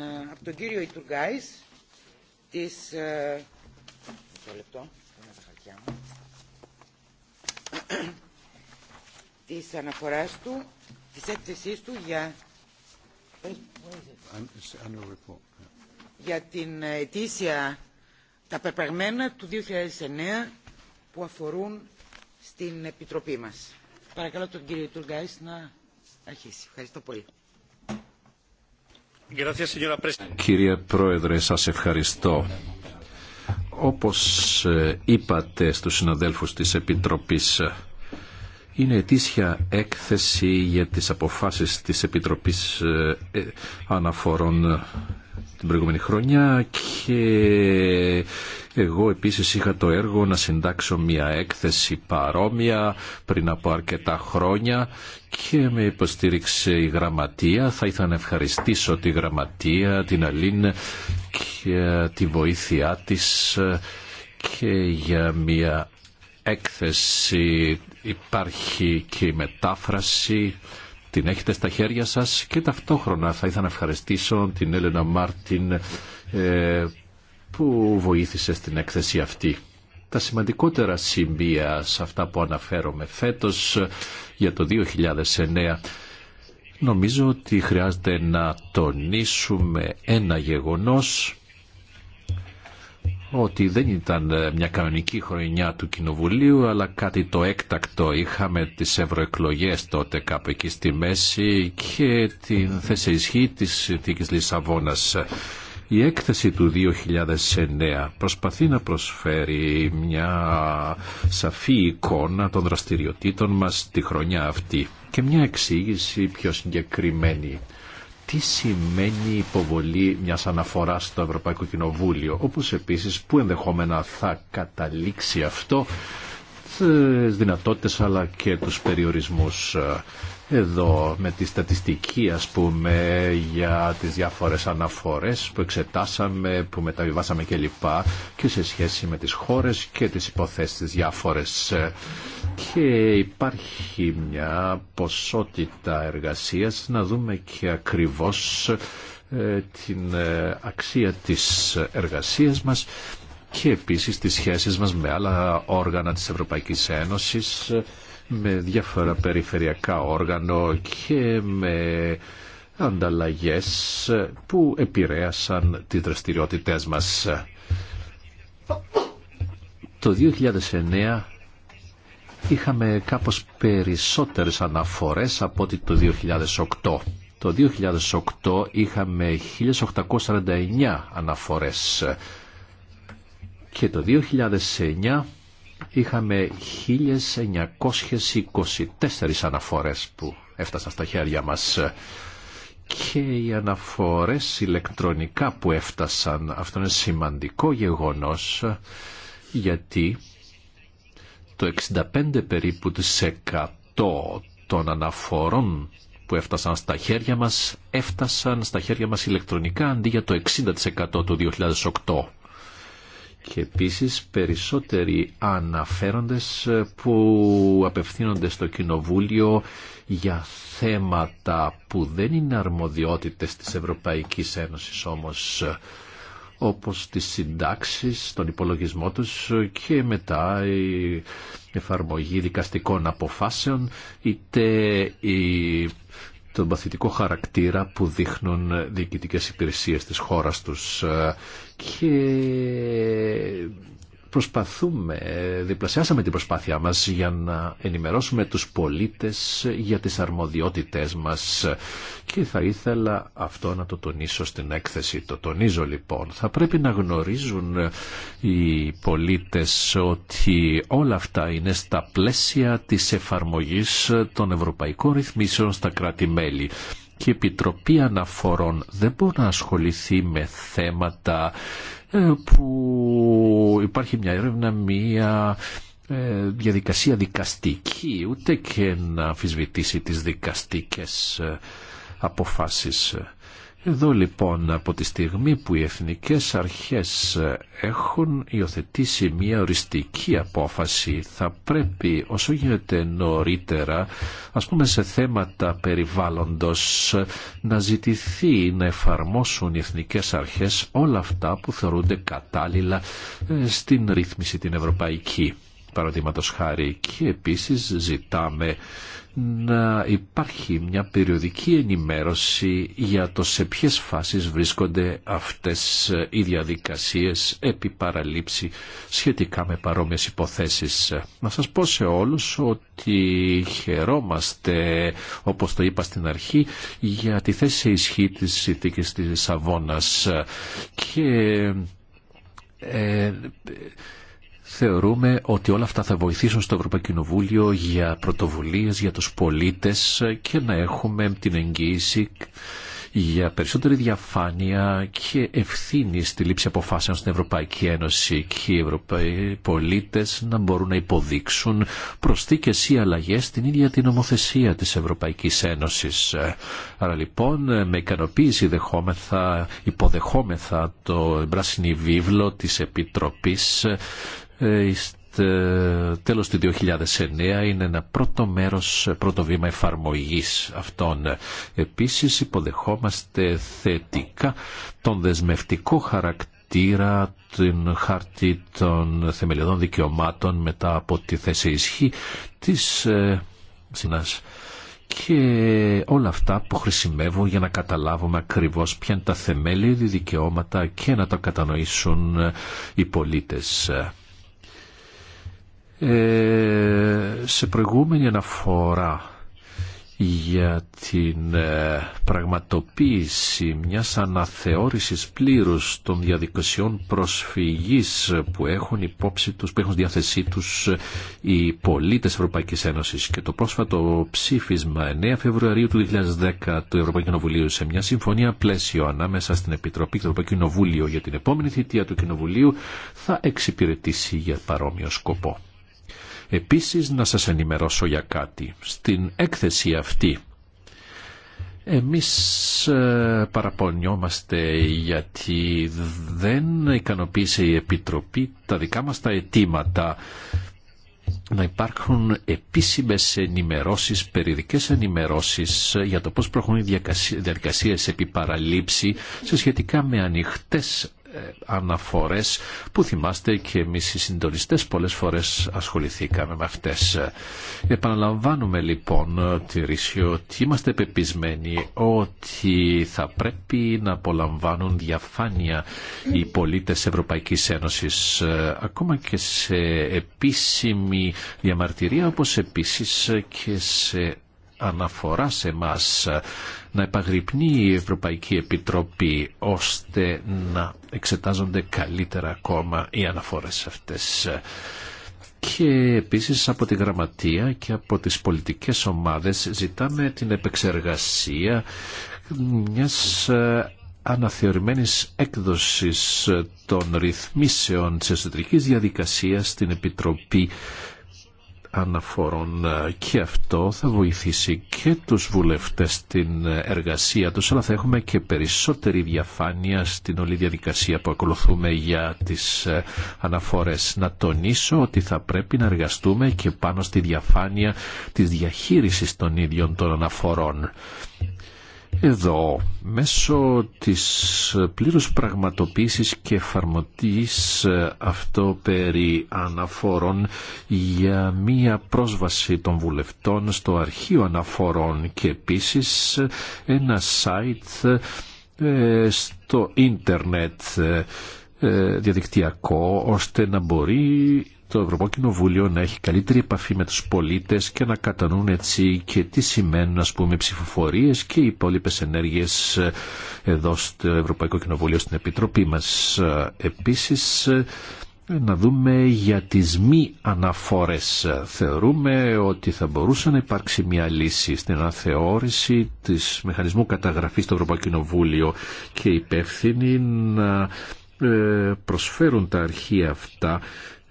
Ε, από τον κύριο Ιτουργκάης της... Ε, αναφοράς του, της έκθεσής του για... Ε, ναι. την ετήσια τα πεπραγμένα του 2009 που αφορούν στην Επιτροπή μας. Παρακαλώ τον κύριο Ιτουργκάης να αρχίσει. Ευχαριστώ πολύ. Κύριε Πρόεδρε, σας ευχαριστώ. Όπως ε, είπατε στους συναδέλφους της Επιτροπής, είναι ετήσια έκθεση για τις αποφάσεις της Επιτροπής ε, ε, Αναφορών ε, την προηγούμενη χρονιά και εγώ επίσης είχα το έργο να συντάξω μια έκθεση παρόμοια πριν από αρκετά χρόνια και με υποστήριξε η Γραμματεία. Θα ήθελα να ευχαριστήσω τη Γραμματεία, την Αλήν και τη βοήθειά της και για μια έκθεση υπάρχει και η μετάφραση την έχετε στα χέρια σας και ταυτόχρονα θα ήθελα να ευχαριστήσω την Έλενα Μάρτιν ε, που βοήθησε στην έκθεση αυτή. Τα σημαντικότερα σημεία σε αυτά που αναφέρομαι φέτος για το 2009 νομίζω ότι χρειάζεται να τονίσουμε ένα γεγονός ότι δεν ήταν ε, μια κανονική χρονιά του Κοινοβουλίου, αλλά κάτι το έκτακτο. Είχαμε τις ευρωεκλογές τότε κάπου εκεί στη μέση και την θέση ισχύ της συνθήκης Λισαβόνας. Η έκθεση του 2009 προσπαθεί να προσφέρει μια σαφή εικόνα των δραστηριοτήτων μας τη χρονιά αυτή και μια εξήγηση πιο συγκεκριμένη τι σημαίνει υποβολή μιας αναφοράς στο Ευρωπαϊκό Κοινοβούλιο, όπως επίσης που ενδεχόμενα θα καταλήξει αυτό τις δυνατότητες αλλά και τους περιορισμούς. Ε, εδώ με τη στατιστική ας πούμε για τις διάφορες αναφορές που εξετάσαμε, που μεταβιβάσαμε κλπ. Και, και σε σχέση με τις χώρες και τις υποθέσεις διάφορες. Και υπάρχει μια ποσότητα εργασίας να δούμε και ακριβώς ε, την ε, αξία της εργασίας μας και επίσης τις σχέσεις μας με άλλα όργανα της Ευρωπαϊκής Ένωσης με διάφορα περιφερειακά όργανο και με ανταλλαγές που επηρέασαν τις δραστηριότητές μας. Το 2009 είχαμε κάπως περισσότερες αναφορές από ότι το 2008. Το 2008 είχαμε 1849 αναφορές και το 2009 είχαμε 1924 αναφορές που έφτασαν στα χέρια μας και οι αναφορές ηλεκτρονικά που έφτασαν. Αυτό είναι σημαντικό γεγονός γιατί το 65 περίπου των αναφορών που έφτασαν στα χέρια μας έφτασαν στα χέρια μας ηλεκτρονικά αντί για το 60% του 2008 και επίσης περισσότεροι αναφέροντες που απευθύνονται στο Κοινοβούλιο για θέματα που δεν είναι αρμοδιότητες της Ευρωπαϊκής Ένωσης όμως όπως τις συντάξεις, τον υπολογισμό τους και μετά η εφαρμογή δικαστικών αποφάσεων είτε η τον παθητικό χαρακτήρα που δείχνουν διοικητικές υπηρεσίες της χώρας τους ε, και προσπαθούμε, διπλασιάσαμε την προσπάθειά μας για να ενημερώσουμε τους πολίτες για τις αρμοδιότητές μας και θα ήθελα αυτό να το τονίσω στην έκθεση. Το τονίζω λοιπόν. Θα πρέπει να γνωρίζουν οι πολίτες ότι όλα αυτά είναι στα πλαίσια της εφαρμογής των ευρωπαϊκών ρυθμίσεων στα κράτη-μέλη και η Επιτροπή Αναφορών δεν μπορεί να ασχοληθεί με θέματα ε, που υπάρχει μια έρευνα, μια ε, διαδικασία δικαστική, ούτε και να αμφισβητήσει τις δικαστικές ε, αποφάσεις. Εδώ λοιπόν από τη στιγμή που οι εθνικές αρχές έχουν υιοθετήσει μια οριστική απόφαση θα πρέπει όσο γίνεται νωρίτερα ας πούμε σε θέματα περιβάλλοντος να ζητηθεί να εφαρμόσουν οι εθνικές αρχές όλα αυτά που θεωρούνται κατάλληλα ε, στην ρύθμιση την ευρωπαϊκή παραδείγματο χάρη και επίσης ζητάμε να υπάρχει μια περιοδική ενημέρωση για το σε ποιες φάσεις βρίσκονται αυτές ε, οι διαδικασίες επί παραλήψη σχετικά με παρόμοιες υποθέσεις. Ε, να σας πω σε όλους ότι χαιρόμαστε, όπως το είπα στην αρχή, για τη θέση ισχύ της συνθήκης της Σαβώνας ε, και θεωρούμε ότι όλα αυτά θα βοηθήσουν στο Ευρωπαϊκό Κοινοβούλιο για πρωτοβουλίες για τους πολίτες και να έχουμε την εγγύηση για περισσότερη διαφάνεια και ευθύνη στη λήψη αποφάσεων στην Ευρωπαϊκή Ένωση και οι Ευρωπαίοι πολίτες να μπορούν να υποδείξουν προσθήκες ή αλλαγές στην ίδια την νομοθεσία της Ευρωπαϊκής Ένωσης. Άρα λοιπόν με ικανοποίηση δεχόμεθα, υποδεχόμεθα το πράσινη βίβλο της Επιτροπής ε, τέλος του 2009 είναι ένα πρώτο μέρος, πρώτο βήμα εφαρμογής αυτών. Επίσης υποδεχόμαστε θετικά τον δεσμευτικό χαρακτήρα την χάρτη των θεμελιωδών δικαιωμάτων μετά από τη θέση ισχύ της ε, συνάς και όλα αυτά που χρησιμεύουν για να καταλάβουμε ακριβώς ποια είναι τα θεμέλια δικαιώματα και να τα κατανοήσουν ε, οι πολίτες. Ε, σε προηγούμενη αναφορά για την ε, πραγματοποίηση μιας αναθεώρησης πλήρους των διαδικασιών προσφυγής που έχουν υπόψη τους, που έχουν διάθεσή τους ε, οι πολίτες Ευρωπαϊκής Ένωσης και το πρόσφατο ψήφισμα 9 Φεβρουαρίου του 2010 του Ευρωπαϊκού Κοινοβουλίου σε μια συμφωνία πλαίσιο ανάμεσα στην Επιτροπή και το Ευρωπαϊκό Κοινοβούλιο για την επόμενη θητεία του Κοινοβουλίου θα εξυπηρετήσει για παρόμοιο σκοπό. Επίσης να σας ενημερώσω για κάτι. Στην έκθεση αυτή εμείς ε, παραπονιόμαστε γιατί δεν ικανοποίησε η Επιτροπή τα δικά μας τα αιτήματα να υπάρχουν επίσημες ενημερώσεις, περιδικές ενημερώσεις για το πώς προχωρούν οι διαδικασίες επί παραλήψη σε σχετικά με ανοιχτές ε, αναφορές που θυμάστε και εμείς οι συντονιστές πολλές φορές ασχοληθήκαμε με αυτές. Επαναλαμβάνουμε λοιπόν ε, ρίσιο ότι είμαστε πεπισμένοι ότι θα πρέπει να απολαμβάνουν διαφάνεια οι πολίτες Ευρωπαϊκής Ένωσης ε, ακόμα και σε επίσημη διαμαρτυρία όπως επίσης και σε αναφορά σε μας ε, να επαγρυπνεί η Ευρωπαϊκή Επιτροπή ώστε να εξετάζονται καλύτερα ακόμα οι αναφορές αυτές και επίσης από τη γραμματεία και από τις πολιτικές ομάδες ζητάμε την επεξεργασία μιας ε, αναθεωρημένης έκδοσης των ρυθμίσεων της εσωτερικής διαδικασίας στην Επιτροπή αναφορών και αυτό θα βοηθήσει και τους βουλευτές στην εργασία τους αλλά θα έχουμε και περισσότερη διαφάνεια στην όλη διαδικασία που ακολουθούμε για τις ε, αναφορές. Να τονίσω ότι θα πρέπει να εργαστούμε και πάνω στη διαφάνεια της διαχείρισης των ίδιων των αναφορών. Εδώ, μέσω της πλήρους πραγματοποίησης και εφαρμοτής ε, αυτό περί αναφορών για μία πρόσβαση των βουλευτών στο αρχείο αναφορών και επίσης ε, ένα site ε, στο ίντερνετ διαδικτυακό ώστε να μπορεί το Ευρωπαϊκό Κοινοβούλιο να έχει καλύτερη επαφή με τους πολίτες και να κατανοούν έτσι και τι σημαίνουν ας πούμε ψηφοφορίες και οι υπόλοιπε ενέργειες ε, εδώ στο Ευρωπαϊκό Κοινοβούλιο στην Επιτροπή μας. Ε, επίσης ε, να δούμε για τις μη αναφόρες. Θεωρούμε ότι θα μπορούσε να υπάρξει μια λύση στην αναθεώρηση της μηχανισμού καταγραφής στο Ευρωπαϊκό Κοινοβούλιο και υπεύθυνοι να προσφέρουν τα αρχεία αυτά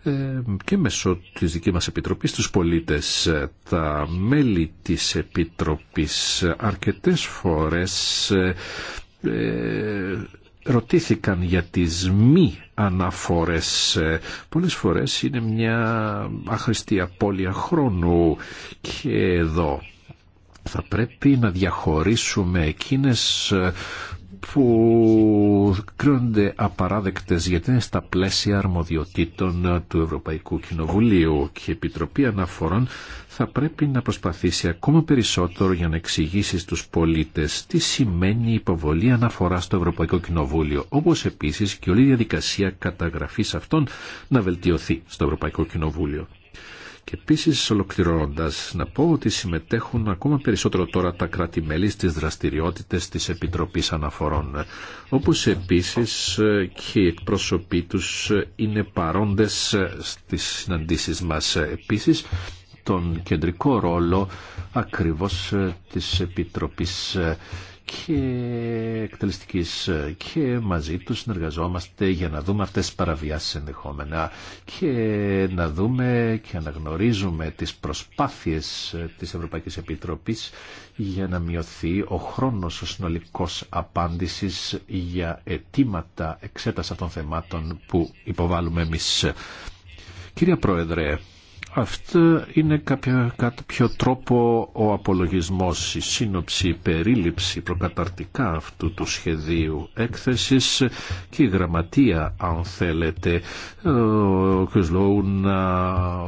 ε, και μέσω της δική μας Επιτροπής τους πολίτες. Ε, τα μέλη της Επιτροπής αρκετές φορές ε, ρωτήθηκαν για τις μη αναφορές. Πολλές φορές είναι μια άχρηστη απώλεια χρόνου και εδώ θα πρέπει να διαχωρίσουμε εκείνες που κρίνονται απαράδεκτες γιατί είναι στα πλαίσια αρμοδιοτήτων του Ευρωπαϊκού Κοινοβουλίου και η Επιτροπή Αναφορών θα πρέπει να προσπαθήσει ακόμα περισσότερο για να εξηγήσει στους πολίτες τι σημαίνει η υποβολή αναφορά στο Ευρωπαϊκό Κοινοβούλιο, όπως επίσης και όλη η διαδικασία καταγραφής αυτών να βελτιωθεί στο Ευρωπαϊκό Κοινοβούλιο. Και επίση, ολοκληρώνοντα να πω ότι συμμετέχουν ακόμα περισσότερο τώρα τα κράτη-μέλη στις δραστηριότητες της Επιτροπής Αναφορών, όπω επίσης και οι εκπρόσωποι του είναι παρόντε στι συναντήσεις μας. Επίσης τον κεντρικό ρόλο ακριβώς της Επιτροπής και εκτελεστικής και μαζί τους συνεργαζόμαστε για να δούμε αυτές τις παραβιάσεις ενδεχόμενα και να δούμε και αναγνωρίζουμε τις προσπάθειες της Ευρωπαϊκής Επιτροπής για να μειωθεί ο χρόνος ο συνολικός απάντησης για αιτήματα εξέταση αυτών των θεμάτων που υποβάλλουμε εμείς. Κυρία Πρόεδρε, αυτό είναι κάποιο, κάποιο τρόπο ο απολογισμός, η σύνοψη, η περίληψη προκαταρτικά αυτού του σχεδίου έκθεσης και η γραμματεία αν θέλετε. Ο κ. να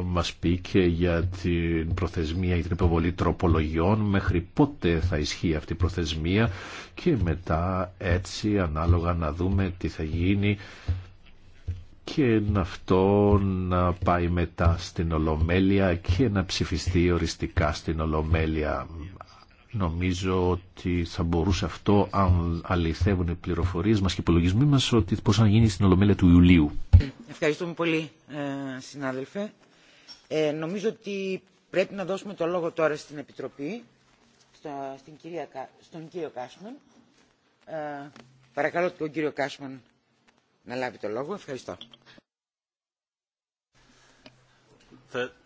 μας πει και για την προθεσμία για την υποβολή τροπολογιών μέχρι πότε θα ισχύει αυτή η προθεσμία και μετά έτσι ανάλογα να δούμε τι θα γίνει και αυτό να πάει μετά στην Ολομέλεια και να ψηφιστεί οριστικά στην Ολομέλεια. Νομίζω ότι θα μπορούσε αυτό αν αληθεύουν οι πληροφορίες μας και οι υπολογισμοί μας ότι πώς να γίνει στην Ολομέλεια του Ιουλίου. Ευχαριστούμε πολύ ε, συνάδελφε. Ε, νομίζω ότι πρέπει να δώσουμε το λόγο τώρα στην Επιτροπή, στην κυρία, στον κύριο Κάσμαν. Ε, παρακαλώ τον κύριο Κάσμαν να λάβει το λόγο. Ευχαριστώ.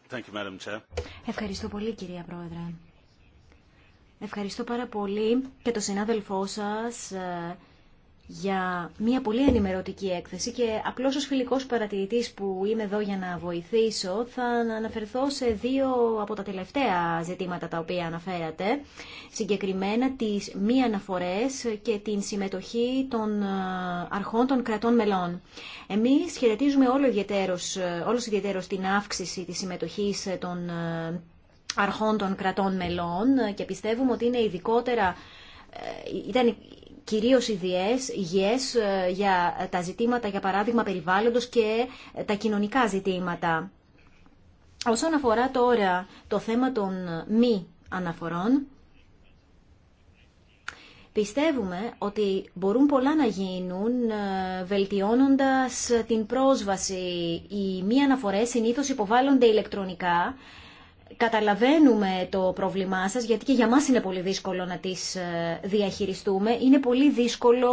Thank you, Madam Chair. Ευχαριστώ πολύ κυρία Πρόεδρε. Ευχαριστώ πάρα πολύ και το συνάδελφό σας ε, για μια πολύ ενημερωτική έκθεση και απλώς ως φιλικός παρατηρητής που είμαι εδώ για να βοηθήσω θα αναφερθώ σε δύο από τα τελευταία ζητήματα τα οποία αναφέρατε, συγκεκριμένα τις μη αναφορές και την συμμετοχή των αρχών των κρατών μελών. Εμείς χαιρετίζουμε όλο ιδιαίτερος, ε, όλος ιδιαίτερος την αύξηση της συμμετοχής των ε, αρχών των κρατών μελών και πιστεύουμε ότι είναι ειδικότερα ε, ήταν κυρίως ιδιές, υγιές ε, για τα ζητήματα, για παράδειγμα, περιβάλλοντος και ε, τα κοινωνικά ζητήματα. Όσον αφορά τώρα το θέμα των ε, μη αναφορών, Πιστεύουμε ότι μπορούν πολλά να γίνουν βελτιώνοντας την πρόσβαση. Οι μη αναφορές συνήθως υποβάλλονται ηλεκτρονικά καταλαβαίνουμε το πρόβλημά σας, γιατί και για μας είναι πολύ δύσκολο να τις ε, διαχειριστούμε. Είναι πολύ δύσκολο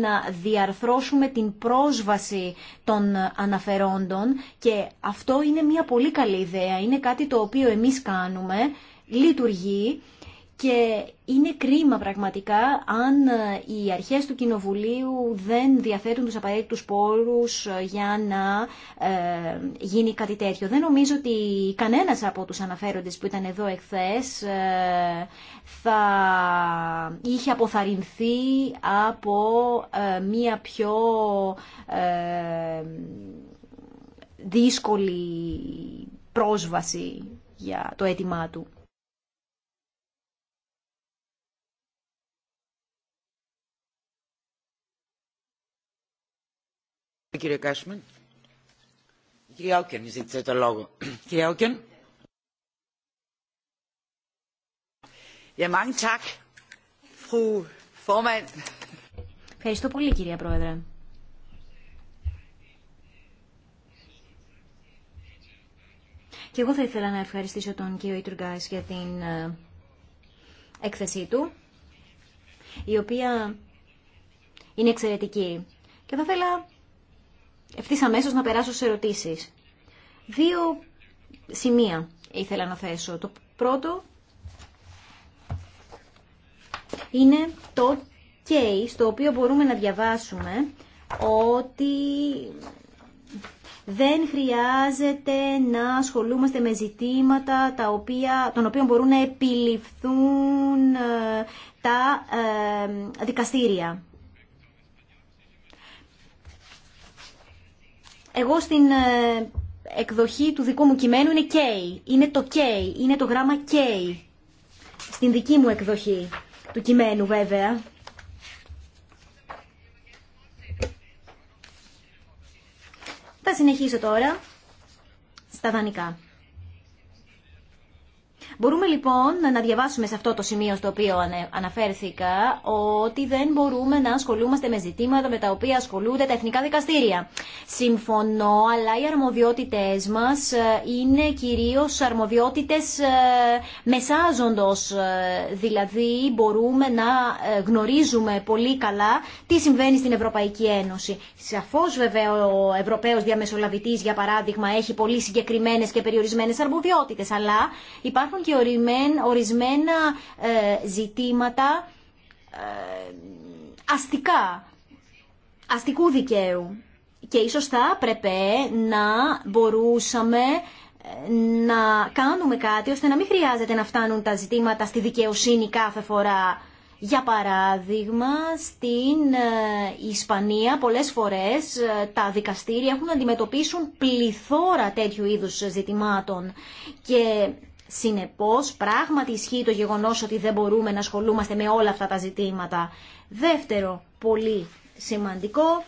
να διαρθρώσουμε την πρόσβαση των αναφερόντων και αυτό είναι μια πολύ καλή ιδέα. Είναι κάτι το οποίο εμείς κάνουμε, λειτουργεί και είναι κρίμα πραγματικά αν ε, οι αρχές του Κοινοβουλίου δεν διαθέτουν τους απαραίτητους πόρους ε, για να ε, γίνει κάτι τέτοιο. Δεν νομίζω ότι κανένας από τους αναφέροντες που ήταν εδώ εχθές θα είχε αποθαρρυνθεί από μία πιο δύσκολη πρόσβαση για το αίτημά του. Ε, κύριε Όκεν το λόγο. Όκεν. Ευχαριστώ πολύ, κυρία Πρόεδρε. Και εγώ θα ήθελα να ευχαριστήσω τον κύριο Ιτουργκάης για την ε, έκθεσή του, η οποία είναι εξαιρετική. Και θα ήθελα ευθύς αμέσως να περάσω σε ερωτήσεις. Δύο σημεία ήθελα να θέσω. Το πρώτο είναι το case στο οποίο μπορούμε να διαβάσουμε ότι δεν χρειάζεται να ασχολούμαστε με ζητήματα τα οποία, των οποίων μπορούν να επιληφθούν ε, τα ε, δικαστήρια. Εγώ στην ε, εκδοχή του δικού μου κειμένου είναι K. Είναι το K. Είναι το γράμμα K. Στην δική μου εκδοχή του κειμένου βέβαια. Θα συνεχίσω τώρα στα δανεικά. Μπορούμε λοιπόν να διαβάσουμε σε αυτό το σημείο στο οποίο αναφέρθηκα ότι δεν μπορούμε να ασχολούμαστε με ζητήματα με τα οποία ασχολούνται τα εθνικά δικαστήρια. Συμφωνώ, αλλά οι αρμοδιότητες μας ε, είναι κυρίως αρμοδιότητες ε, μεσάζοντο. Ε, δηλαδή μπορούμε να γνωρίζουμε πολύ καλά τι συμβαίνει στην Ευρωπαϊκή Ένωση. Σαφώ βέβαια ο Ευρωπαίος Διαμεσολαβητής για παράδειγμα έχει πολύ συγκεκριμένε και περιορισμένε αρμοδιότητε, αλλά υπάρχουν και ορισμένα ε, ζητήματα ε, αστικά, αστικού δικαίου. Και ίσως θα έπρεπε να μπορούσαμε ε, να κάνουμε κάτι ώστε να μην χρειάζεται να φτάνουν τα ζητήματα στη δικαιοσύνη κάθε φορά. Για παράδειγμα, στην Ισπανία πολλές φορές τα δικαστήρια έχουν να αντιμετωπίσουν πληθώρα τέτοιου είδους ζητημάτων και Συνεπώ, πράγματι ισχύει το γεγονό ότι δεν μπορούμε να ασχολούμαστε με όλα αυτά τα ζητήματα. Δεύτερο, πολύ σημαντικό,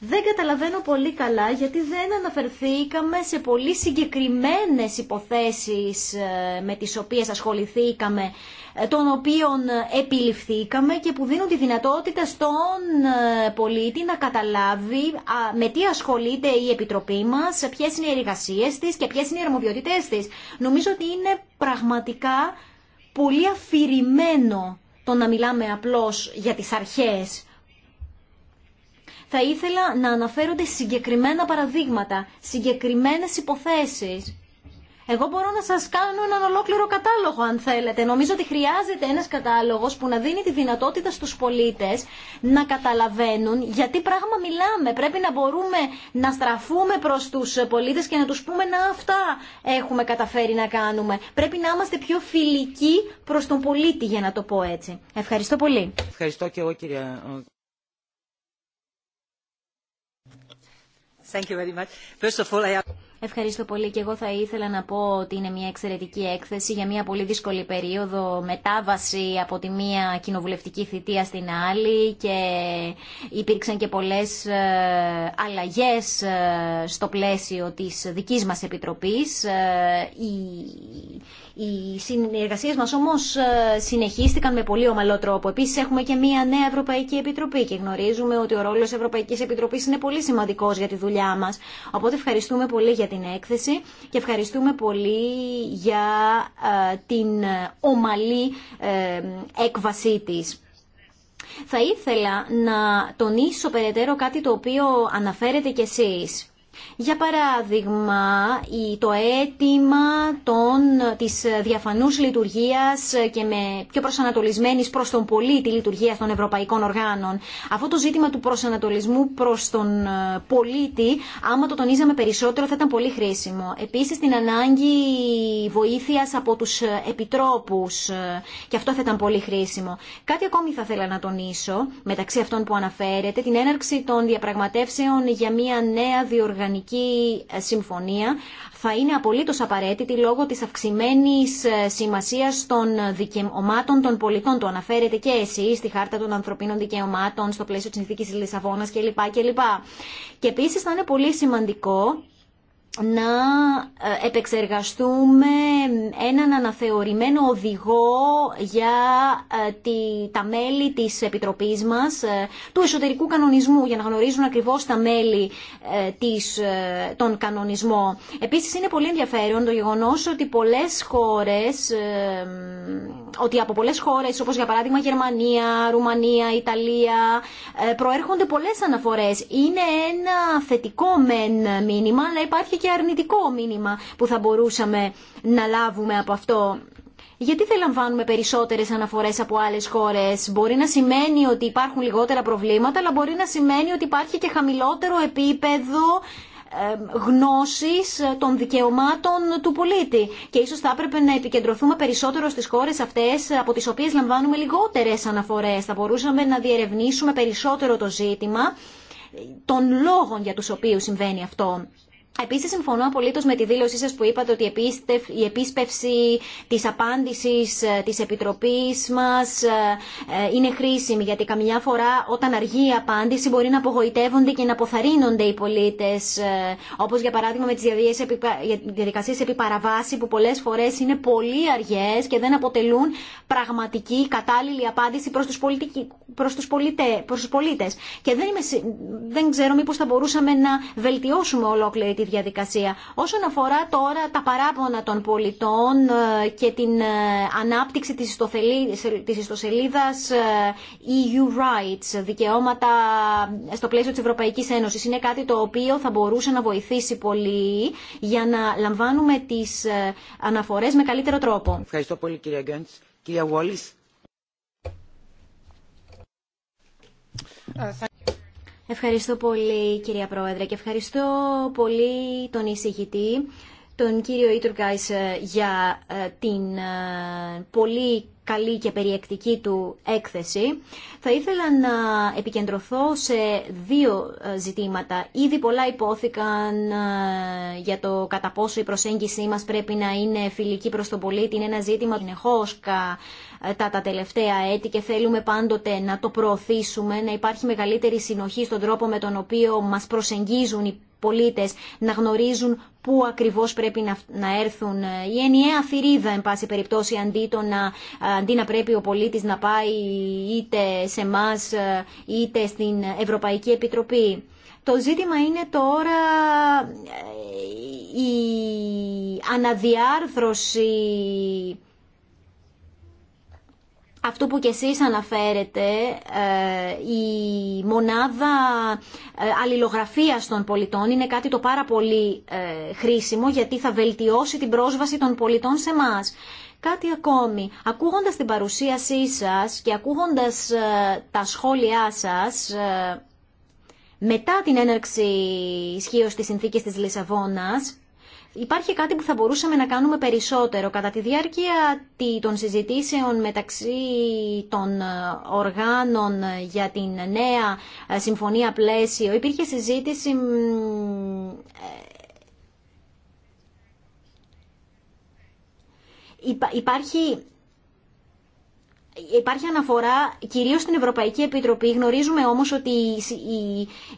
δεν καταλαβαίνω πολύ καλά γιατί δεν αναφερθήκαμε σε πολύ συγκεκριμένες υποθέσεις ε, με τις οποίες ασχοληθήκαμε, ε, των οποίων ε, επιληφθήκαμε και που δίνουν τη δυνατότητα στον πολίτη να καταλάβει με τι ασχολείται η Επιτροπή μας, ποιες είναι οι εργασίες της και ποιες είναι οι αρμοδιότητές της. Νομίζω ότι είναι πραγματικά πολύ αφηρημένο το να μιλάμε απλώς για τις αρχές θα ήθελα να αναφέρονται συγκεκριμένα παραδείγματα, συγκεκριμένες υποθέσεις. Εγώ μπορώ να σας κάνω έναν ολόκληρο κατάλογο αν θέλετε. Νομίζω ότι χρειάζεται ένας κατάλογος που να δίνει τη δυνατότητα στους πολίτες να καταλαβαίνουν γιατί πράγμα μιλάμε. Πρέπει να μπορούμε να στραφούμε προς τους πολίτες και να τους πούμε να αυτά έχουμε καταφέρει να κάνουμε. Πρέπει να είμαστε πιο φιλικοί προς τον πολίτη για να το πω έτσι. Ευχαριστώ πολύ. Ευχαριστώ και εγώ κυρία Thank you very much. First of all, I... Ευχαριστώ πολύ και εγώ θα ήθελα να πω ότι είναι μια εξαιρετική έκθεση για μια πολύ δύσκολη περίοδο μετάβαση από τη μία κοινοβουλευτική θητεία στην άλλη και υπήρξαν και πολλές ε, αλλαγές ε, στο πλαίσιο της δικής μας Επιτροπής. Ε, οι συνεργασίε μας όμως συνεχίστηκαν με πολύ ομαλό τρόπο. Επίσης έχουμε και μία νέα Ευρωπαϊκή Επιτροπή και γνωρίζουμε ότι ο ρόλο Ευρωπαϊκής Επιτροπής είναι πολύ σημαντικός για τη δουλειά μα. Οπότε, ευχαριστούμε πολύ για για την έκθεση και ευχαριστούμε πολύ για ε, την ομαλή ε, έκβασή της. Θα ήθελα να τονίσω περαιτέρω κάτι το οποίο αναφέρετε κι εσείς. Για παράδειγμα, το αίτημα των, της διαφανούς λειτουργίας και με πιο προσανατολισμένης προς τον πολίτη λειτουργία των ευρωπαϊκών οργάνων. Αυτό το ζήτημα του προσανατολισμού προς τον ε, πολίτη, άμα το τονίζαμε περισσότερο, θα ήταν πολύ χρήσιμο. Επίσης, την ανάγκη βοήθειας από τους ε, επιτρόπους ε, και αυτό θα ήταν πολύ χρήσιμο. Κάτι ακόμη θα ήθελα να τονίσω, μεταξύ αυτών που αναφέρεται, την έναρξη των διαπραγματεύσεων για μια νέα διοργάνωση Ιρανική Συμφωνία θα είναι απολύτω απαραίτητη λόγω τη αυξημένη ε, σημασία των δικαιωμάτων των πολιτών. Το αναφέρετε και εσεί στη Χάρτα των Ανθρωπίνων Δικαιωμάτων, στο πλαίσιο τη Συνθήκη Λισαβόνα κλπ. Και, επίση και θα είναι πολύ σημαντικό να ε, επεξεργαστούμε έναν αναθεωρημένο οδηγό για ε, τα μέλη της Επιτροπής μας, ε, του εσωτερικού κανονισμού, για να γνωρίζουν ακριβώς τα μέλη της, τον κανονισμό. Επίσης είναι πολύ ενδιαφέρον το γεγονός ότι πολλές χώρες, ότι από πολλές χώρες όπως για παράδειγμα Γερμανία, Ρουμανία, Ιταλία, προέρχονται πολλές αναφορές. Είναι ένα θετικό μεν μήνυμα, αλλά υπάρχει και και αρνητικό μήνυμα που θα μπορούσαμε να λάβουμε από αυτό. Γιατί δεν λαμβάνουμε περισσότερε αναφορέ από άλλε χώρε. Μπορεί να σημαίνει ότι υπάρχουν λιγότερα προβλήματα, αλλά μπορεί να σημαίνει ότι υπάρχει και χαμηλότερο επίπεδο γνώσης ε, των δικαιωμάτων του πολίτη. Και ίσως θα έπρεπε να επικεντρωθούμε περισσότερο στις χώρες αυτές ε, από τις οποίες λαμβάνουμε λιγότερες αναφορές. Θα μπορούσαμε να διερευνήσουμε περισσότερο το ζήτημα ε, των λόγων για τους οποίους συμβαίνει αυτό. Επίσης συμφωνώ απολύτως με τη δήλωσή σας που είπατε ότι η επίσπευση της απάντησης ε, της Επιτροπής μας ε, ε, είναι χρήσιμη γιατί καμιά φορά όταν αργεί η απάντηση μπορεί να απογοητεύονται και να αποθαρρύνονται οι πολίτες όπως για παράδειγμα με τις διαδικασίες επί παραβάση που πολλές φορές είναι πολύ αργές και δεν αποτελούν πραγματική κατάλληλη απάντηση προς τους, πολιτέ, πολίτες. Και δεν, δεν ξέρω μήπως θα μπορούσαμε να βελτιώσουμε ολόκληρη τη διαδικασία. Όσον αφορά τώρα τα παράπονα των πολιτών ε, και την ε, ανάπτυξη της, της ιστοσελίδας ε, EU Rights, δικαιώματα στο πλαίσιο της Ευρωπαϊκής Ένωσης, είναι κάτι το οποίο θα μπορούσε να βοηθήσει πολύ για να λαμβάνουμε τις αναφορές με καλύτερο τρόπο. Ευχαριστώ πολύ κυρία Γκέντς. Κυρία Wallis. Ευχαριστώ πολύ κυρία Πρόεδρε και ευχαριστώ πολύ τον εισηγητή, τον κύριο Ιτουρκάης ε, για ε, την ε, πολύ καλή και περιεκτική του έκθεση. Θα ήθελα να επικεντρωθώ σε δύο ζητήματα. Ήδη πολλά υπόθηκαν για το κατά πόσο η προσέγγιση μας πρέπει να είναι φιλική προς τον πολίτη. Είναι ένα ζήτημα συνεχώς ε, τα, τα τελευταία έτη και θέλουμε πάντοτε να το προωθήσουμε, να υπάρχει μεγαλύτερη συνοχή στον τρόπο με τον οποίο μας προσεγγίζουν οι πολίτες, να γνωρίζουν πού ακριβώς πρέπει να, έρθουν. Ε, η ενιαία θηρίδα, εν πάση περιπτώσει, αντί, να, ε, αντί να πρέπει ο πολίτης να πάει είτε σε εμά είτε στην Ευρωπαϊκή Επιτροπή. Το ζήτημα είναι τώρα η αναδιάρθρωση αυτό που κι εσείς αναφέρετε, ε, η μονάδα ε, αλληλογραφίας των πολιτών είναι κάτι το πάρα πολύ ε, χρήσιμο γιατί θα βελτιώσει την πρόσβαση των πολιτών σε εμά. Κάτι ακόμη, ακούγοντας την παρουσίασή σας και ακούγοντας τα σχόλιά σας μετά την έναρξη ισχύω της συνθήκης της Λισαβόνας, Υπάρχει κάτι που θα μπορούσαμε να κάνουμε περισσότερο. Κατά τη διάρκεια των συζητήσεων μεταξύ των ε, οργάνων για την νέα ε, συμφωνία πλαίσιο υπήρχε συζήτηση ε, υπάρχει Υπάρχει αναφορά κυρίως στην Ευρωπαϊκή Επιτροπή. Γνωρίζουμε όμως ότι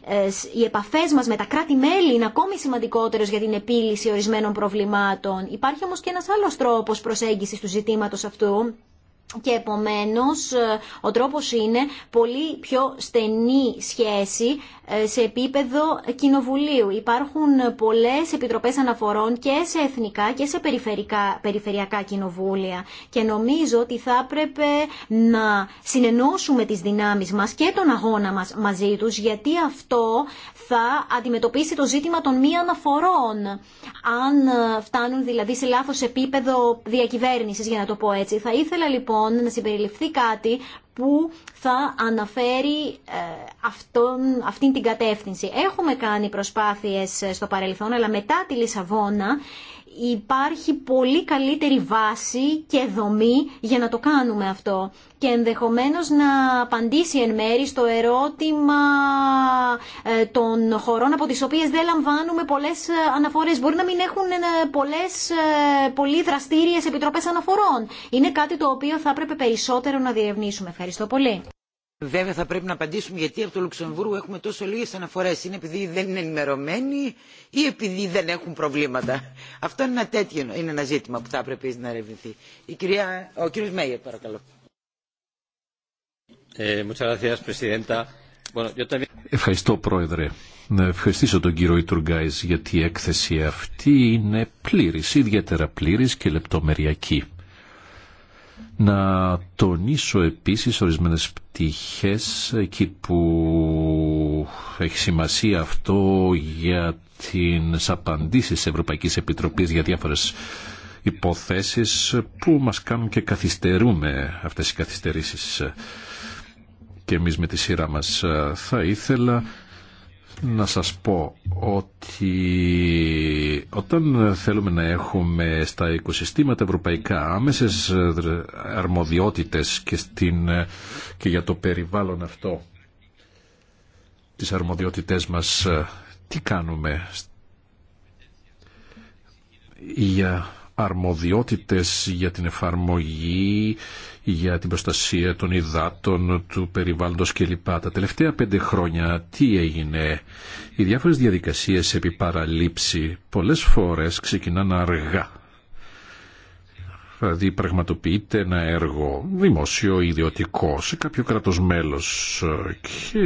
ε, οι επαφές μας με τα κράτη-μέλη είναι ακόμη σημαντικότερες για την επίλυση ορισμένων προβλημάτων. Υπάρχει όμως και ένας άλλος τρόπος προσέγγισης του ζητήματος αυτού και επομένως ε, ο τρόπος είναι πολύ πιο στενή σχέση ε, σε επίπεδο κοινοβουλίου. Υπάρχουν πολλές επιτροπές αναφορών και σε εθνικά και σε περιφερειακά κοινοβούλια και νομίζω ότι θα έπρεπε να συνενώσουμε τις δυνάμεις μας και τον αγώνα μας μαζί τους γιατί αυτό θα αντιμετωπίσει το ζήτημα των μη αναφορών. Αν ε, φτάνουν δηλαδή σε λάθος επίπεδο διακυβέρνηση για να το πω έτσι. Θα ήθελα λοιπόν να συμπεριληφθεί κάτι που θα αναφέρει ε, αυτόν, αυτήν την κατεύθυνση. Έχουμε κάνει προσπάθειες ε, στο παρελθόν, αλλά μετά τη Λισαβόνα υπάρχει πολύ καλύτερη βάση και δομή για να το κάνουμε αυτό και ενδεχομένως να απαντήσει εν μέρη στο ερώτημα ε, των χωρών από τις οποίες δεν λαμβάνουμε πολλές ε, αναφορές. Μπορεί να μην έχουν ε, πολλές, πολύ δραστήριες επιτροπές αναφορών. Είναι κάτι το οποίο θα έπρεπε περισσότερο να διευνήσουμε. Ευχαριστώ πολύ. Βέβαια θα πρέπει να απαντήσουμε γιατί από το Λουξεμβούργο έχουμε τόσο λίγες αναφορές. Είναι επειδή δεν είναι ενημερωμένοι ή επειδή δεν έχουν προβλήματα. Αυτό είναι ένα τέτοιο είναι ένα ζήτημα που θα πρέπει να ερευνηθεί. Η κυρία, ο κύριος Μέιερ παρακαλώ. Ε, Ευχαριστώ πρόεδρε. Να ευχαριστήσω τον κύριο Ιτουργκάης γιατί η έκθεση αυτή είναι πλήρης, ιδιαίτερα πλήρης και λεπτομεριακή. Να τονίσω επίσης ορισμένες πτυχές εκεί που έχει σημασία αυτό για τις απαντήσεις Ευρωπαϊκής Επιτροπής για διάφορες υποθέσεις που μας κάνουν και καθυστερούμε αυτές οι καθυστερήσεις και εμείς με τη σειρά μας ε, θα ήθελα να σας πω ότι όταν θέλουμε να έχουμε στα οικοσυστήματα ευρωπαϊκά άμεσες ε, αρμοδιότητες και, στην, ε, και για το περιβάλλον αυτό τις αρμοδιότητες μας ε, τι κάνουμε για αρμοδιότητες για την εφαρμογή για την προστασία των υδάτων, του περιβάλλοντος κλπ. Τα τελευταία πέντε χρόνια τι έγινε. Οι διάφορες διαδικασίες επί παραλήψη πολλές φορές ξεκινάνε αργά δηλαδή πραγματοποιείται ένα έργο δημόσιο ιδιωτικό σε κάποιο κράτος μέλος και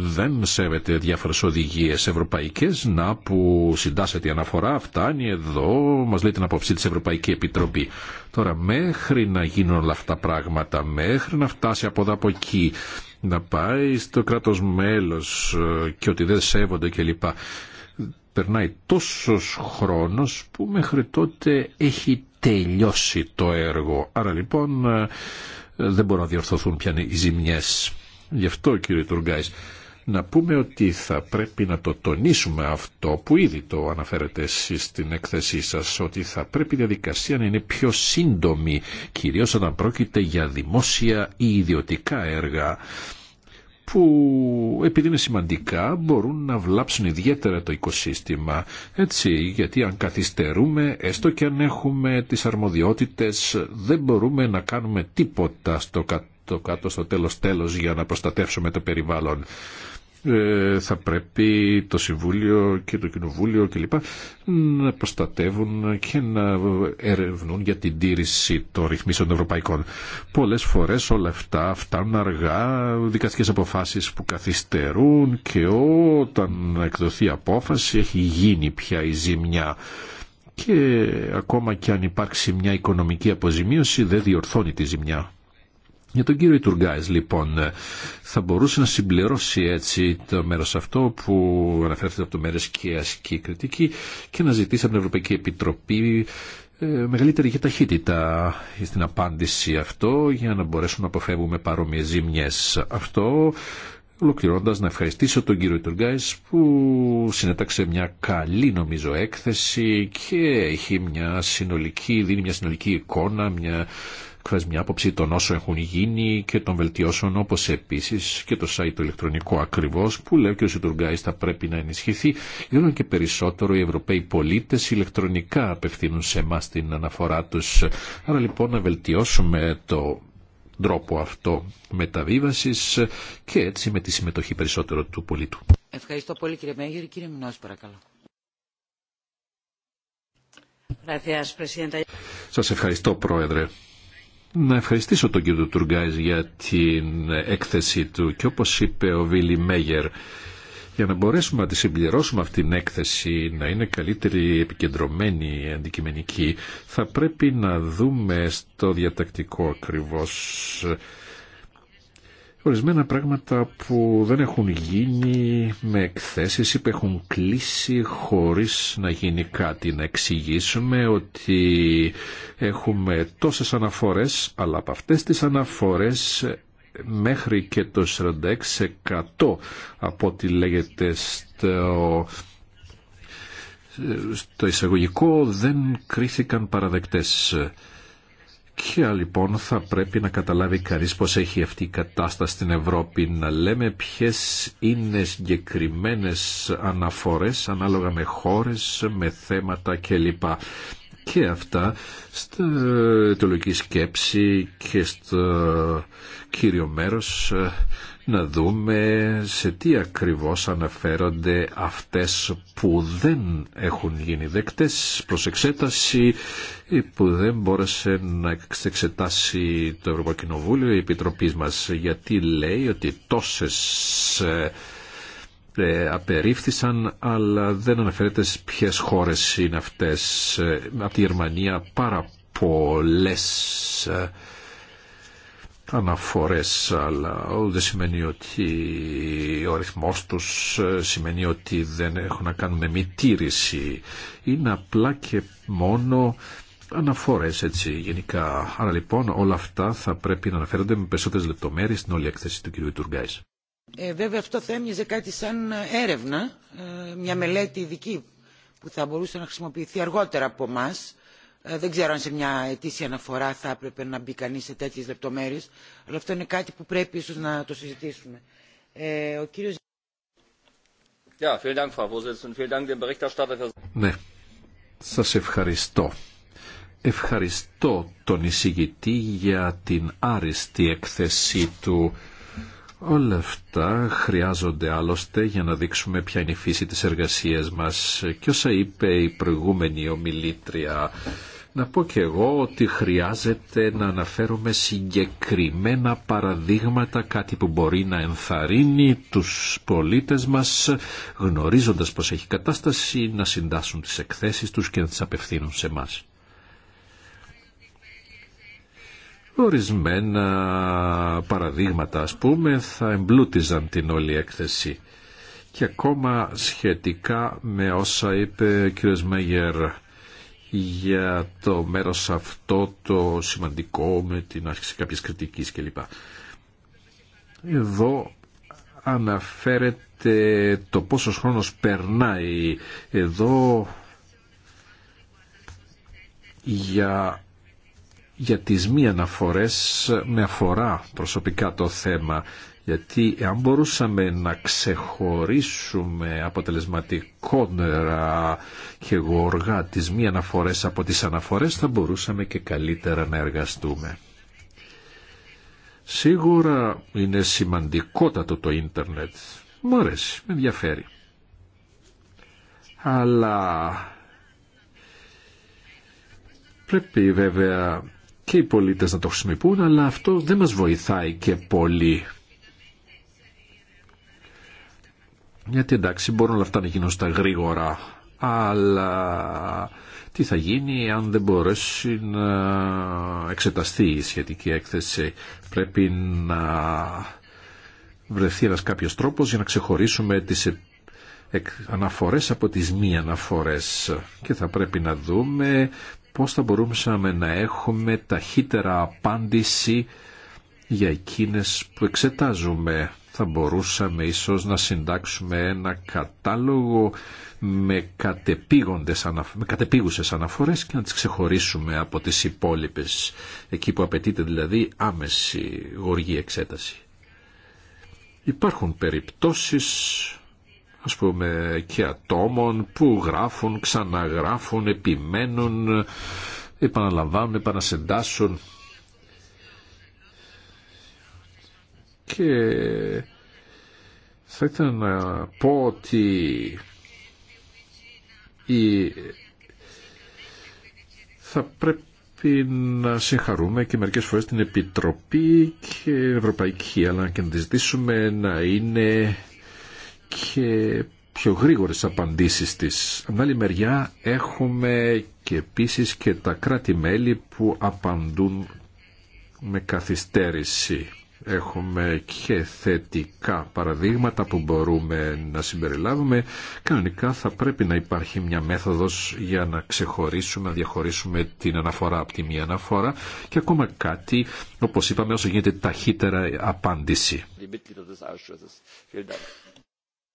δεν σέβεται διάφορες οδηγίες ευρωπαϊκές να που συντάσσεται η αναφορά φτάνει εδώ, μας λέει την απόψη της Ευρωπαϊκή Επιτροπή. Τώρα μέχρι να γίνουν όλα αυτά πράγματα, μέχρι να φτάσει από εδώ από εκεί, να πάει στο κράτος μέλος ε, και ότι δεν σέβονται κλπ περνάει τόσος χρόνος που μέχρι τότε έχει τελειώσει το έργο. Άρα λοιπόν ε, δεν μπορούν να διορθωθούν πια οι ζημιές. Γι' αυτό κύριε Τουργκάης, να πούμε ότι θα πρέπει να το τονίσουμε αυτό που ήδη το αναφέρετε εσείς στην έκθεσή σας, ότι θα πρέπει η διαδικασία να είναι πιο σύντομη, κυρίως όταν πρόκειται για δημόσια ή ιδιωτικά έργα που επειδή είναι σημαντικά μπορούν να βλάψουν ιδιαίτερα το οικοσύστημα. Έτσι, γιατί αν καθυστερούμε, έστω και αν έχουμε τις αρμοδιότητες, δεν μπορούμε να κάνουμε τίποτα στο κάτω, στο τέλος τέλος για να προστατεύσουμε το περιβάλλον. Ε, θα πρέπει το Συμβούλιο και το Κοινοβούλιο κλπ. να προστατεύουν και να ερευνούν για την τήρηση των ρυθμίσεων των ευρωπαϊκών. Πολλές φορές όλα αυτά φτάνουν αργά, δικαστικές αποφάσεις που καθυστερούν και όταν εκδοθεί απόφαση έχει γίνει πια η ζημιά και ακόμα και αν υπάρξει μια οικονομική αποζημίωση δεν διορθώνει τη ζημιά. Για τον κύριο Τουργκάης λοιπόν θα μπορούσε να συμπληρώσει έτσι το μέρος αυτό που αναφέρθηκε από το μέρος και ασκή κριτική και να ζητήσει από την Ευρωπαϊκή Επιτροπή ε, μεγαλύτερη για ταχύτητα στην απάντηση αυτό για να μπορέσουμε να αποφεύγουμε παρόμοιες ζήμιες. Αυτό Ολοκληρώντα να ευχαριστήσω τον κύριο Τουργκάης που συνέταξε μια καλή νομίζω έκθεση και έχει μια συνολική, δίνει μια συνολική εικόνα, μια προς μια άποψη των όσων έχουν γίνει και των βελτιώσεων όπως επίσης και το site το ηλεκτρονικό ακριβώς που λέει και ο Σιτουργκάης θα πρέπει να ενισχυθεί γίνουν και περισσότερο οι Ευρωπαίοι πολίτες ηλεκτρονικά απευθύνουν σε εμά την αναφορά τους άρα λοιπόν να βελτιώσουμε το τρόπο αυτό μεταβίβασης και έτσι με τη συμμετοχή περισσότερο του πολίτου. Ευχαριστώ πολύ κύριε Μέγερη. Κύριε Μινάς, παρακαλώ. Σας ευχαριστώ Πρόεδρε να ευχαριστήσω τον κύριο Τουργκάης για την έκθεση του και όπως είπε ο Βίλι Μέγερ για να μπορέσουμε να τη συμπληρώσουμε αυτή την έκθεση, να είναι καλύτερη επικεντρωμένη, αντικειμενική, θα πρέπει να δούμε στο διατακτικό ακριβώς ορισμένα πράγματα που δεν έχουν γίνει με εκθέσεις ή που έχουν κλείσει χωρίς να γίνει κάτι. Να εξηγήσουμε ότι έχουμε τόσες αναφορές, αλλά από αυτές τις αναφορές μέχρι και το 46% από ό,τι λέγεται στο στο εισαγωγικό δεν κρίθηκαν παραδεκτές. Και λοιπόν θα πρέπει να καταλάβει κανείς πως έχει αυτή η κατάσταση στην Ευρώπη, να λέμε ποιες είναι συγκεκριμένε αναφορές ανάλογα με χώρες, με θέματα κλπ. Και αυτά στη αιτιολογική σκέψη και στο κύριο μέρος να δούμε σε τι ακριβώς αναφέρονται αυτές που δεν έχουν γίνει δεκτές προς εξέταση ή που δεν μπόρεσε να εξετάσει το Ευρωκοινοβούλιο η Επιτροπή μας γιατί λέει ότι τόσες ε, ε, απερίφθησαν αλλά δεν αναφέρεται σε ποιες χώρες είναι αυτές ε, από τη Γερμανία πάρα πολλές αναφορές αλλά δεν σημαίνει ότι ο αριθμός τους ε, σημαίνει ότι δεν έχουν να κάνουν με μη Είναι απλά και μόνο αναφορές έτσι γενικά. Άρα λοιπόν όλα αυτά θα πρέπει να αναφέρονται με περισσότερες λεπτομέρειες στην όλη έκθεση του κ. Τουργκάης. Ε, βέβαια αυτό θα έμοιαζε κάτι σαν ε, έρευνα, ε, μια μελέτη ειδική που θα μπορούσε να χρησιμοποιηθεί αργότερα από εμάς ε, δεν ξέρω αν σε μια ετήσια αναφορά θα έπρεπε να μπει κανεί σε τέτοιε λεπτομέρειε, αλλά αυτό είναι κάτι που πρέπει ίσω να το συζητήσουμε. Ε, ο Ναι, σας ευχαριστώ. Ευχαριστώ τον εισηγητή για την άριστη έκθεσή του. Όλα αυτά χρειάζονται άλλωστε για να δείξουμε ποια είναι η φύση της εργασίας μας. Και όσα είπε η προηγούμενη ομιλήτρια, να πω και εγώ ότι χρειάζεται να αναφέρουμε συγκεκριμένα παραδείγματα, κάτι που μπορεί να ενθαρρύνει τους πολίτες μας, γνωρίζοντας πως έχει κατάσταση, να συντάσσουν τις εκθέσεις τους και να τις απευθύνουν σε μας. Ορισμένα παραδείγματα, ας πούμε, θα εμπλούτιζαν την όλη έκθεση. Και ακόμα σχετικά με όσα είπε ο κ. Μέγερ για το μέρος αυτό το σημαντικό με την άρχιση κάποιες κριτικής κλπ. Εδώ αναφέρεται το πόσος χρόνος περνάει. Εδώ για, για τις μη αναφορές με αφορά προσωπικά το θέμα γιατί αν μπορούσαμε να ξεχωρίσουμε αποτελεσματικότερα και γοργά τις μη αναφορές από τις αναφορές θα μπορούσαμε και καλύτερα να εργαστούμε. Σίγουρα είναι σημαντικότατο το ίντερνετ. Μου αρέσει, με ενδιαφέρει. Αλλά πρέπει βέβαια και οι πολίτες να το χρησιμοποιούν, αλλά αυτό δεν μας βοηθάει και πολύ. Γιατί εντάξει μπορούν όλα αυτά να γίνουν στα γρήγορα, αλλά τι θα γίνει αν δεν μπορέσει να εξεταστεί η σχετική έκθεση. Πρέπει να βρεθεί ένας κάποιος τρόπος για να ξεχωρίσουμε τις ε- αναφορές από τις μη αναφορές και θα πρέπει να δούμε πώς θα μπορούσαμε να έχουμε ταχύτερα απάντηση για εκείνες που εξετάζουμε θα μπορούσαμε ίσως να συντάξουμε ένα κατάλογο με, κατεπήγοντες, με κατεπήγουσες αναφορές και να τις ξεχωρίσουμε από τις υπόλοιπες, εκεί που απαιτείται δηλαδή άμεση γοργή εξέταση. Υπάρχουν περιπτώσεις ας πούμε και ατόμων που γράφουν, ξαναγράφουν, επιμένουν, επαναλαμβάνουν, επανασεντάσουν. και θα ήθελα να πω ότι η... θα πρέπει να συγχαρούμε και μερικές φορές την Επιτροπή και Ευρωπαϊκή αλλά και να τη να είναι και πιο γρήγορες απαντήσεις της. Από άλλη μεριά έχουμε και επίσης και τα κράτη-μέλη που απαντούν με καθυστέρηση. Έχουμε και θετικά παραδείγματα που μπορούμε να συμπεριλάβουμε. Κανονικά θα πρέπει να υπάρχει μια μέθοδος για να ξεχωρίσουμε, να διαχωρίσουμε την αναφορά από τη μία αναφορά και ακόμα κάτι, όπως είπαμε, όσο γίνεται ταχύτερα απάντηση.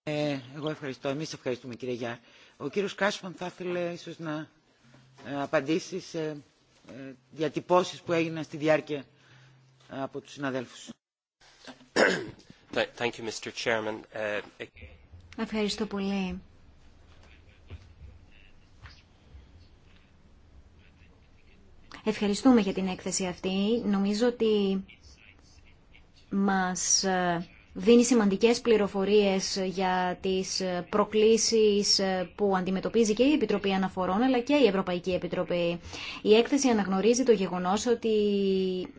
Ε, εγώ ευχαριστώ. Εμείς ευχαριστούμε κύριε Γιά. Ο κύριος Κάσπαν θα ήθελε ίσως να ε, απαντήσει σε ε, διατυπώσεις που έγιναν στη διάρκεια από τους συναδέλφους. Thank you, Mr. Ε, ε- Ευχαριστώ πολύ. Ευχαριστούμε για την έκθεση αυτή. Νομίζω ότι μας ε, δίνει σημαντικές πληροφορίες για τις προκλήσεις που αντιμετωπίζει και η Επιτροπή Αναφορών αλλά και η Ευρωπαϊκή Επιτροπή. Η έκθεση αναγνωρίζει το γεγονός ότι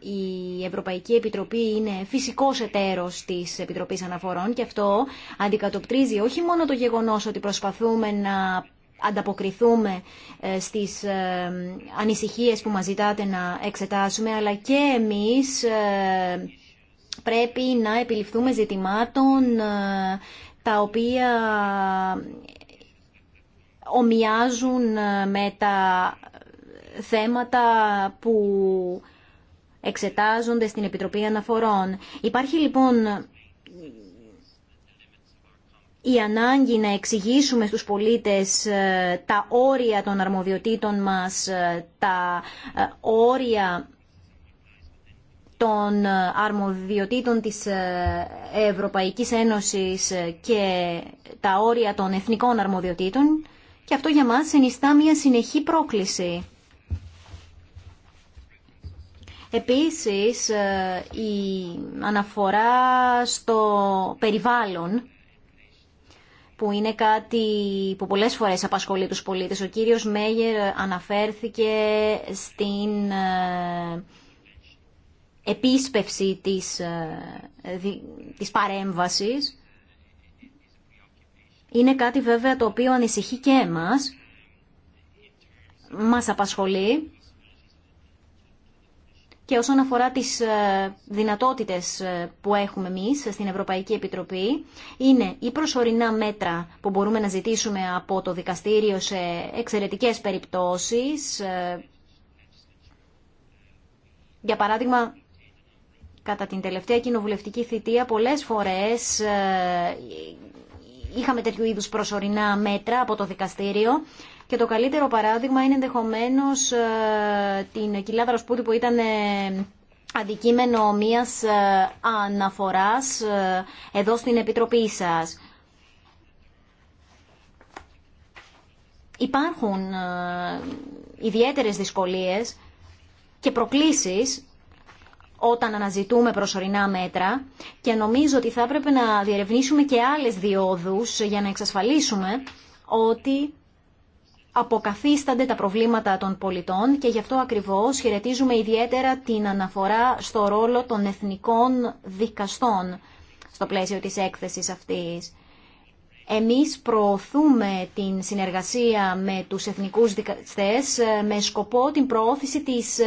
η Ευρωπαϊκή Επιτροπή είναι φυσικός εταίρος της Επιτροπής Αναφορών και αυτό αντικατοπτρίζει όχι μόνο το γεγονός ότι προσπαθούμε να ανταποκριθούμε ε, στις ε, ανησυχίες που μας ζητάτε να εξετάσουμε, αλλά και εμείς ε, πρέπει να επιληφθούμε ζητημάτων ε, τα οποία ομοιάζουν ε, με τα θέματα που εξετάζονται στην Επιτροπή Αναφορών. Υπάρχει λοιπόν η ανάγκη να εξηγήσουμε στους πολίτες ε, τα όρια των αρμοδιοτήτων μας, τα όρια των ε, αρμοδιοτήτων της ε, Ευρωπαϊκής Ένωσης ε, και τα όρια των εθνικών αρμοδιοτήτων και αυτό για μας συνιστά μια συνεχή πρόκληση. Επίσης, η αναφορά στο περιβάλλον, που είναι κάτι που πολλές φορές απασχολεί τους πολίτες. Ο κύριος Μέγερ αναφέρθηκε στην επίσπευση της, ε, της παρέμβασης. Είναι κάτι βέβαια το οποίο ανησυχεί και εμάς, μας απασχολεί και όσον αφορά τις ε, δυνατότητες ε, που έχουμε εμείς στην Ευρωπαϊκή Επιτροπή είναι οι προσωρινά μέτρα που μπορούμε να ζητήσουμε από το δικαστήριο σε εξαιρετικές περιπτώσεις. Για παράδειγμα, Κατά την τελευταία κοινοβουλευτική θητεία πολλές φορές ε, είχαμε τέτοιου είδους προσωρινά μέτρα από το δικαστήριο και το καλύτερο παράδειγμα είναι ενδεχομένω ε, την κοιλάδα Ρασπούτη που ήταν ε, αντικείμενο μίας αναφοράς εδώ στην Επιτροπή σας. Υπάρχουν ιδιαίτερες δυσκολίες και προκλήσεις όταν αναζητούμε προσωρινά μέτρα και νομίζω ότι θα έπρεπε να διερευνήσουμε και άλλες διόδους για να εξασφαλίσουμε ότι αποκαθίστανται τα προβλήματα των πολιτών και γι' αυτό ακριβώς χαιρετίζουμε ιδιαίτερα την αναφορά στο ρόλο των εθνικών δικαστών στο πλαίσιο της έκθεσης αυτής. Εμείς προωθούμε την συνεργασία με τους εθνικούς δικαστές ε, με σκοπό την προώθηση της ε,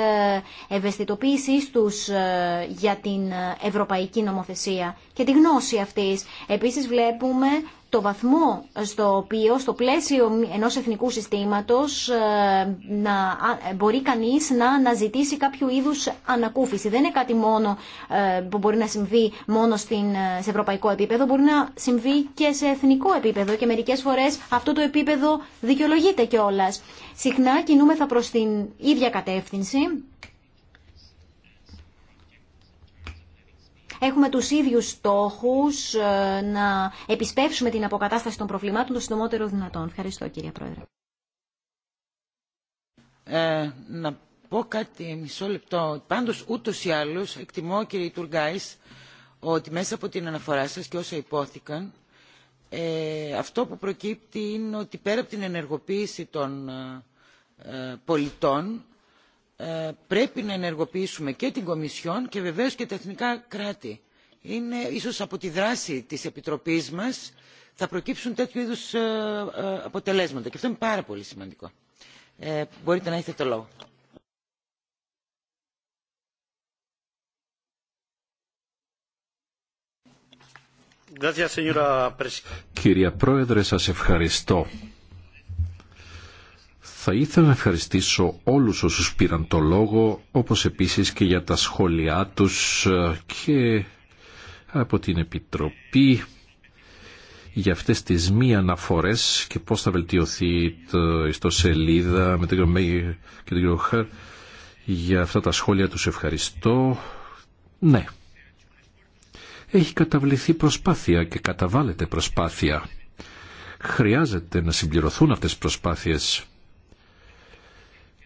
ευαισθητοποίησής τους ε, για την ευρωπαϊκή νομοθεσία και τη γνώση αυτής. Επίσης βλέπουμε το βαθμό στο οποίο, στο πλαίσιο ενός εθνικού συστήματος, ε, να, μπορεί κανείς να αναζητήσει κάποιο είδους ανακούφιση. Δεν είναι κάτι μόνο ε, που μπορεί να συμβεί μόνο στην, ε, σε ευρωπαϊκό επίπεδο, μπορεί να συμβεί και σε εθνικό επίπεδο και μερικές φορές αυτό το επίπεδο δικαιολογείται κιόλα. Συχνά κινούμεθα προς την ίδια κατεύθυνση Έχουμε τους ίδιους στόχους ε, να επισπεύσουμε την αποκατάσταση των προβλημάτων το συντομότερο δυνατόν. Ευχαριστώ κύριε Πρόεδρε. Ε, να πω κάτι μισό λεπτό. Πάντως ούτως ή άλλως εκτιμώ κύριε Τουργκάης ότι μέσα από την αναφορά σας και όσα υπόθηκαν ε, αυτό που προκύπτει είναι ότι πέρα από την ενεργοποίηση των ε, πολιτών ε, πρέπει να ενεργοποιήσουμε και την Κομισιόν και βεβαίως και τα εθνικά κράτη. Είναι ίσως από τη δράση της Επιτροπής μας θα προκύψουν τέτοιου είδους ε, ε, αποτελέσματα και αυτό είναι πάρα πολύ σημαντικό. μπορείτε να έχετε το λόγο. Κυρία Πρόεδρε, σας ευχαριστώ. Θα ήθελα να ευχαριστήσω όλους όσους πήραν το λόγο, όπως επίσης και για τα σχόλιά τους και από την Επιτροπή για αυτές τις μη αναφορές και πώς θα βελτιωθεί το ιστοσελίδα με τον κύριο και τον κύριο Χαρ Για αυτά τα σχόλια τους ευχαριστώ. Ναι. Έχει καταβληθεί προσπάθεια και καταβάλλεται προσπάθεια. Χρειάζεται να συμπληρωθούν αυτές τις προσπάθειες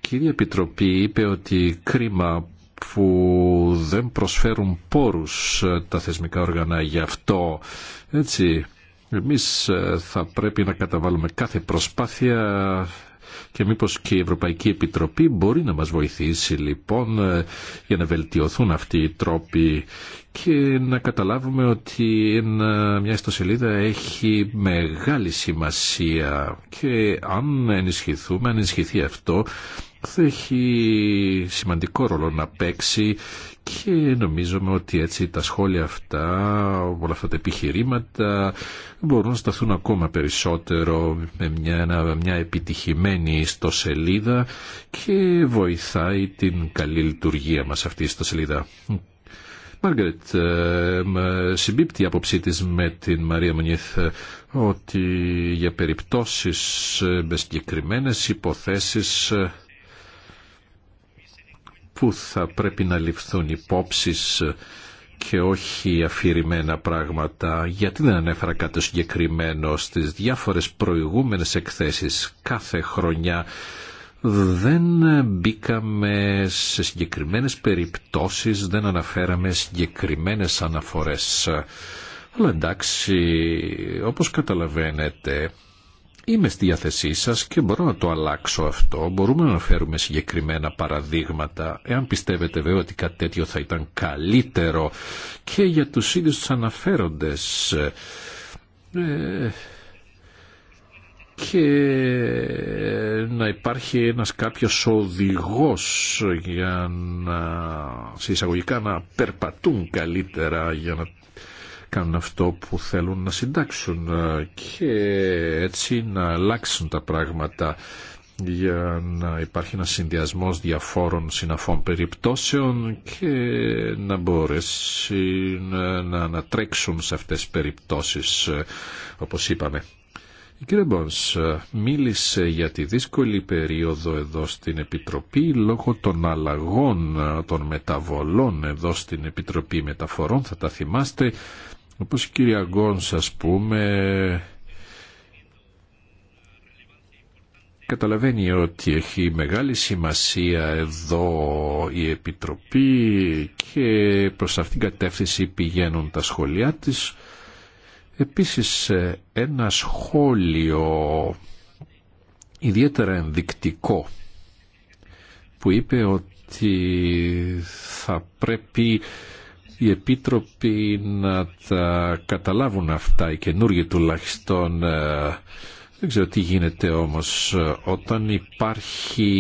κυρία Επιτροπή είπε ότι κρίμα που δεν προσφέρουν πόρους ε, τα θεσμικά όργανα γι' αυτό. Έτσι, εμείς ε, θα πρέπει να καταβάλουμε κάθε προσπάθεια και μήπως και η Ευρωπαϊκή Επιτροπή μπορεί να μας βοηθήσει λοιπόν ε, για να βελτιωθούν αυτοί οι τρόποι και να καταλάβουμε ότι μια ιστοσελίδα έχει μεγάλη σημασία και αν ενισχυθούμε, αν ενισχυθεί αυτό θα έχει σημαντικό ρόλο να παίξει και νομίζουμε ότι έτσι τα σχόλια αυτά, όλα αυτά τα επιχειρήματα μπορούν να σταθούν ακόμα περισσότερο με μια, μια επιτυχημένη ιστοσελίδα και βοηθάει την καλή λειτουργία μας αυτή η ιστοσελίδα. Μάργαρετ, ε, συμπίπτει η άποψή της με την Μαρία Μονιθ ότι για περιπτώσεις ε, με συγκεκριμένες υποθέσεις ε, που θα πρέπει να ληφθούν υπόψει και όχι αφηρημένα πράγματα. Γιατί δεν ανέφερα κάτι συγκεκριμένο στις διάφορες προηγούμενες εκθέσεις κάθε χρονιά δεν μπήκαμε σε συγκεκριμένες περιπτώσεις, δεν αναφέραμε συγκεκριμένες αναφορές. Αλλά εντάξει, όπως καταλαβαίνετε, Είμαι στη διάθεσή σας και μπορώ να το αλλάξω αυτό. Μπορούμε να φέρουμε συγκεκριμένα παραδείγματα, εάν πιστεύετε βέβαια ότι κάτι τέτοιο θα ήταν καλύτερο και για τους ίδιους τους αναφέροντες. Ε, και να υπάρχει ένας κάποιος οδηγός για να σε εισαγωγικά να περπατούν καλύτερα για να κάνουν αυτό που θέλουν να συντάξουν ε, και έτσι να αλλάξουν τα πράγματα για να υπάρχει ένα συνδυασμό διαφόρων συναφών περιπτώσεων και να μπορέσει ε, να, να, σε αυτές τις περιπτώσεις ε, όπως είπαμε. Η κύριε Μπονς μίλησε για τη δύσκολη περίοδο εδώ στην Επιτροπή λόγω των αλλαγών των μεταβολών εδώ στην Επιτροπή Μεταφορών θα τα θυμάστε όπως η κυρία Γκόνς, ας πούμε, καταλαβαίνει ότι έχει μεγάλη σημασία εδώ η Επιτροπή και προς αυτήν την κατεύθυνση πηγαίνουν τα σχόλιά της. Επίσης ένα σχόλιο ιδιαίτερα ενδεικτικό που είπε ότι θα πρέπει οι επίτροποι να τα καταλάβουν αυτά, οι καινούργοι τουλάχιστον. Ε, δεν ξέρω τι γίνεται όμως όταν υπάρχει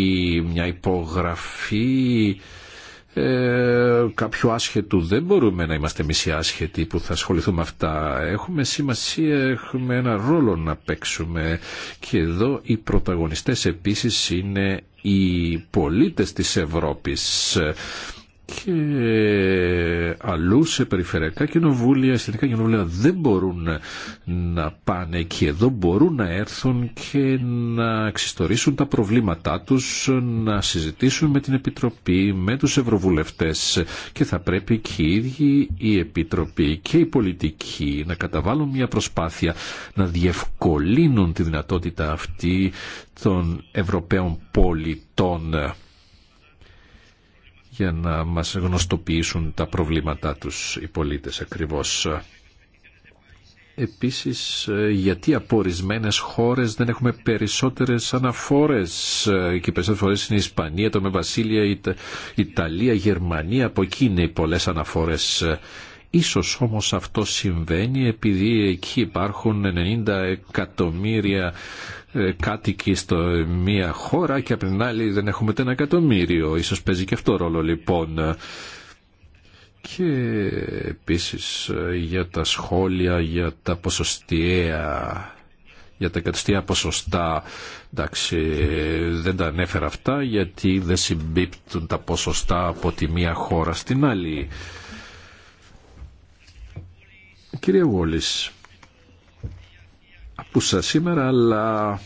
μια υπογραφή ε, κάποιου άσχετου δεν μπορούμε να είμαστε εμείς άσχετοι που θα ασχοληθούμε αυτά. Έχουμε σημασία, έχουμε ένα ρόλο να παίξουμε και εδώ οι πρωταγωνιστές επίσης είναι οι πολίτες της Ευρώπης και αλλού σε περιφερειακά κοινοβούλια, αστυνομικά κοινοβούλια δεν μπορούν να πάνε και Εδώ μπορούν να έρθουν και να εξιστορήσουν τα προβλήματά τους, να συζητήσουν με την Επιτροπή, με τους Ευρωβουλευτές και θα πρέπει και οι ίδιοι η Επιτροπή και οι πολιτικοί να καταβάλουν μια προσπάθεια να διευκολύνουν τη δυνατότητα αυτή των Ευρωπαίων πολιτών για να μας γνωστοποιήσουν τα προβλήματά τους οι πολίτες ακριβώς. Επίσης, γιατί από ορισμένε χώρες δεν έχουμε περισσότερες αναφόρες και περισσότερες φορές είναι η Ισπανία, το με η Ιταλία, Ιταλία, Γερμανία, από εκεί είναι οι πολλές αναφόρες. Ίσως όμως αυτό συμβαίνει επειδή εκεί υπάρχουν 90 εκατομμύρια ε, κάτοικοι στο μία χώρα και απ' την άλλη δεν έχουμε ούτε ένα εκατομμύριο. Ίσως παίζει και αυτό ρόλο λοιπόν. Και επίσης ε, για τα σχόλια, για τα ποσοστιαία για τα εκατοστία ποσοστά. Εντάξει, δεν τα ανέφερα αυτά γιατί δεν συμπίπτουν τα ποσοστά από τη μία χώρα στην άλλη. Κυρία Βόλης, άκουσα σήμερα, αλλά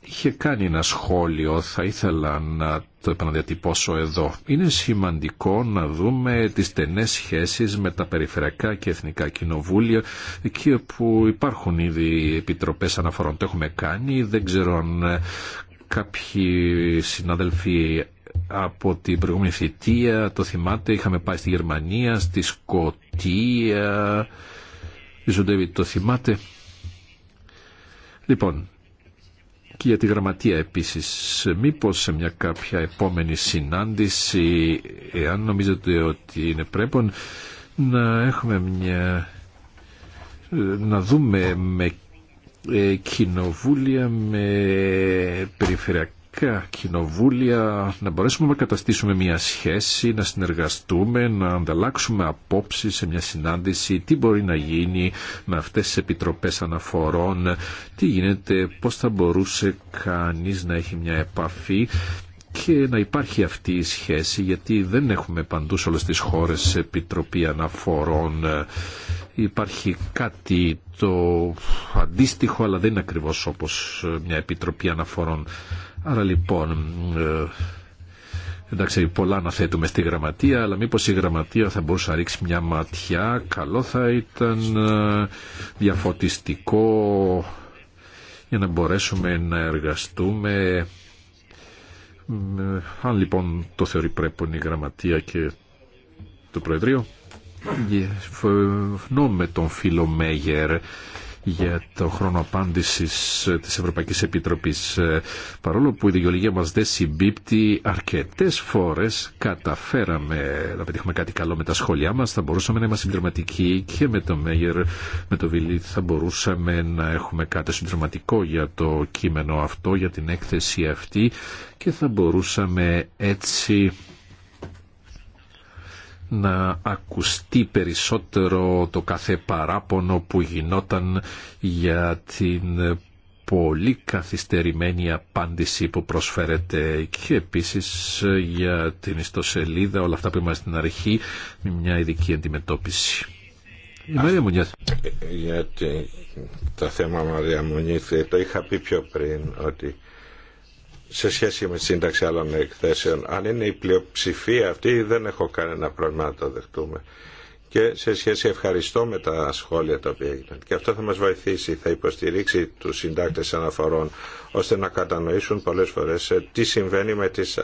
είχε κάνει ένα σχόλιο, θα ήθελα να το επαναδιατυπώσω εδώ. Είναι σημαντικό να δούμε τις στενές σχέσεις με τα περιφερειακά και εθνικά κοινοβούλια, εκεί που υπάρχουν ήδη επιτροπές αναφορών. Το έχουμε κάνει, δεν ξέρω αν ε, κάποιοι συναδελφοί από την προηγούμενη θητεία, το θυμάται, είχαμε πάει στη Γερμανία, στη Σκοτία, Ζωντεύει, το θυμάται. Λοιπόν, και για τη γραμματεία επίσης, μήπως σε μια κάποια επόμενη συνάντηση, εάν νομίζετε ότι είναι πρέπον, να έχουμε μια... να δούμε με ε, κοινοβούλια, με περιφερειακά κοινοβούλια να μπορέσουμε να καταστήσουμε μια σχέση, να συνεργαστούμε, να ανταλλάξουμε απόψεις σε μια συνάντηση, τι μπορεί να γίνει με αυτές τις επιτροπές αναφορών, τι γίνεται, πώς θα μπορούσε κανείς να έχει μια επαφή και να υπάρχει αυτή η σχέση γιατί δεν έχουμε παντού σε όλες τις χώρες επιτροπή αναφορών υπάρχει κάτι το αντίστοιχο αλλά δεν είναι ακριβώς όπως μια επιτροπή αναφορών Άρα λοιπόν, εντάξει πολλά να θέτουμε στη γραμματεία, αλλά μήπως η γραμματεία θα μπορούσε να ρίξει μια ματιά, καλό θα ήταν διαφωτιστικό για να μπορέσουμε να εργαστούμε. Αν λοιπόν το θεωρεί πρέπει η γραμματεία και το Προεδρείο, yeah. τον φίλο Μέγερ για το χρόνο απάντηση ε, της Ευρωπαϊκής Επιτροπής. Ε, παρόλο που η δικαιολογία μας δεν συμπίπτει, αρκετέ φορέ καταφέραμε να πετύχουμε κάτι καλό με τα σχόλιά μας, θα μπορούσαμε να είμαστε συμπληρωματικοί και με το Μέγερ, με το Βιλί θα μπορούσαμε να έχουμε κάτι συμπληρωματικό για το κείμενο αυτό, για την έκθεση αυτή και θα μπορούσαμε έτσι να ακουστεί περισσότερο το κάθε παράπονο που γινόταν για την πολύ καθυστερημένη απάντηση που προσφέρεται και επίσης για την ιστοσελίδα, όλα αυτά που είμαστε στην αρχή, με μια ειδική αντιμετώπιση. Η Μαρία ε, ε, Γιατί το θέμα Μαρία Μουνιά, ε, το είχα πει πιο πριν ότι σε σχέση με τη σύνταξη άλλων εκθέσεων. Αν είναι η πλειοψηφία αυτή δεν έχω κανένα πρόβλημα να το δεχτούμε. Και σε σχέση ευχαριστώ με τα σχόλια τα οποία έγιναν. Και αυτό θα μας βοηθήσει, θα υποστηρίξει τους συντάκτες αναφορών, ώστε να κατανοήσουν πολλές φορές ε, τι συμβαίνει με τις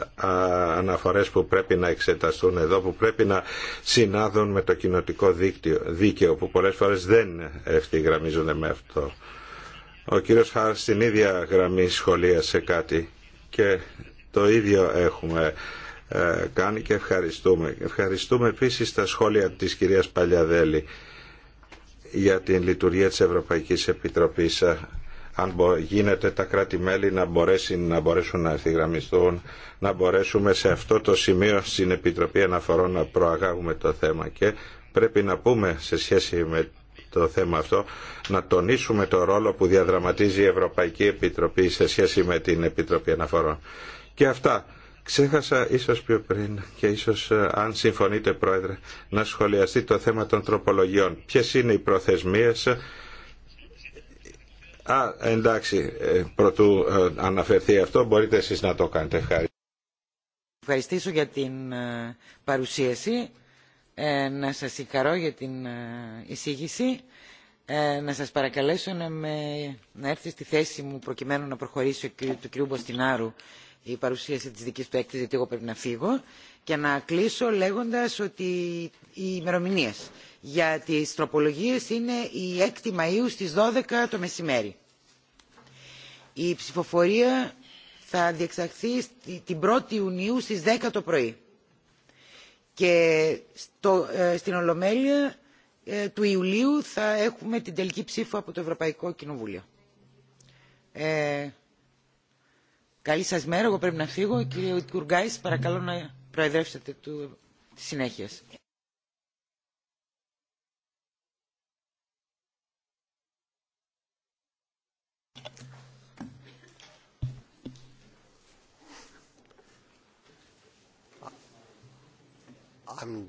αναφορές που πρέπει να εξεταστούν εδώ, που πρέπει να συνάδουν με το κοινοτικό δίκτυο, δίκαιο, που πολλές φορές δεν ευθυγραμμίζονται με αυτό. Ο κύριος Χάρ στην ίδια γραμμή σχολίασε κάτι και το ίδιο έχουμε ε, κάνει και ευχαριστούμε. Ευχαριστούμε επίσης τα σχόλια της κυρίας Παλιαδέλη για την λειτουργία της Ευρωπαϊκής Επιτροπής ε, αν γίνεται τα κράτη-μέλη να, να μπορέσουν να ευθυγραμμιστούν, να μπορέσουμε σε αυτό το σημείο στην Επιτροπή Αναφορών να προαγάγουμε το θέμα. Και πρέπει να πούμε σε σχέση με το θέμα αυτό, να τονίσουμε το ρόλο που διαδραματίζει η Ευρωπαϊκή Επιτροπή σε σχέση με την Επιτροπή Αναφορών. Και αυτά. Ξέχασα ίσως πιο πριν και ίσως ε, αν συμφωνείτε Πρόεδρε να σχολιαστεί το θέμα των τροπολογιών. Ποιες είναι οι προθεσμίες Α, εντάξει, ε, πρωτού ε, αναφερθεί αυτό, μπορείτε εσείς να το κάνετε. Ευχαριστώ. Ευχαριστήσω για την παρουσίαση. Ε, να σας συγχαρώ για την ε, εισήγηση, ε, να σας παρακαλέσω να, έρθει στη θέση μου προκειμένου να προχωρήσει του κ. Μποστινάρου η παρουσίαση της δικής του έκθεσης, γιατί εγώ πρέπει να φύγω, και να κλείσω λέγοντας ότι οι ημερομηνίε για τις τροπολογίες είναι η 6η Μαΐου στις 12 το μεσημέρι. Η ψηφοφορία θα διεξαχθεί την 1η Ιουνίου στις 10 το πρωί και ε, στην Ολομέλεια ε, του Ιουλίου θα έχουμε την τελική ψήφο από το Ευρωπαϊκό Κοινοβούλιο. Ε, καλή σας μέρα, εγώ πρέπει να φύγω. Κύριε Κουργκάης, παρακαλώ να προεδρεύσετε του, συνέχεια. Δεν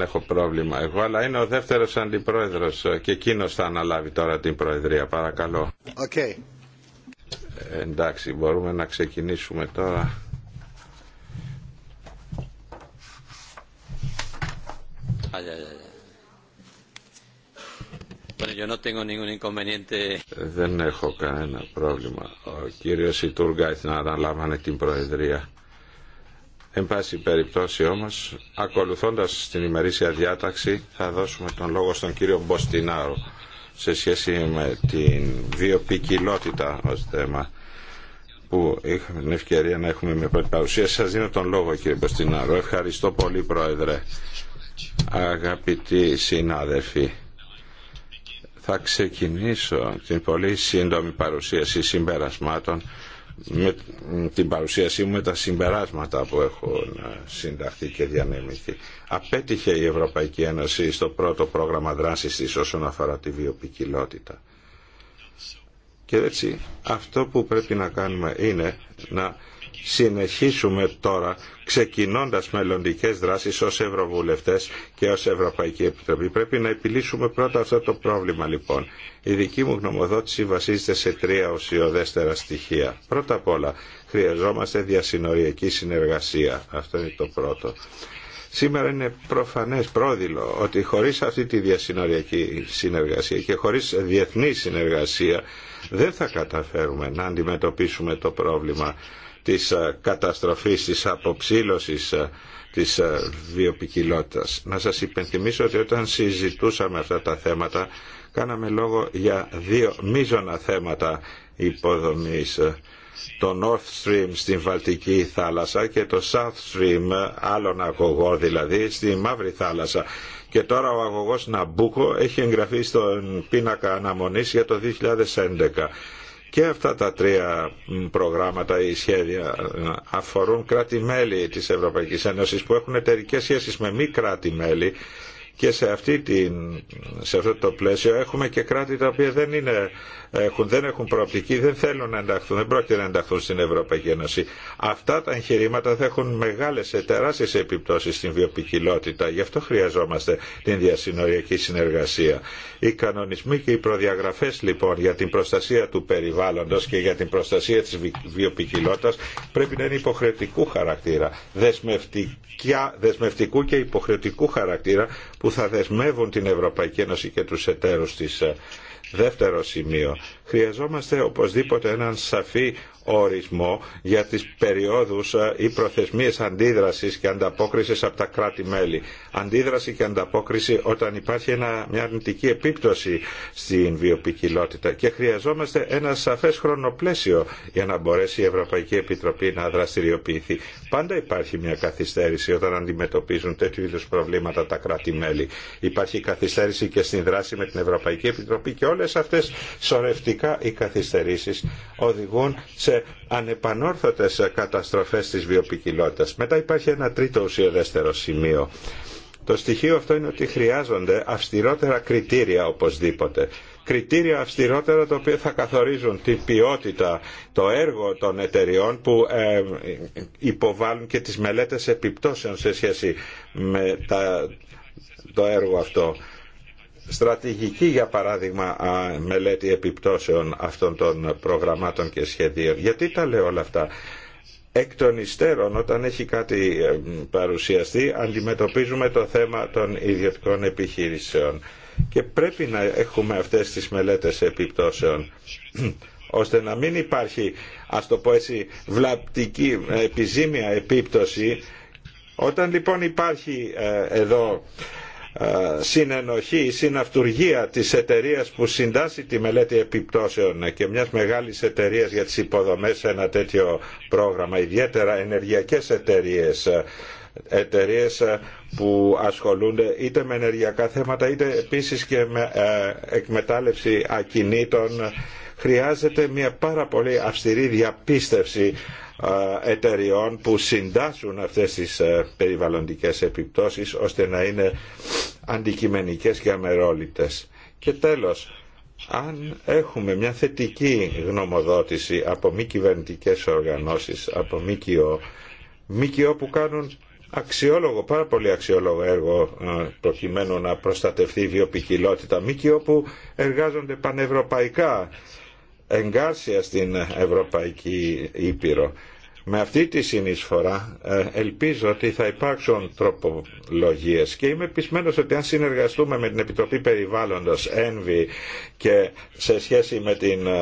έχω πρόβλημα εγώ, αλλά είναι ο δεύτερος αντιπρόεδρος και εκείνο θα αναλάβει τώρα την προεδρία, παρακαλώ. Okay. Ε, εντάξει, μπορούμε να ξεκινήσουμε τώρα. Δεν έχω κανένα πρόβλημα. Ο κύριο Ιτούργαϊθ να αναλαβανε την Προεδρία. Εν πάση περιπτώσει ομω ακολουθωντα την ημερήσια διάταξη, θα δώσουμε τον λόγο στον κύριο Μποστινάρο σε σχέση με την βιοπικιλότητα ω θέμα που είχαμε την ευκαιρία να έχουμε με πρώτη παρουσία. Σας δίνω τον λόγο κύριε Μποστινάρο. Ευχαριστώ πολύ Πρόεδρε. Αγαπητοί συνάδελφοι, θα ξεκινήσω την πολύ σύντομη παρουσίαση συμπερασμάτων με την παρουσίασή μου με τα συμπεράσματα που έχουν συνταχθεί και διανεμηθεί. Απέτυχε η Ευρωπαϊκή Ένωση στο πρώτο πρόγραμμα δράσης της όσον αφορά τη βιοπικιλότητα. Και έτσι αυτό που πρέπει να κάνουμε είναι να συνεχίσουμε τώρα ξεκινώντας μελλοντικές δράσεις ως Ευρωβουλευτές και ως Ευρωπαϊκή Επιτροπή. Πρέπει να επιλύσουμε πρώτα αυτό το πρόβλημα λοιπόν. Η δική μου γνωμοδότηση βασίζεται σε τρία ουσιοδέστερα στοιχεία. Πρώτα απ' όλα χρειαζόμαστε διασυνοριακή συνεργασία. Αυτό είναι το πρώτο. Σήμερα είναι προφανές πρόδειλο ότι χωρίς αυτή τη διασυνοριακή συνεργασία και χωρίς διεθνή συνεργασία δεν θα καταφέρουμε να αντιμετωπίσουμε το πρόβλημα της ε, καταστροφής, της αποψήλωσης ε, της ε, βιοπικιλότητας. Να σας υπενθυμίσω ότι όταν συζητούσαμε αυτά τα θέματα κάναμε λόγο για δύο μείζωνα θέματα υποδομής το North Stream στην Βαλτική θάλασσα και το South Stream, άλλον αγωγό δηλαδή, στη Μαύρη θάλασσα. Και τώρα ο αγωγός Ναμπούκο έχει εγγραφεί στον πίνακα αναμονής για το 2011. Και αυτά τα τρία προγράμματα ή σχέδια ε, αφορούν κράτη-μέλη της Ευρωπαϊκής Ένωσης που έχουν εταιρικέ σχέσεις με μη κράτη-μέλη και σε, αυτή την, σε αυτό το πλαίσιο έχουμε και κράτη τα οποία δεν είναι έχουν, δεν έχουν προοπτική, δεν θέλουν να ενταχθούν, δεν πρόκειται να ενταχθούν στην Ευρωπαϊκή Ένωση. Αυτά τα εγχειρήματα θα έχουν μεγάλε ε, τεράστιες επιπτώσει στην βιοπικιλότητα. Γι' αυτό χρειαζόμαστε την διασυνοριακή συνεργασία. Οι κανονισμοί και οι προδιαγραφέ, λοιπόν για την προστασία του περιβάλλοντο και για την προστασία τη βιοπικιλότητα πρέπει να είναι υποχρεωτικού χαρακτήρα, δεσμευτικού και υποχρεωτικού χαρακτήρα που θα δεσμεύουν την Ευρωπαϊκή Ένωση και του εταίρους τη. Ε, Δεύτερο σημείο. Χρειαζόμαστε οπωσδήποτε έναν σαφή ορισμό για τις περιόδους ε, ή προθεσμίες αντίδρασης και ανταπόκρισης από τα κράτη-μέλη. Αντίδραση και ανταπόκριση όταν υπάρχει μια αρνητική επίπτωση στην βιοπικιλότητα και χρειαζόμαστε ένα σαφές χρονοπλαίσιο για να μπορέσει η Ευρωπαϊκή Επιτροπή να δραστηριοποιηθεί. Πάντα υπάρχει μια καθυστέρηση όταν αντιμετωπίζουν τέτοιου είδου προβλήματα τα κράτη-μέλη. Υπάρχει καθυστέρηση και στην δράση με την Ευρωπαϊκή Επιτροπή και όλες αυτές σορευτικά οι καθυστερήσεις οδηγούν σε ανεπανόρθωτες καταστροφές της βιοπικιλότητας. Μετά υπάρχει ένα τρίτο ουσιοδέστερο σημείο. Το στοιχείο αυτό είναι ότι χρειάζονται αυστηρότερα κριτήρια οπωσδήποτε κριτήρια αυστηρότερα τα οποία θα καθορίζουν την ποιότητα, το έργο των εταιριών που ε, υποβάλλουν και τις μελέτες επιπτώσεων σε σχέση με το έργο αυτό στρατηγική για παράδειγμα μελέτη επιπτώσεων αυτών των προγραμμάτων και σχεδίων. Γιατί τα λέω όλα αυτά. Εκ των υστέρων όταν έχει κάτι ε, παρουσιαστεί αντιμετωπίζουμε το θέμα των ιδιωτικών επιχειρήσεων και πρέπει να έχουμε αυτές τις μελέτες επιπτώσεων ώστε να μην υπάρχει ας το πω έτσι βλαπτική επιζήμια επίπτωση όταν λοιπόν υπάρχει ε, εδώ ε, συνενοχή ή συναυτουργία της εταιρείας που συντάσσει τη μελέτη επιπτώσεων και μιας μεγάλης εταιρείας για τις υποδομές σε ένα τέτοιο πρόγραμμα, ιδιαίτερα ενεργειακές εταιρείες, εταιρείες ε, που ασχολούνται είτε με ενεργειακά θέματα είτε επίσης και με ε, εκμετάλλευση ακινήτων χρειάζεται μια πάρα πολύ αυστηρή διαπίστευση ε, εταιριών που συντάσσουν αυτές τις ε, περιβαλλοντικές επιπτώσεις ώστε να είναι αντικειμενικές και αμερόληπτες. Και τέλος, αν έχουμε μια θετική γνωμοδότηση από μη κυβερνητικέ οργανώσεις, από ΜΚΟ, ΜΚΟ που κάνουν αξιόλογο, πάρα πολύ αξιόλογο έργο ε, προκειμένου να προστατευτεί η βιοπικιλότητα, ΜΚΟ που εργάζονται πανευρωπαϊκά, εγκάρσια στην Ευρωπαϊκή Ήπειρο. Με αυτή τη συνεισφορά ε, ελπίζω ότι θα υπάρξουν τροπολογίες και είμαι πεισμένος ότι αν συνεργαστούμε με την Επιτροπή Περιβάλλοντος, ΕΝΒΗ και σε σχέση με την ε,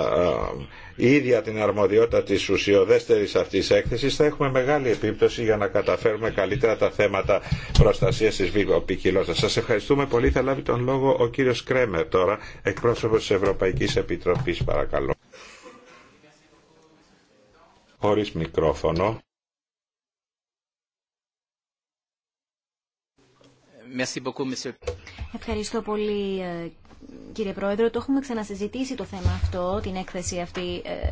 ε, ίδια την αρμοδιότητα της ουσιοδέστερης αυτής έκθεσης θα έχουμε μεγάλη επίπτωση για να καταφέρουμε καλύτερα τα θέματα προστασίας της βιοποικιλότητας. Σας ευχαριστούμε πολύ. Θα λάβει τον λόγο ο κύριος Κρέμερ τώρα, εκπρόσωπος της Ευρωπαϊκής Επιτροπής. Παρακαλώ χωρίς μικρόφωνο. Ευχαριστώ πολύ ε, κύριε Πρόεδρο. Το έχουμε ξανασυζητήσει το θέμα αυτό, την έκθεση αυτή ε,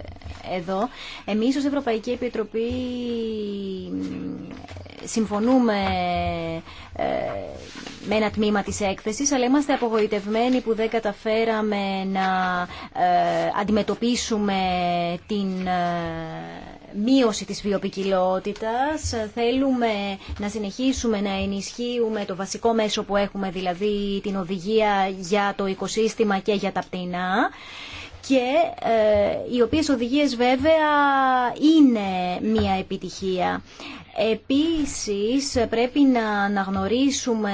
εδώ. Εμείς ως Ευρωπαϊκή Επιτροπή συμφωνούμε ε, με ένα τμήμα της έκθεσης, αλλά είμαστε απογοητευμένοι που δεν καταφέραμε να αντιμετωπίσουμε την μείωση της βιοπικιλότητας. Θέλουμε να συνεχίσουμε να ενισχύουμε το βασικό μέσο που έχουμε, δηλαδή την οδηγία για το οικοσύστημα και για τα πτηνά και ε, οι οποίες οδηγίες βέβαια είναι μια επιτυχία. Επίσης πρέπει να αναγνωρίσουμε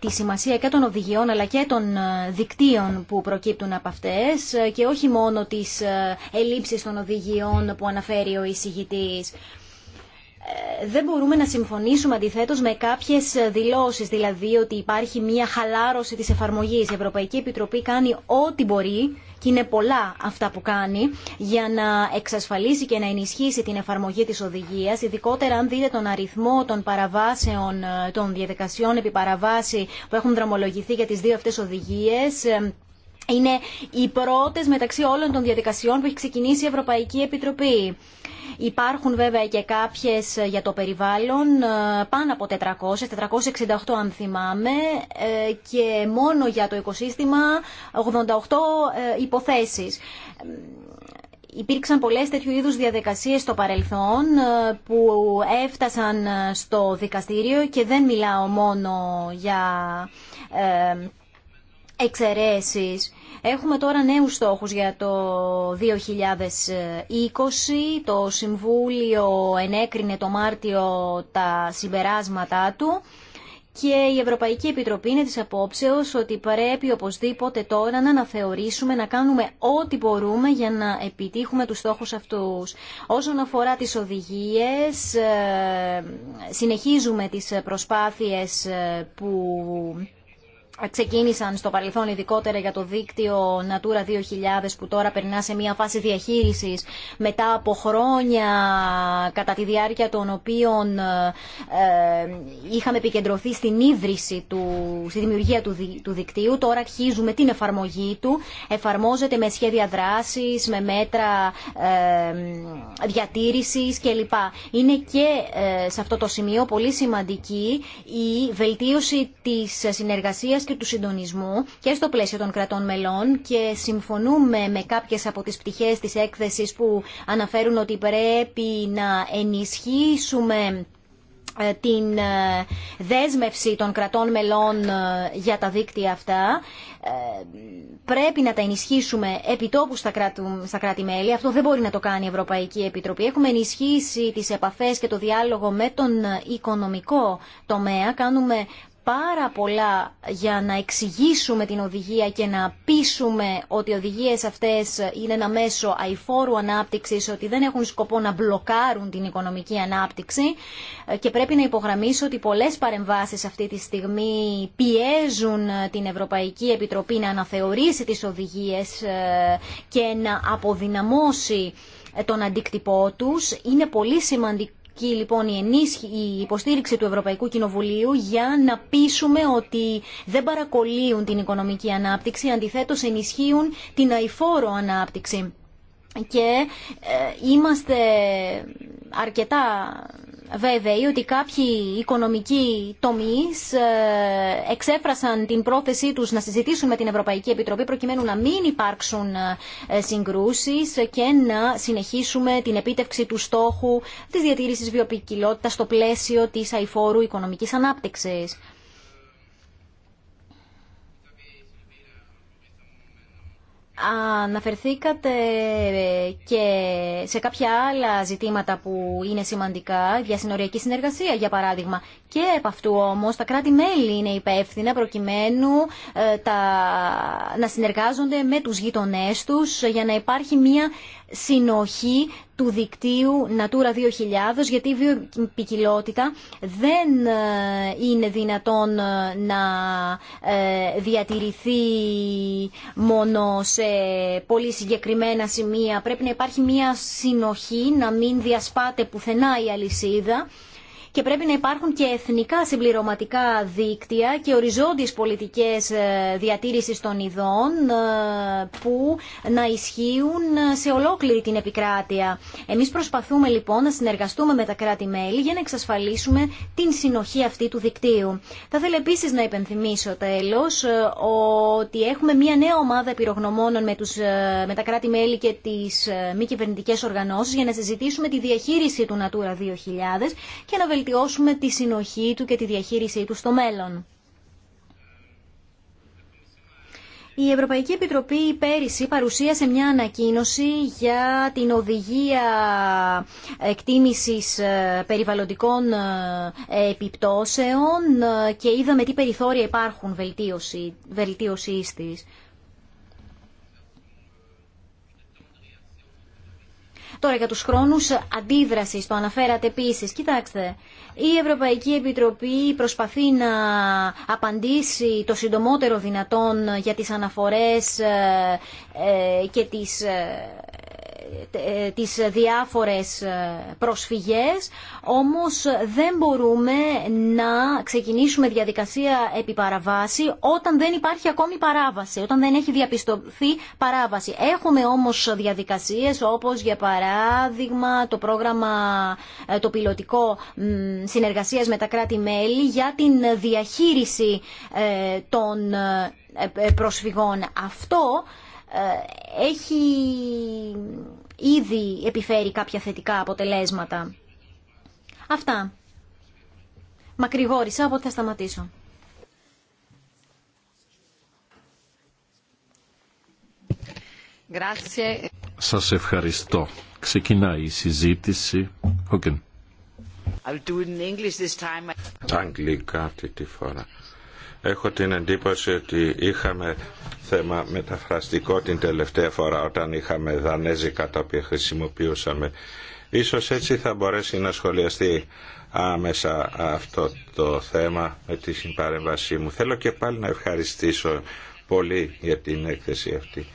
τη σημασία και των οδηγιών αλλά και των ε, δικτύων που προκύπτουν από αυτές ε, και όχι μόνο τις ε, ελλείψεις των οδηγιών που αναφέρει ο εισηγητής. Ε, δεν μπορούμε να συμφωνήσουμε αντιθέτως με κάποιες δηλώσεις, δηλαδή ότι υπάρχει μια χαλάρωση της εφαρμογής. Η Ευρωπαϊκή Επιτροπή κάνει ό,τι μπορεί και είναι πολλά αυτά που κάνει για να εξασφαλίσει και να ενισχύσει την εφαρμογή της οδηγίας, ειδικότερα αν δείτε τον αριθμό των παραβάσεων, ε, των διαδικασιών επί παραβάση που έχουν δρομολογηθεί για τις δύο αυτές οδηγίες, ε, είναι οι πρώτες μεταξύ όλων των διαδικασιών που έχει ξεκινήσει η Ευρωπαϊκή Επιτροπή. Υπάρχουν βέβαια και κάποιες για το περιβάλλον, ε, πάνω από 400, 468 αν θυμάμαι, ε, και μόνο για το οικοσύστημα 88 ε, υποθέσεις. Υπήρξαν πολλές τέτοιου είδους διαδικασίες στο παρελθόν που έφτασαν στο δικαστήριο και δεν μιλάω μόνο για εξαιρέσεις. Έχουμε τώρα νέους στόχους για το 2020. Το Συμβούλιο ενέκρινε το Μάρτιο τα συμπεράσματά του και η Ευρωπαϊκή Επιτροπή είναι της απόψεως ότι πρέπει οπωσδήποτε τώρα να αναθεωρήσουμε, να κάνουμε ό,τι μπορούμε για να επιτύχουμε τους στόχους αυτούς. Όσον αφορά τις οδηγίες, ε, συνεχίζουμε τις προσπάθειες ε, που ξεκίνησαν στο παρελθόν ειδικότερα για το δίκτυο Natura 2000 που τώρα περνά σε μια φάση διαχείρισης μετά από χρόνια κατά τη διάρκεια των οποίων ε, ε, είχαμε επικεντρωθεί στην ίδρυση, του, στη δημιουργία του, του δικτύου. Τώρα αρχίζουμε την εφαρμογή του. Εφαρμόζεται με σχέδια δράσης, με μέτρα ε, διατήρησης κλπ. Είναι και ε, σε αυτό το σημείο πολύ σημαντική η βελτίωση της συνεργασίας και του συντονισμού και στο πλαίσιο των κρατών μελών και συμφωνούμε με κάποιες από τις πτυχές της έκθεσης που αναφέρουν ότι πρέπει να ενισχύσουμε ε, την ε, δέσμευση των κρατών μελών ε, για τα δίκτυα αυτά. Πρέπει να τα ενισχύσουμε επιτόπου στα κράτη-μέλη. Αυτό δεν μπορεί να το κάνει η Ευρωπαϊκή Επιτροπή. Έχουμε ενισχύσει τις επαφές και το διάλογο με τον οικονομικό τομέα. Κάνουμε πάρα πολλά για να εξηγήσουμε την οδηγία και να πείσουμε ότι οι οδηγίες αυτές είναι ένα μέσο αηφόρου ανάπτυξης, ότι δεν έχουν σκοπό να μπλοκάρουν την οικονομική ανάπτυξη ε, και πρέπει να υπογραμμίσω ότι πολλές παρεμβάσεις αυτή τη στιγμή πιέζουν την Ευρωπαϊκή Επιτροπή να αναθεωρήσει τις οδηγίες ε, και να αποδυναμώσει ε, τον αντίκτυπό τους. Είναι πολύ σημαντικό λοιπόν η, ενίσχυ, η υποστήριξη του Ευρωπαϊκού Κοινοβουλίου για να πείσουμε ότι δεν παρακολύουν την οικονομική ανάπτυξη, αντιθέτως ενισχύουν την αηφόρο ανάπτυξη. Και ε, είμαστε αρκετά βέβαιοι ότι κάποιοι οικονομικοί τομείς ε, εξέφρασαν την πρόθεσή του να συζητήσουν με την Ευρωπαϊκή Επιτροπή προκειμένου να μην υπάρξουν ε, συγκρούσει και να συνεχίσουμε την επίτευξη του στόχου της διατήρησης βιοποικιλότητας στο πλαίσιο της αηφόρου οικονομική ανάπτυξη. Αναφερθήκατε ε, και σε κάποια άλλα ζητήματα που είναι σημαντικά, για συνοριακή συνεργασία για παράδειγμα. Και από αυτού όμως τα κράτη-μέλη είναι υπεύθυνα προκειμένου ε, τα, να συνεργάζονται με τους γειτονές τους για να υπάρχει μια συνοχή του δικτύου Natura 2000 γιατί η βιοπικιλότητα δεν ε, είναι δυνατόν ε, να ε, διατηρηθεί μόνο σε πολύ συγκεκριμένα σημεία. Πρέπει να υπάρχει μια συνοχή, να μην διασπάται πουθενά η αλυσίδα και πρέπει να υπάρχουν και εθνικά συμπληρωματικά δίκτυα και οριζόντιες πολιτικές ε, διατήρησης των ειδών ε, που να ισχύουν σε ολόκληρη την επικράτεια. Εμείς προσπαθούμε λοιπόν να συνεργαστούμε με τα κράτη-μέλη για να εξασφαλίσουμε την συνοχή αυτή του δικτύου. Θα ήθελα επίση να υπενθυμίσω τέλος ε, ότι έχουμε μια νέα ομάδα επιρογνωμόνων με, με τα κράτη-μέλη και τις μη κυβερνητικέ οργανώσεις για να συζητήσουμε τη διαχείριση του Natura 2000 και να βελτιώσουμε τη συνοχή του και τη διαχείρισή του στο μέλλον. Η Ευρωπαϊκή Επιτροπή πέρυσι παρουσίασε μια ανακοίνωση για την οδηγία εκτίμησης ε, περιβαλλοντικών ε, επιπτώσεων ε, και είδαμε τι περιθώρια υπάρχουν βελτίωση, βελτίωσης της. Τώρα για τους χρόνους αντίδρασης, το αναφέρατε επίση. Κοιτάξτε, η Ευρωπαϊκή Επιτροπή προσπαθεί να απαντήσει το συντομότερο δυνατόν για τις αναφορές ε, ε, και τις ε, τις διάφορες ε, προσφυγές, όμως δεν μπορούμε να ξεκινήσουμε διαδικασία επί παραβάση όταν δεν υπάρχει ακόμη παράβαση, όταν δεν έχει διαπιστωθεί παράβαση. Έχουμε όμως διαδικασίες όπως για παράδειγμα το πρόγραμμα ε, το πιλωτικό συνεργασίας με τα κράτη-μέλη για την διαχείριση ε, των προσφυγών. Αυτό έχει ήδη επιφέρει κάποια θετικά αποτελέσματα. Αυτά. Μακρηγόρησα, οπότε θα σταματήσω. Σας ευχαριστώ. Ξεκινάει η συζήτηση. Okay. I'll do in English this time. Αγγλικά αυτή τη φορά. Έχω την εντύπωση ότι είχαμε θέμα μεταφραστικό την τελευταία φορά όταν είχαμε δανέζικα τα οποία χρησιμοποιούσαμε. Ίσως έτσι θα μπορέσει να σχολιαστεί άμεσα αυτό το θέμα με τη συμπαρέμβασή μου. Θέλω και πάλι να ευχαριστήσω πολύ για την έκθεση αυτή.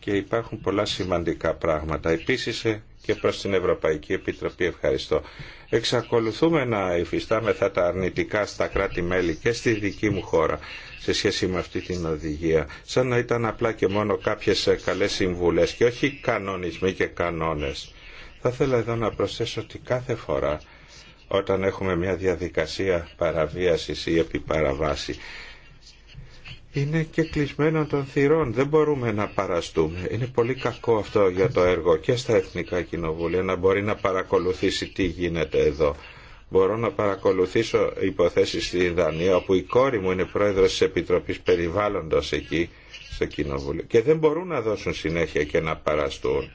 Και υπάρχουν πολλά σημαντικά πράγματα. Επίσης ε, και προς την Ευρωπαϊκή Επιτροπή ευχαριστώ εξακολουθούμε να υφιστάμεθα τα αρνητικά στα κράτη-μέλη και στη δική μου χώρα σε σχέση με αυτή την οδηγία. Σαν να ήταν απλά και μόνο κάποιες καλές συμβουλές και όχι κανονισμοί και κανόνες. Θα ήθελα εδώ να προσθέσω ότι κάθε φορά όταν έχουμε μια διαδικασία παραβίασης ή επιπαραβάση είναι και κλεισμένο των θυρών. Δεν μπορούμε να παραστούμε. Είναι πολύ κακό αυτό για το έργο και στα Εθνικά Κοινοβούλια να μπορεί να παρακολουθήσει τι γίνεται εδώ. Μπορώ να παρακολουθήσω υποθέσεις στη Δανία όπου η κόρη μου είναι πρόεδρος της Επιτροπής Περιβάλλοντος εκεί στο Κοινοβούλιο και δεν μπορούν να δώσουν συνέχεια και να παραστούν.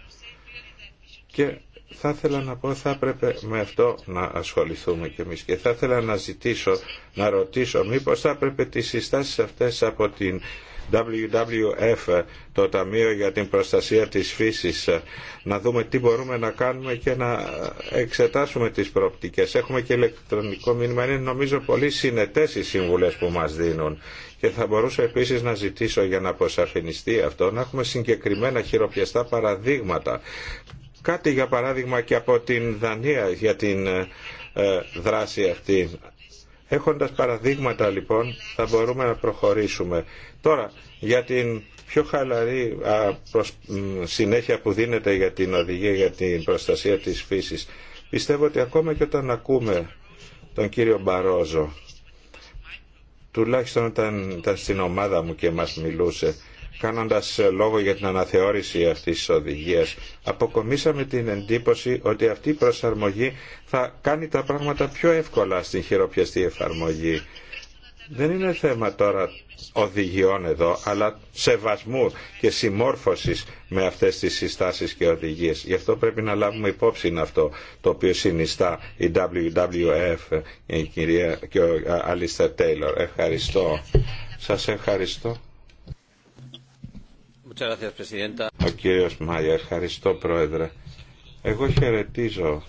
Και θα ήθελα να πω θα έπρεπε με αυτό να ασχοληθούμε κι εμείς και θα ήθελα να ζητήσω, να ρωτήσω μήπως θα έπρεπε τις συστάσεις αυτές από την WWF, το Ταμείο για την Προστασία της Φύσης, να δούμε τι μπορούμε να κάνουμε και να εξετάσουμε τις προοπτικές. Έχουμε και ηλεκτρονικό μήνυμα, είναι νομίζω πολύ συνετές οι σύμβουλες που μας δίνουν. Και θα μπορούσα επίσης να ζητήσω για να αποσαφινιστεί αυτό, να έχουμε συγκεκριμένα χειροπιαστά παραδείγματα κάτι για παράδειγμα και από την Δανία για την ε, ε, δράση αυτή. Έχοντας παραδείγματα λοιπόν θα μπορούμε να προχωρήσουμε. Τώρα για την πιο χαλαρή συνέχεια που δίνεται για την οδηγία για την προστασία της φύσης. Πιστεύω ότι ακόμα και όταν ακούμε τον κύριο Μπαρόζο, τουλάχιστον όταν ήταν στην ομάδα μου και μας μιλούσε, κάνοντας ε, λόγο για την αναθεώρηση αυτής της οδηγίας, αποκομίσαμε την εντύπωση ότι αυτή η προσαρμογή θα κάνει τα πράγματα πιο εύκολα στην χειροπιαστή εφαρμογή. Δεν είναι θέμα τώρα οδηγιών εδώ, αλλά σεβασμού και συμμόρφωσης με αυτές τις συστάσεις και οδηγίες. Γι' αυτό πρέπει να λάβουμε υπόψη αυτό το οποίο συνιστά η WWF η κυρία και ο Αλίστερ Τέιλορ. Ευχαριστώ. Σας ευχαριστώ. Ο κύριος Μάια, ευχαριστώ Πρόεδρε. Εγώ χαιρετίζω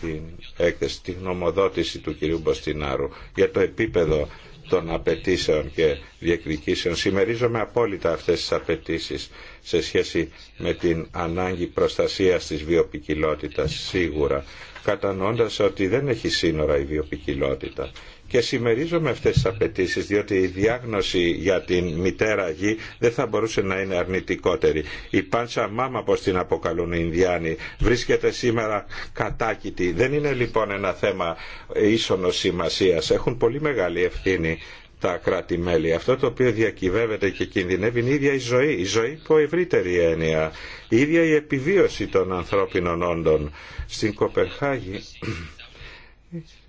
την έκθεση, την γνωμοδότηση του κυρίου Μποστινάρου για το επίπεδο των απαιτήσεων και διεκδικήσεων. Σημερίζομαι απόλυτα αυτές τις απαιτήσει σε σχέση με την ανάγκη προστασίας της βιοπικιλότητας σίγουρα, κατανοώντας ότι δεν έχει σύνορα η βιοπικιλότητα και συμμερίζομαι αυτές τις απαιτήσεις, διότι η διάγνωση για την μητέρα γη δεν θα μπορούσε να είναι αρνητικότερη. Η πάντσα μάμα, πως την αποκαλούν οι Ινδιάνοι, βρίσκεται σήμερα κατάκητη. Δεν είναι λοιπόν ένα θέμα ίσονος σημασίας. Έχουν πολύ μεγάλη ευθύνη τα κράτη-μέλη. Αυτό το οποίο διακυβεύεται και κινδυνεύει είναι η ίδια η ζωή, η ζωή υπό ευρύτερη έννοια, η ίδια η επιβίωση των ανθρώπινων όντων. Στην Κοπερχάγη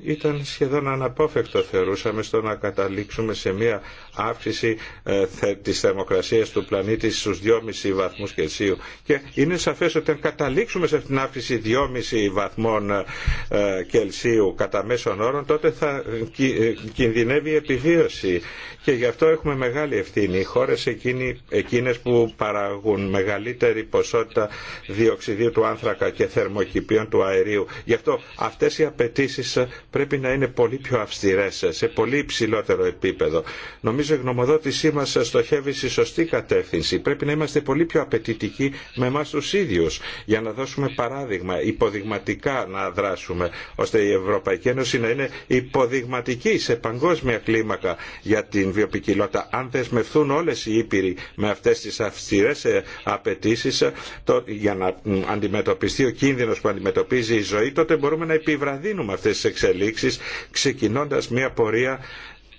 ήταν σχεδόν αναπόφευκτο θεωρούσαμε στο να καταλήξουμε σε μια αύξηση ε, θε, της θερμοκρασίας του πλανήτη στους 2,5 βαθμούς Κελσίου και είναι σαφές ότι αν καταλήξουμε σε αυτήν την αύξηση 2,5 βαθμών ε, ε, Κελσίου κατά μέσον όρων τότε θα ε, κινδυνεύει η επιβίωση και γι' αυτό έχουμε μεγάλη ευθύνη οι χώρες εκείνες που παραγούν μεγαλύτερη ποσότητα διοξιδίου του άνθρακα και θερμοκηπίων του αερίου γι' αυτό αυτές οι απαιτήσει πρέπει να είναι πολύ πιο αυστηρές σε πολύ υψηλότερο επίπεδο. Νομίζω η γνωμοδότησή μας στοχεύει στη σωστή κατεύθυνση. Πρέπει να είμαστε πολύ πιο απαιτητικοί με εμάς τους ίδιους για να δώσουμε παράδειγμα, υποδειγματικά να δράσουμε ώστε η Ευρωπαϊκή Ένωση να είναι υποδειγματική σε παγκόσμια κλίμακα για την βιοπικιλότητα. Αν δεσμευθούν όλες οι ήπειροι με αυτές τις αυστηρές ε, απαιτήσει για να αντιμετωπιστεί ο κίνδυνος που αντιμετωπίζει η ζωή, τότε μπορούμε να επιβραδύνουμε αυτές εξελίξεις ξεκινώντας μια πορεία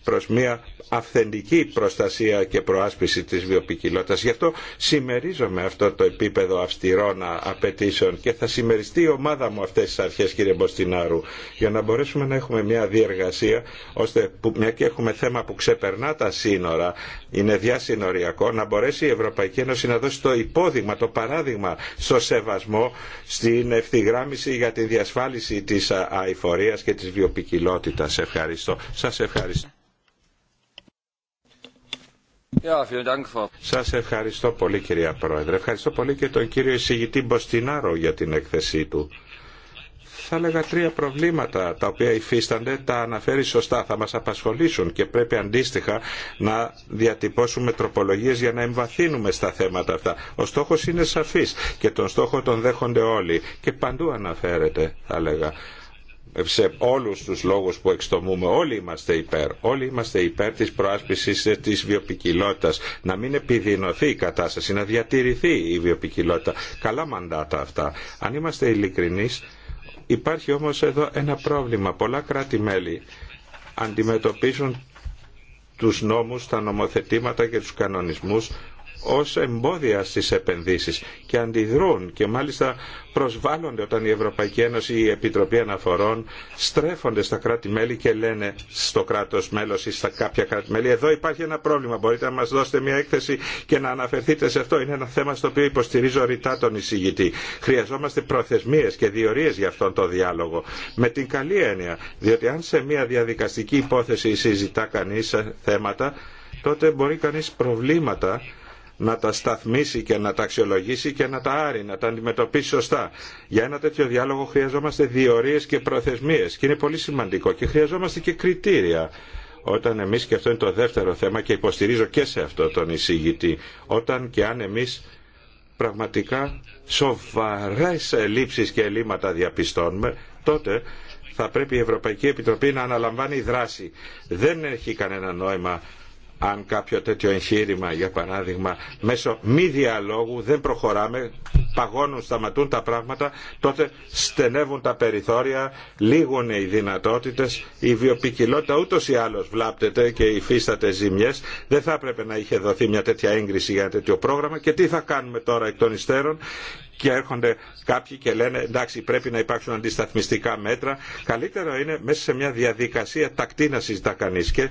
προς μια αυθεντική προστασία και προάσπιση της βιοπικιλότητας. Γι' αυτό συμμερίζομαι αυτό το επίπεδο αυστηρών απαιτήσεων και θα συμμεριστεί η ομάδα μου αυτές τις αρχές κύριε Μποστινάρου για να μπορέσουμε να έχουμε μια διεργασία ώστε που, μια και έχουμε θέμα που ξεπερνά τα σύνορα είναι διασυνοριακό να μπορέσει η Ευρωπαϊκή Ένωση να δώσει το υπόδειγμα, το παράδειγμα στο σεβασμό στην ευθυγράμμιση για τη διασφάλιση της αηφορίας και της βιοπικιλότητας. Ευχαριστώ. Σας ευχαριστώ. Σα Σας ευχαριστώ πολύ κυρία Πρόεδρε. Ευχαριστώ πολύ και τον κύριο εισηγητή Μποστινάρο για την έκθεσή του. Θα έλεγα τρία προβλήματα τα οποία υφίστανται, τα αναφέρει σωστά, θα μας απασχολήσουν και πρέπει αντίστοιχα να διατυπώσουμε τροπολογίες για να εμβαθύνουμε στα θέματα αυτά. Ο στόχος είναι σαφής και τον στόχο τον δέχονται όλοι και παντού αναφέρεται θα έλεγα σε όλους τους λόγους που εξτομούμε όλοι είμαστε υπέρ όλοι είμαστε υπέρ της προάσπισης της βιοπικιλότητας να μην επιδεινωθεί η κατάσταση να διατηρηθεί η βιοπικιλότητα καλά μαντάτα αυτά αν ειμαστε ειλικρινεί, ειλικρινείς υπάρχει όμως εδώ ένα πρόβλημα πολλά κράτη-μέλη αντιμετωπίζουν τους νόμους, τα νομοθετήματα και τους κανονισμούς ως εμπόδια στις επενδύσεις και αντιδρούν και μάλιστα προσβάλλονται όταν η Ευρωπαϊκή Ένωση ή η Επιτροπή Αναφορών στρέφονται στα κράτη-μέλη και λένε στο κράτος μέλος ή στα κάποια κράτη-μέλη εδώ υπάρχει ένα πρόβλημα, μπορείτε να μας δώσετε μια έκθεση και να αναφερθείτε σε αυτό. Είναι ένα θέμα στο οποίο υποστηρίζω ρητά τον εισηγητή. Χρειαζόμαστε προθεσμίες και διορίες για αυτόν τον διάλογο. Με την καλή έννοια, διότι αν σε μια διαδικαστική υπόθεση συζητά κανείς θέματα, τότε μπορεί κανείς προβλήματα να τα σταθμίσει και να τα αξιολογήσει και να τα άρει, να τα αντιμετωπίσει σωστά. Για ένα τέτοιο διάλογο χρειαζόμαστε διορίες και προθεσμίε. και είναι πολύ σημαντικό και χρειαζόμαστε και κριτήρια όταν εμείς, και αυτό είναι το δεύτερο θέμα και υποστηρίζω και σε αυτό τον εισηγητή, όταν και αν εμείς πραγματικά σοβαρέ ελλείψει και ελλείμματα διαπιστώνουμε, τότε θα πρέπει η Ευρωπαϊκή Επιτροπή να αναλαμβάνει δράση. Δεν έχει κανένα νόημα αν κάποιο τέτοιο εγχείρημα, για παράδειγμα, μέσω μη διαλόγου δεν προχωράμε, παγώνουν, σταματούν τα πράγματα, τότε στενεύουν τα περιθώρια, λίγουν οι δυνατότητες, η βιοπικιλότητα ούτως ή άλλως βλάπτεται και υφίσταται ζημιές. Δεν θα έπρεπε να είχε δοθεί μια τέτοια έγκριση για ένα τέτοιο πρόγραμμα και τι θα κάνουμε τώρα εκ των υστέρων και έρχονται κάποιοι και λένε εντάξει πρέπει να υπάρξουν αντισταθμιστικά μέτρα. Καλύτερο είναι μέσα σε μια διαδικασία τακτή να συζητά κανεί. και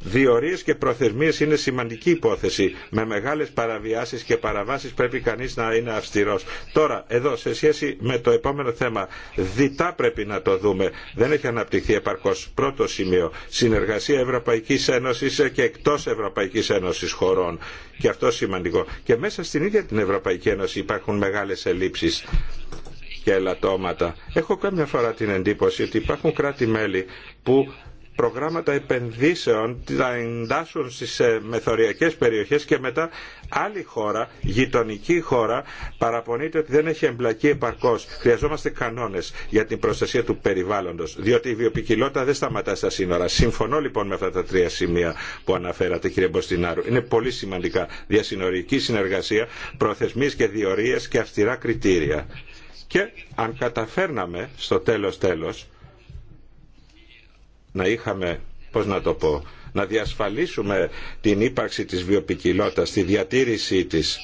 διορίε και προθεσμίε είναι σημαντική υπόθεση. Με μεγάλε παραβιάσει και παραβάσει πρέπει κανεί να είναι αυστηρό. Τώρα εδώ σε σχέση με το επόμενο θέμα διτά πρέπει να το δούμε. Δεν έχει αναπτυχθεί επαρκώ. πρώτο σημείο συνεργασία Ευρωπαϊκή Ένωση και εκτό Ευρωπαϊκή Ένωση χωρών. Και αυτό σημαντικό. Και μέσα στην ίδια την Ευρωπαϊκή Ένωση υπάρχουν μεγάλε ελλείψεις και ελαττώματα. Έχω κάμια φορά την εντύπωση ότι υπάρχουν κράτη-μέλη που προγράμματα επενδύσεων να εντάσσουν στις ε, μεθοριακές περιοχές και μετά άλλη χώρα, γειτονική χώρα, παραπονείται ότι δεν έχει εμπλακεί επαρκώ, Χρειαζόμαστε κανόνε για την προστασία του περιβάλλοντο. διότι η βιοπικιλότητα δεν σταματά στα σύνορα. Συμφωνώ λοιπόν με αυτά τα τρία σημεία που αναφέρατε κύριε Μποστινάρου. Είναι πολύ σημαντικά διασυνορική συνεργασία, προθεσμίε και διορίε και αυστηρά κριτήρια. Και αν καταφέρναμε στο τέλος τέλος να είχαμε, πώς να το πω, να διασφαλίσουμε την ύπαρξη της βιοπικιλότητας, τη διατήρησή της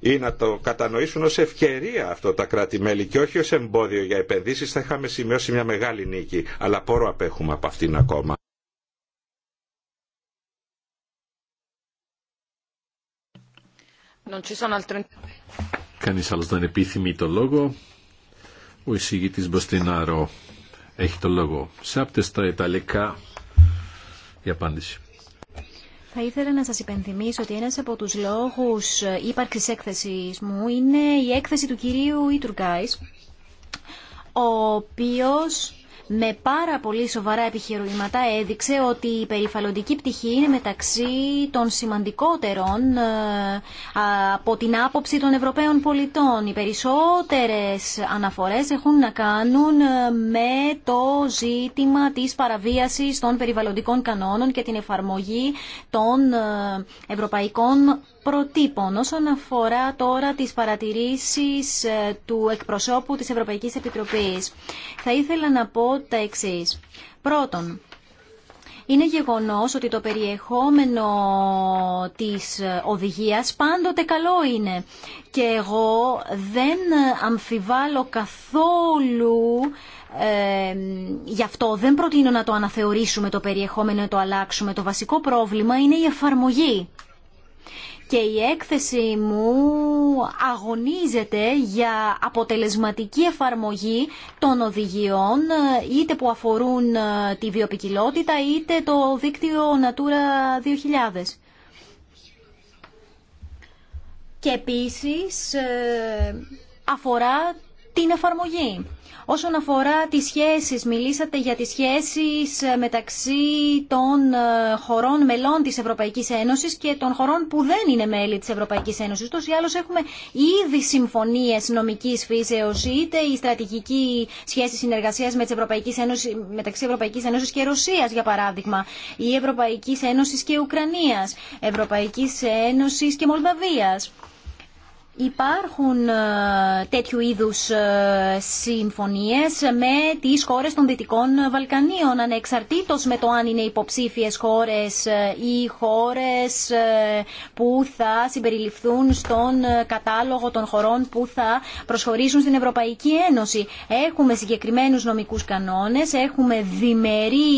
ή να το κατανοήσουν ως ευκαιρία αυτό τα κράτη-μέλη και όχι ως εμπόδιο για επενδύσεις θα είχαμε σημειώσει μια μεγάλη νίκη αλλά πόρο απέχουμε από αυτήν ακόμα. Κανείς άλλος δεν επίθυμει το λόγο. Ο εισηγητής Μποστινάρο έχει το λόγο. Σάπτε στα Ιταλικά η απάντηση. Θα ήθελα να σας υπενθυμίσω ότι ένας από τους λόγους ύπαρξης έκθεσης μου είναι η έκθεση του κυρίου Ιτουργκάης ο οποίος με πάρα πολύ σοβαρά επιχειρηματά έδειξε ότι η περιφαλοντική πτυχή είναι μεταξύ των σημαντικότερων ε, από την άποψη των Ευρωπαίων πολιτών. Οι περισσότερες αναφορές έχουν να κάνουν ε, με το ζήτημα της παραβίασης των περιβαλλοντικών κανόνων και την εφαρμογή των ε, ευρωπαϊκών προτύπων. Όσον αφορά τώρα τις παρατηρήσεις ε, του εκπροσώπου της Ευρωπαϊκής Επιτροπής, θα ήθελα να πω τα εξής. Πρώτον, είναι γεγονός ότι το περιεχόμενο της οδηγίας πάντοτε καλό είναι. Και εγώ δεν αμφιβάλλω καθόλου ε, γι' αυτό δεν προτείνω να το αναθεωρήσουμε το περιεχόμενο, να το αλλάξουμε. Το βασικό πρόβλημα είναι η εφαρμογή και η έκθεση μου αγωνίζεται για αποτελεσματική εφαρμογή των οδηγιών είτε που αφορούν ε, τη βιοπικιλότητα είτε το δίκτυο Natura 2000. Και επίσης ε, αφορά την εφαρμογή. Όσον αφορά τις σχέσεις, μιλήσατε για τις σχέσεις ε, μεταξύ των ε, χωρών μελών της Ευρωπαϊκής Ένωσης και των χωρών που δεν είναι μέλη της Ευρωπαϊκής Ένωσης. Τους ή άλλως έχουμε ήδη συμφωνίες νομικής φύσεως, είτε η στρατηγική σχέση συνεργασίας με Ευρωπαϊκής μεταξύ Ευρωπαϊκής Ένωσης και Ρωσίας, για παράδειγμα, ή Ευρωπαϊκής Ένωσης και Ουκρανίας, Ευρωπαϊκής Ένωσης και Μολδαβίας υπάρχουν ε, τέτοιου είδους ε, συμφωνίες με τις χώρες των Δυτικών Βαλκανίων ανεξαρτήτως με το αν είναι υποψήφιες χώρες ε, ή χώρες που θα συμπεριληφθούν στον κατάλογο των χωρών που θα προσχωρήσουν στην Ευρωπαϊκή Ένωση. Έχουμε συγκεκριμένους νομικούς κανόνες, έχουμε διμερεί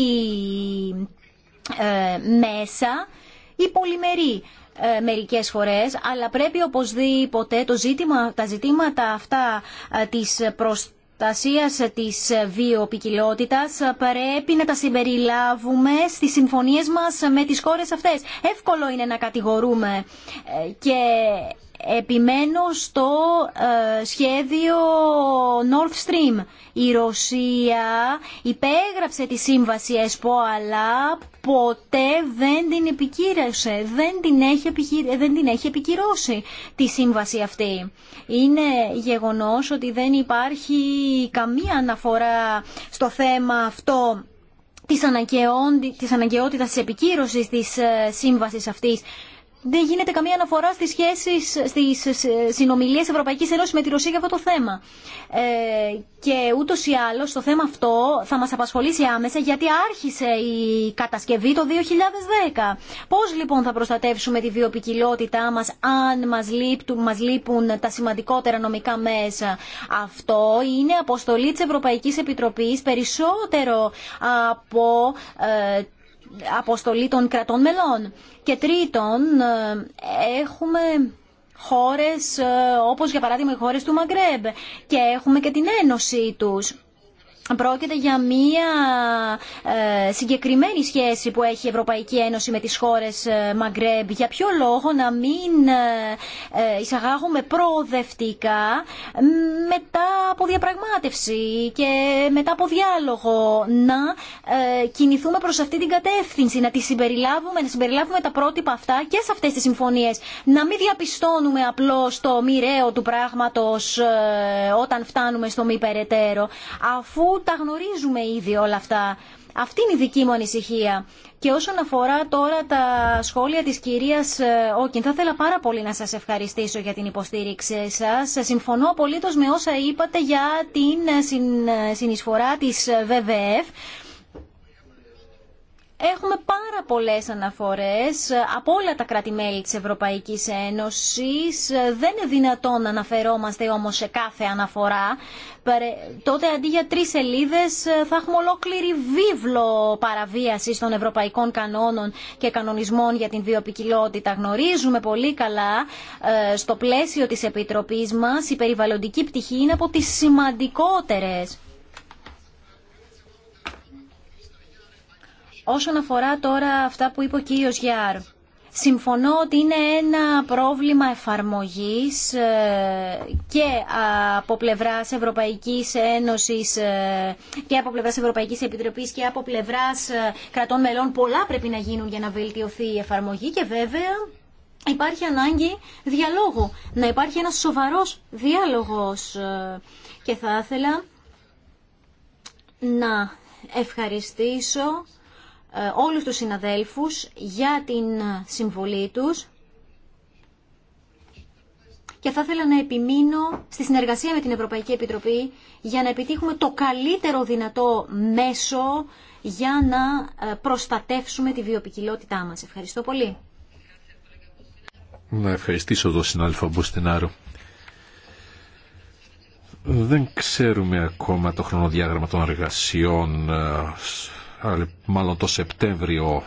μέσα ή πολυμερή ε, μερικές φορές, αλλά πρέπει οπωσδήποτε το ζήτημα, τα ζητήματα αυτά ε, της προστασίας της βιοπικιλότητας ε, πρέπει να τα συμπεριλάβουμε στις συμφωνίες μας με τις χώρες αυτές. Εύκολο είναι να κατηγορούμε και επιμένω στο σχέδιο North Stream. Η Ρωσία υπέγραψε τη σύμβαση ΕΣΠΟ αλλά ποτέ δεν την επικύρωσε, δεν την έχει, επικυρώσει, δεν την έχει επικυρώσει τη σύμβαση αυτή. Είναι γεγονός ότι δεν υπάρχει καμία αναφορά στο θέμα αυτό της αναγκαιότητας της επικύρωσης της ε, σύμβασης αυτής δεν γίνεται καμία αναφορά στις σχέσεις, στις συνομιλίες Ευρωπαϊκής Ένωσης με τη Ρωσία για αυτό το θέμα. Ε, και ούτως ή άλλως το θέμα αυτό θα μας απασχολήσει άμεσα γιατί άρχισε η κατασκευή το 2010. Πώς λοιπόν θα προστατεύσουμε τη βιοπικιλότητά μας αν μας λείπουν, μας λείπουν τα σημαντικότερα νομικά μέσα. Αυτό είναι αποστολή της Ευρωπαϊκής Επιτροπής περισσότερο από ε, αποστολή των κρατών μελών. Και τρίτον, ε, έχουμε χώρες ε, όπως για παράδειγμα οι χώρες του Μαγκρέμπ και έχουμε και την ένωση τους. Πρόκειται για μία ε, συγκεκριμένη σχέση που έχει η Ευρωπαϊκή Ένωση με τις χώρες ε, Μαγκρέμπ. Για ποιο λόγο να μην ε, εισαγάγουμε προοδευτικά μετά από διαπραγμάτευση και μετά από διάλογο να κινηθούμε προς αυτή την κατεύθυνση, να τη συμπεριλάβουμε, να συμπεριλάβουμε τα πρότυπα αυτά και σε αυτές τις συμφωνίες. Να μην διαπιστώνουμε απλώς το μοιραίο του πράγματος όταν φτάνουμε στο μη περαιτέρω. Αφού τα γνωρίζουμε ήδη όλα αυτά. Αυτή είναι η δική μου ανησυχία. Και όσον αφορά τώρα τα σχόλια της κυρίας ε, Όκιν, θα ήθελα πάρα πολύ να σας ευχαριστήσω για την υποστήριξή σας. Συμφωνώ απολύτως με όσα είπατε για την ε, ε, συνεισφορά της ΒΒΕΦ Έχουμε πάρα πολλές αναφορές από όλα τα κράτη-μέλη της Ευρωπαϊκής Ένωσης. Δεν είναι δυνατόν να αναφερόμαστε όμως σε κάθε αναφορά. Τότε αντί για τρεις σελίδες ε, θα έχουμε ολόκληρη βίβλο παραβίασης των ευρωπαϊκών κανόνων και κανονισμών για την βιοπικιλότητα. Γνωρίζουμε πολύ καλά ε, στο πλαίσιο της Επιτροπής μας η περιβαλλοντική πτυχή είναι από τις σημαντικότερες Όσον αφορά τώρα αυτά που είπε ο κύριο Γιάρ, συμφωνώ ότι είναι ένα πρόβλημα εφαρμογής ε, και από πλευράς Ευρωπαϊκής Ένωσης ε, και από πλευράς Ευρωπαϊκής Επιτροπής και από πλευράς ε, κρατών μελών πολλά πρέπει να γίνουν για να βελτιωθεί η εφαρμογή και βέβαια υπάρχει ανάγκη διαλόγου, να υπάρχει ένας σοβαρός διάλογος και θα ήθελα να ευχαριστήσω ε, όλους τους συναδέλφους για την ε, συμβολή τους και θα ήθελα να επιμείνω στη συνεργασία με την Ευρωπαϊκή Επιτροπή για να επιτύχουμε το καλύτερο δυνατό μέσο για να ε, προστατεύσουμε τη βιοπικιλότητά μας. Ευχαριστώ πολύ. Να ευχαριστήσω τον συνάδελφο Μποστινάρου. Δεν ξέρουμε ακόμα το χρονοδιάγραμμα των εργασιών Λοιπόν, μάλλον το Σεπτέμβριο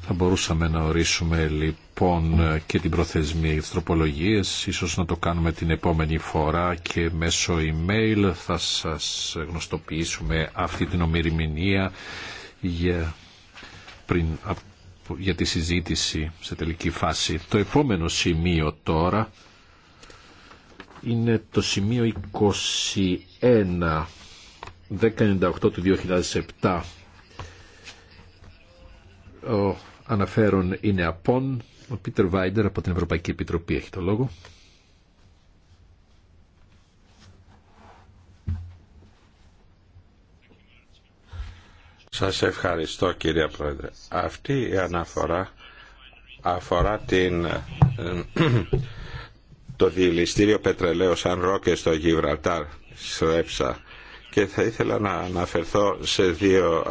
θα μπορούσαμε να ορίσουμε λοιπόν και την προθεσμία για τις Ίσως να το κάνουμε την επόμενη φορά και μέσω email θα σας γνωστοποιήσουμε αυτή την ομοιρημηνία για, πριν, για τη συζήτηση σε τελική φάση. Το επόμενο σημείο τώρα είναι το σημείο 21. 1098 του 2007 ο αναφέρον είναι απόν. Ο Πίτερ Βάιντερ από την Ευρωπαϊκή Επιτροπή έχει το λόγο. Σας ευχαριστώ κύριε Πρόεδρε. Αυτή η αναφορά αφορά την, το διελιστήριο πετρελαίου Σαν Ρόκε στο Γιβραλτάρ, Σρέψα και θα ήθελα να αναφερθώ σε δύο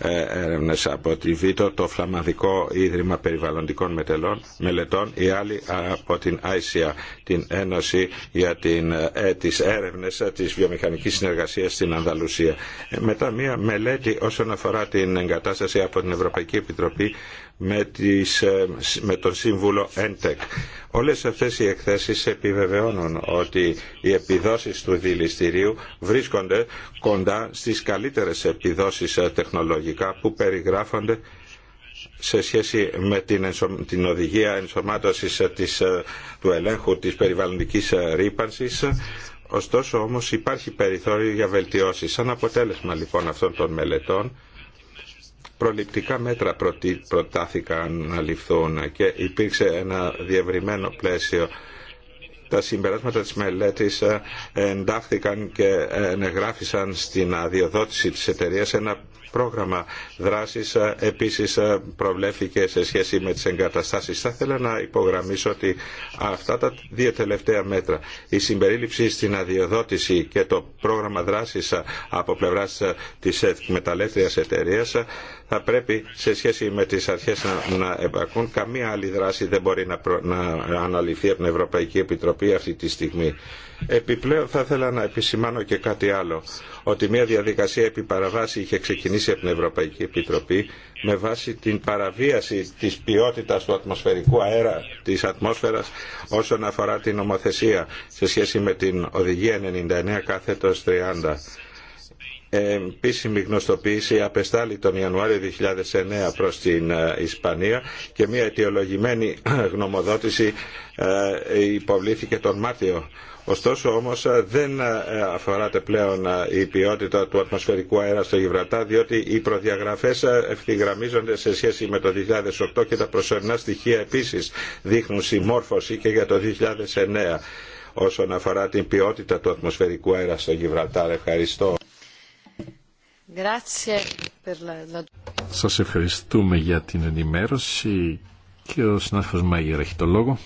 ε, ε, έρευνες από τη ΒΙΤΟ, το Φλαμανδικό Ίδρυμα Περιβαλλοντικών Μετελών, Μελετών, η άλλη από την ΆΙΣΙΑ, την Ένωση για την, ε, τις έρευνες ε, της βιομηχανικής συνεργασίας στην Ανδαλουσία. μετά μία μελέτη όσον αφορά την εγκατάσταση από την Ευρωπαϊκή Επιτροπή με, τις, ε, με τον σύμβουλο ΕΝΤΕΚ. E Όλες αυτές οι εκθέσεις επιβεβαιώνουν ότι οι επιδόσεις του δηληστηρίου βρίσκονται κοντά στις καλύτερες επιδόσεις ε, τεχνολογικά που περιγράφονται σε σχέση με την, την οδηγία ενσωμάτωσης ε, της, του ελέγχου της περιβαλλοντικής ρήπανσης Ωστόσο όμως υπάρχει περιθώριο για βελτιώσεις. Σαν αποτέλεσμα λοιπόν αυτών των μελετών προληπτικά μέτρα προτάθηκαν να ληφθούν και υπήρξε ένα διευρυμένο πλαίσιο. Τα συμπεράσματα της μελέτης ε, εντάχθηκαν και εγγράφησαν στην αδειοδότηση της εταιρείας ένα πρόγραμμα δράσης ε, επίσης ε, προβλέφθηκε σε σχέση με τις εγκαταστάσεις. Θα ήθελα να υπογραμμίσω ότι αυτά τα δύο τελευταία μέτρα, η συμπερίληψη στην αδειοδότηση και το πρόγραμμα δράσης από πλευράς της εκμεταλλεύτριας εταιρείας θα πρέπει σε σχέση με τις αρχές να, να επακούν. Καμία άλλη δράση δεν μπορεί να, να αναλυθεί από την Ευρωπαϊκή Επιτροπή αυτή τη στιγμή. Επιπλέον θα ήθελα να επισημάνω και κάτι άλλο, ότι μια διαδικασία παραβάση είχε ξεκινήσει από την Ευρωπαϊκή Επιτροπή με βάση την παραβίαση της ποιότητας του ατμοσφαιρικού αέρα της ατμόσφαιρας όσον αφορά την νομοθεσία σε σχέση με την Οδηγία 99 κάθετος 30 επίσημη γνωστοποίηση απεστάλη τον Ιανουάριο 2009 προς την ε, Ισπανία και μια αιτιολογημένη γνωμοδότηση ε, υποβλήθηκε τον Μάρτιο. Ωστόσο όμως ε, δεν αφοράται πλέον η ποιότητα του ατμοσφαιρικού αέρα στο Γιβρατά διότι οι προδιαγραφές ευθυγραμμίζονται σε σχέση με το 2008 και τα προσωρινά στοιχεία επίσης δείχνουν συμμόρφωση και για το 2009 όσον αφορά την ποιότητα του ατμοσφαιρικού αέρα στο Γιβραλτάρ. Ευχαριστώ. Σας ευχαριστούμε για την ενημέρωση και ο συνάδελφος Μάγερ έχει το λόγο.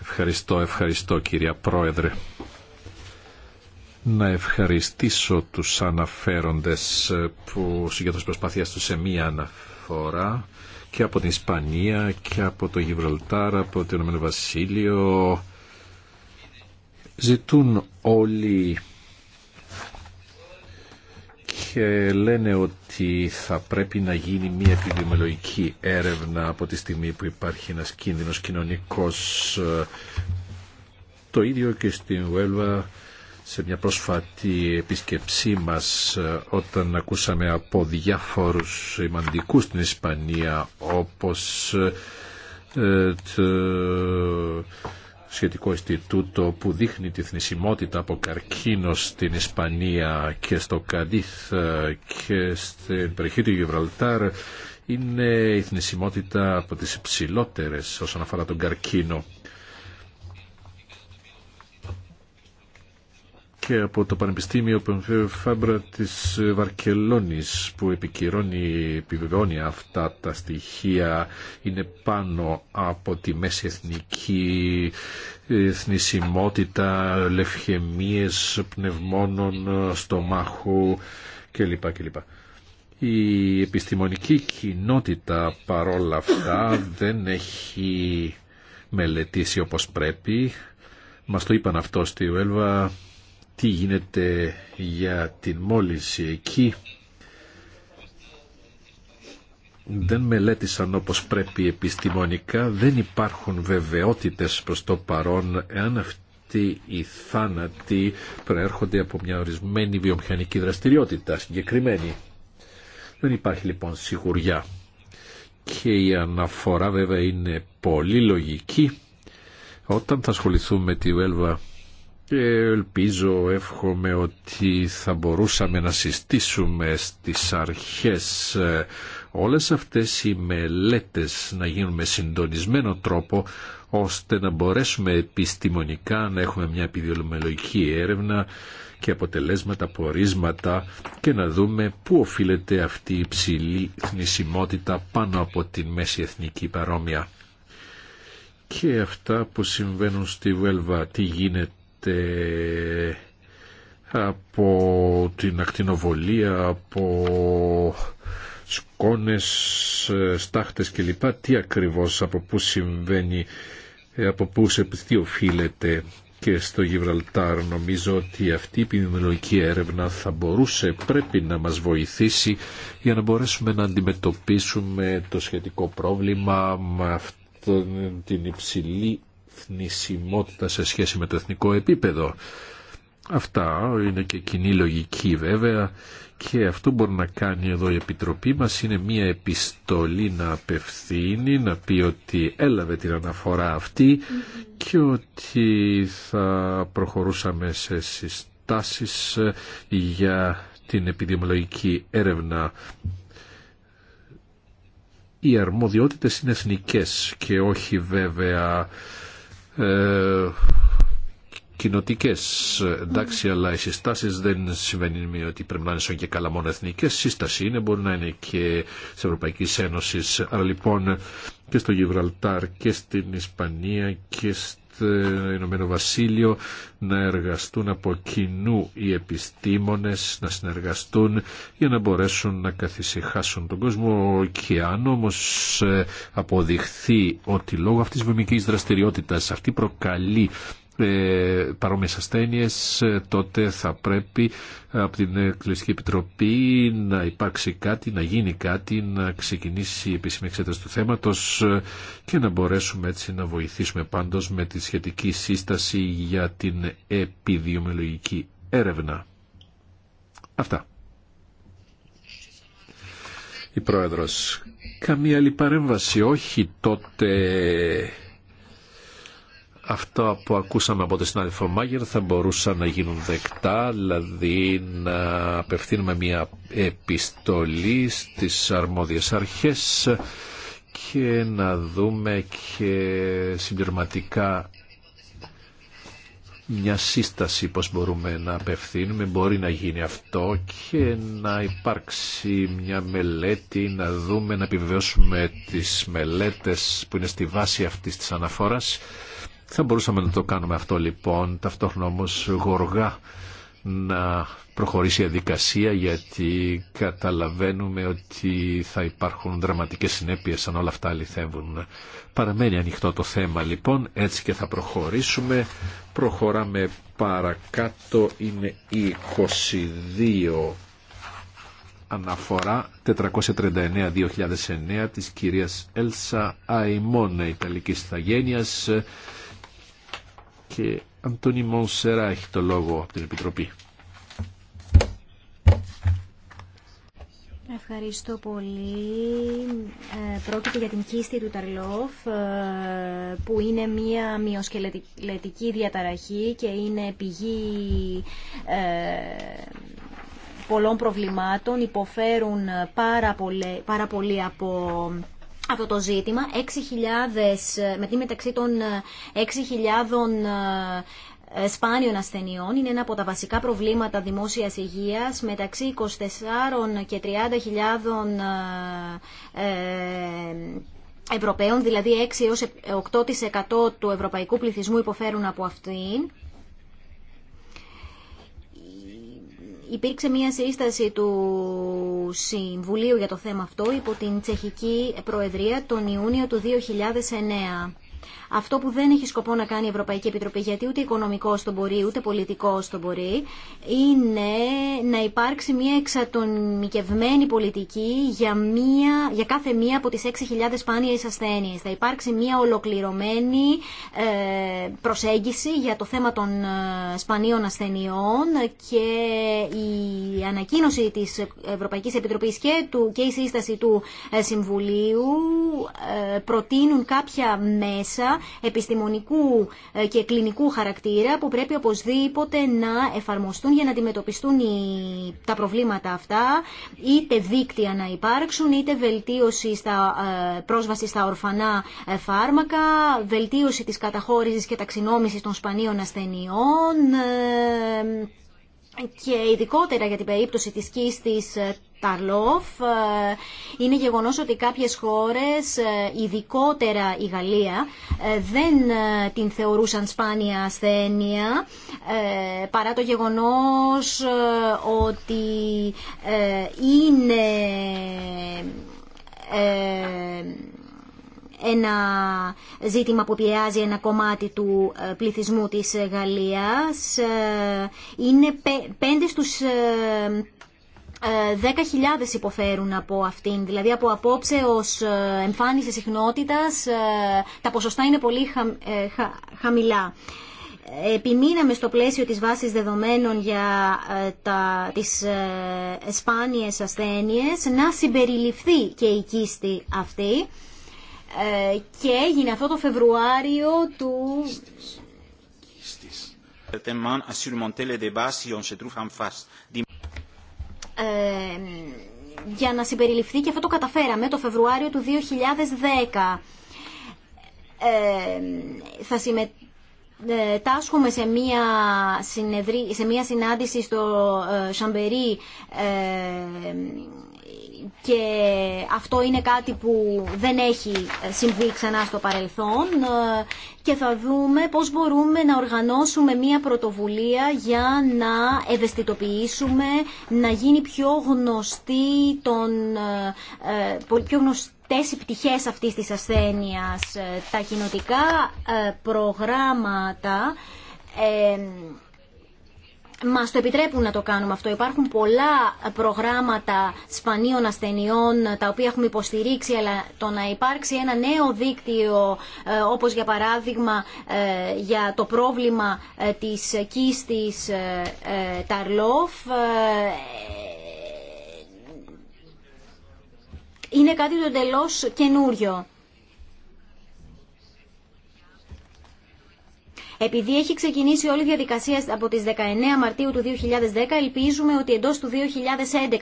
Ευχαριστώ, ευχαριστώ κυρία Πρόεδρε. Να ευχαριστήσω τους αναφέροντες ε, που για τις προσπάθειές τους σε μία αναφορά και από την Ισπανία και από το Γιβραλτάρ, από το Ηνωμένο Βασίλειο. Ζητούν όλοι και λένε ότι θα πρέπει να γίνει μια επιδημιολογική έρευνα από τη στιγμή που υπάρχει ένας κίνδυνος κοινωνικός. Το ίδιο και στην Βέλβα σε μια πρόσφατη επίσκεψή μας όταν ακούσαμε από διάφορους σημαντικούς στην Ισπανία όπως ε, σχετικό Ιστιτούτο που δείχνει τη θνησιμότητα από καρκίνο στην Ισπανία και στο Καντίθ ε, και στην περιοχή του Γιβραλτάρ είναι η θνησιμότητα από τις υψηλότερες όσον αφορά τον καρκίνο. και από το Πανεπιστήμιο Φάμπρα της Βαρκελόνης που επικυρώνει, επιβεβαιώνει αυτά τα στοιχεία είναι πάνω από τη μέση εθνική εθνισιμότητα, λευχαιμίες πνευμόνων, στομάχου κλπ. κλπ. Η επιστημονική κοινότητα παρόλα αυτά δεν έχει μελετήσει όπως πρέπει. Μας το είπαν αυτό στη Βέλβα τι γίνεται για την μόλυνση εκεί δεν μελέτησαν όπως πρέπει επιστημονικά, δεν υπάρχουν βεβαιότητες προς το παρόν εάν αυτοί οι θάνατοι προέρχονται από μια ορισμένη βιομηχανική δραστηριότητα συγκεκριμένη. Δεν υπάρχει λοιπόν σιγουριά. Και η αναφορά βέβαια είναι πολύ λογική. Όταν θα ασχοληθούμε με τη Βέλβα και ελπίζω, εύχομαι ότι θα μπορούσαμε να συστήσουμε στις αρχές ε, όλες αυτές οι μελέτες να γίνουν με συντονισμένο τρόπο ώστε να μπορέσουμε επιστημονικά να έχουμε μια επιδηλωμελογική έρευνα και αποτελέσματα, πορίσματα και να δούμε πού οφείλεται αυτή η υψηλή θνησιμότητα πάνω από την μέση εθνική παρόμοια. Και αυτά που οφειλεται αυτη η ψηλη θνησιμοτητα πανω απο την μεση εθνικη παρομοια και αυτα που συμβαινουν στη Βέλβα, τι γίνεται από την ακτινοβολία, από σκόνες, στάχτες κλπ. Τι ακριβώς, από πού συμβαίνει, από πού σε τι οφείλεται και στο Γιβραλτάρ. Νομίζω ότι αυτή η επιδημιολογική έρευνα θα μπορούσε, πρέπει να μας βοηθήσει για να μπορέσουμε να αντιμετωπίσουμε το σχετικό πρόβλημα με αυτή την υψηλή θνησιμότητα σε σχέση με το εθνικό επίπεδο. Αυτά είναι και κοινή λογική βέβαια και αυτό μπορεί να κάνει εδώ η Επιτροπή μας είναι μια επιστολή να απευθύνει, να πει ότι έλαβε την αναφορά αυτή και ότι θα προχωρούσαμε σε συστάσεις για την επιδημιολογική έρευνα. Οι αρμοδιότητες είναι εθνικές και όχι βέβαια ε, κοινοτικέ. Εντάξει, αλλά οι συστάσει δεν σημαίνει ότι πρέπει να είναι και καλά μόνο εθνικέ. Σύσταση είναι, μπορεί να είναι και τη Ευρωπαϊκή Ένωση. Άρα λοιπόν και στο Γιβραλτάρ και στην Ισπανία και στην ε, Ηνωμένο Βασίλειο να εργαστούν από κοινού οι επιστήμονες, να συνεργαστούν για να μπορέσουν να καθησυχάσουν τον κόσμο και αν όμως ε, αποδειχθεί ότι λόγω αυτής της δραστηριότητας αυτή προκαλεί ε, παρόμοιες ασθένειες, ε, τότε θα πρέπει ε, από την Εκκλησική Επιτροπή να υπάρξει κάτι, να γίνει κάτι, να ξεκινήσει η επίσημη εξέταση του θέματος και να μπορέσουμε έτσι να βοηθήσουμε πάντως με τη σχετική σύσταση για την επιδημιολογική έρευνα. Αυτά. Η Πρόεδρος. Καμία άλλη παρέμβαση. Όχι τότε... Αυτό που ακούσαμε από τον συνάδελφο Μάγερ θα μπορούσαν να γίνουν δεκτά, δηλαδή να απευθύνουμε μια επιστολή στις αρμόδιες αρχές και να δούμε και συμπληρωματικά μια σύσταση πώς μπορούμε να απευθύνουμε, μπορεί να γίνει αυτό και να υπάρξει μια μελέτη, να δούμε, να επιβεβαιώσουμε τις μελέτες που είναι στη βάση αυτής της αναφοράς θα μπορούσαμε να το κάνουμε αυτό λοιπόν, ταυτόχρονα όμως γοργά να προχωρήσει η αδικασία γιατί καταλαβαίνουμε ότι θα υπάρχουν δραματικές συνέπειες αν όλα αυτά αληθεύουν. Παραμένει ανοιχτό το θέμα λοιπόν, έτσι και θα προχωρήσουμε. Προχωράμε παρακάτω, είναι 22 αναφορά 439-2009 της κυρίας Έλσα Αϊμόνα Ιταλικής Ιθαγένειας και Αντώνη Μονσερά έχει το λόγο από την Επιτροπή. Ευχαριστώ πολύ. Ε, πρόκειται για την κίστη του Ταρλόφ, ε, που είναι μία μειοσκελετική διαταραχή και είναι πηγή ε, πολλών προβλημάτων. Υποφέρουν πάρα πολλοί πάρα πολύ από αυτό το ζήτημα. 6.000, με τη μεταξύ των 6.000 ε, ε, ε, σπάνιων ασθενειών είναι ένα από τα βασικά προβλήματα δημόσιας υγείας μεταξύ 24 και 30.000 Ευρωπαίων, δηλαδή 6 8% του ευρωπαϊκού πληθυσμού υποφέρουν από αυτήν. υπήρξε μια σύσταση του Συμβουλίου για το θέμα αυτό υπό την Τσεχική Προεδρία τον Ιούνιο του 2009 αυτό που δεν έχει σκοπό να κάνει η Ευρωπαϊκή Επιτροπή, γιατί ούτε οικονομικό το μπορεί, ούτε πολιτικό το μπορεί, είναι να υπάρξει μια εξατομικευμένη πολιτική για, μια, για κάθε μία από τις 6.000 σπάνιες ασθένειε. Θα υπάρξει μια ολοκληρωμένη ε, προσέγγιση για το θέμα των ε, σπανίων ασθενειών και η ανακοίνωση τη Ευρωπαϊκή Επιτροπή και, και η σύσταση του ε, Συμβουλίου προτείνουν κάποια μέσα επιστημονικού ε, και κλινικού χαρακτήρα που πρέπει οπωσδήποτε να εφαρμοστούν για να αντιμετωπιστούν τα προβλήματα αυτά, είτε δίκτυα να υπάρξουν, είτε βελτίωση στα, ε, πρόσβαση στα ορφανά ε, φάρμακα, βελτίωση της καταχώρησης και ταξινόμησης των σπανίων ασθενειών, και ειδικότερα για την περίπτωση της κίστης ε, Ταρλόφ ε, είναι γεγονός ότι κάποιες χώρες, ε, ειδικότερα η Γαλλία, δεν την θεωρούσαν σπάνια ασθένεια παρά το γεγονός ότι είναι ένα ζήτημα που επηρεάζει ένα κομμάτι του ε, πληθυσμού της Γαλλίας. Ε, είναι πέντε στους 10.000 ε, υποφέρουν από αυτήν. Δηλαδή από απόψε ως εμφάνιση συχνότητας τα ποσοστά είναι πολύ χαμηλά. Επιμείναμε στο πλαίσιο της βάσης δεδομένων για τα, τις σπάνιες ασθένειες να συμπεριληφθεί και η κίστη αυτή ε, και έγινε αυτό το Φεβρουάριο του... Ε, για να συμπεριληφθεί και αυτό το καταφέραμε το Φεβρουάριο του 2010. Ε, θα συμμετάσχουμε σε μία, συνεδρί... σε μία συνάντηση στο Σαμπερί και αυτό είναι κάτι που δεν έχει ε, συμβεί ξανά στο παρελθόν ε, και θα δούμε πώς μπορούμε να οργανώσουμε μία πρωτοβουλία για να ευαισθητοποιήσουμε, να γίνει πιο γνωστή των, ε, πιο γνωστές οι πτυχές αυτής της ασθένειας. Τα κοινοτικά προγράμματα μας το επιτρέπουν να το κάνουμε αυτό. Υπάρχουν πολλά προγράμματα σπανίων ασθενειών ε, τα οποία έχουμε υποστηρίξει, αλλά το να υπάρξει ένα νέο δίκτυο, ε, όπως για παράδειγμα ε, για το πρόβλημα της κίστης Ταρλόφ, είναι κάτι το εντελώ καινούριο. Επειδή έχει ξεκινήσει όλη η διαδικασία από τις 19 Μαρτίου του 2010, ελπίζουμε ότι εντός του 2011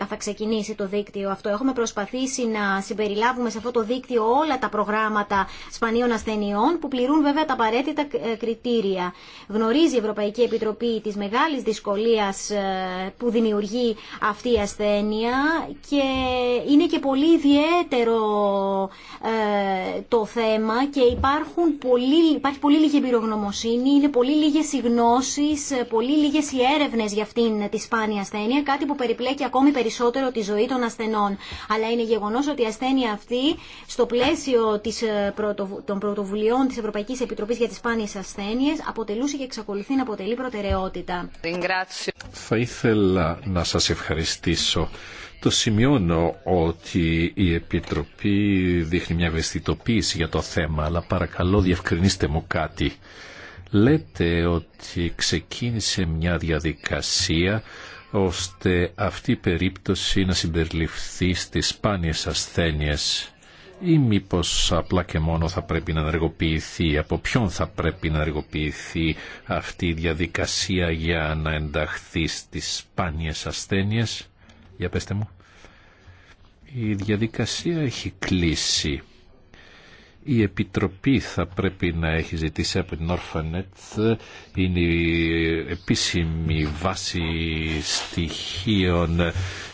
θα ξεκινήσει το δίκτυο αυτό. Έχουμε προσπαθήσει να συμπεριλάβουμε σε αυτό το δίκτυο όλα τα προγράμματα σπανίων ασθενειών που πληρούν βέβαια τα απαραίτητα ε, κριτήρια. Γνωρίζει η Ευρωπαϊκή Επιτροπή της μεγάλης δυσκολίας ε, που δημιουργεί αυτή η ασθένεια και είναι και πολύ ιδιαίτερο ε, το θέμα και υπάρχουν πολύ, υπάρχει πολύ λίγη εμπειρογνωμοσύνη είναι πολύ για αυτή την σπάνη ασθένεια. οι γνώσεις, πολύ ασθενών. Αλλά είναι γεγονό ότι οι ερευνε για αυτήν τη σπάνια ασθένεια, κάτι που περιπλέκει ακόμη περισσότερο τη ζωή των ασθενών. Αλλά είναι γεγονο ότι η ασθένεια αυτή, στο πλαίσιο της, ε, των πρωτοβουλειών τη ευρωπαικη επιτροπη για τι σπάνιες ασθένειε αποτελούσε και εξακολουθεί να αποτελεί προτεραιότητα. Θα ήθελα να σα ευχαριστήσω. Το σημειώνω ότι η Επιτροπή δείχνει μια ευαισθητοποίηση για το θέμα, αλλά παρακαλώ διευκρινίστε μου κάτι λέτε ότι ξεκίνησε μια διαδικασία ώστε αυτή η περίπτωση να συμπεριληφθεί στις σπάνιες ασθένειες ή μήπω απλά και μόνο θα πρέπει να ενεργοποιηθεί, από ποιον θα πρέπει να ενεργοποιηθεί αυτή η διαδικασία για να ενταχθεί στις σπάνιες ασθένειες. Για πέστε μου. Η διαδικασία έχει κλείσει η Επιτροπή θα πρέπει να έχει ζητήσει από την Orphanet είναι η επίσημη βάση στοιχείων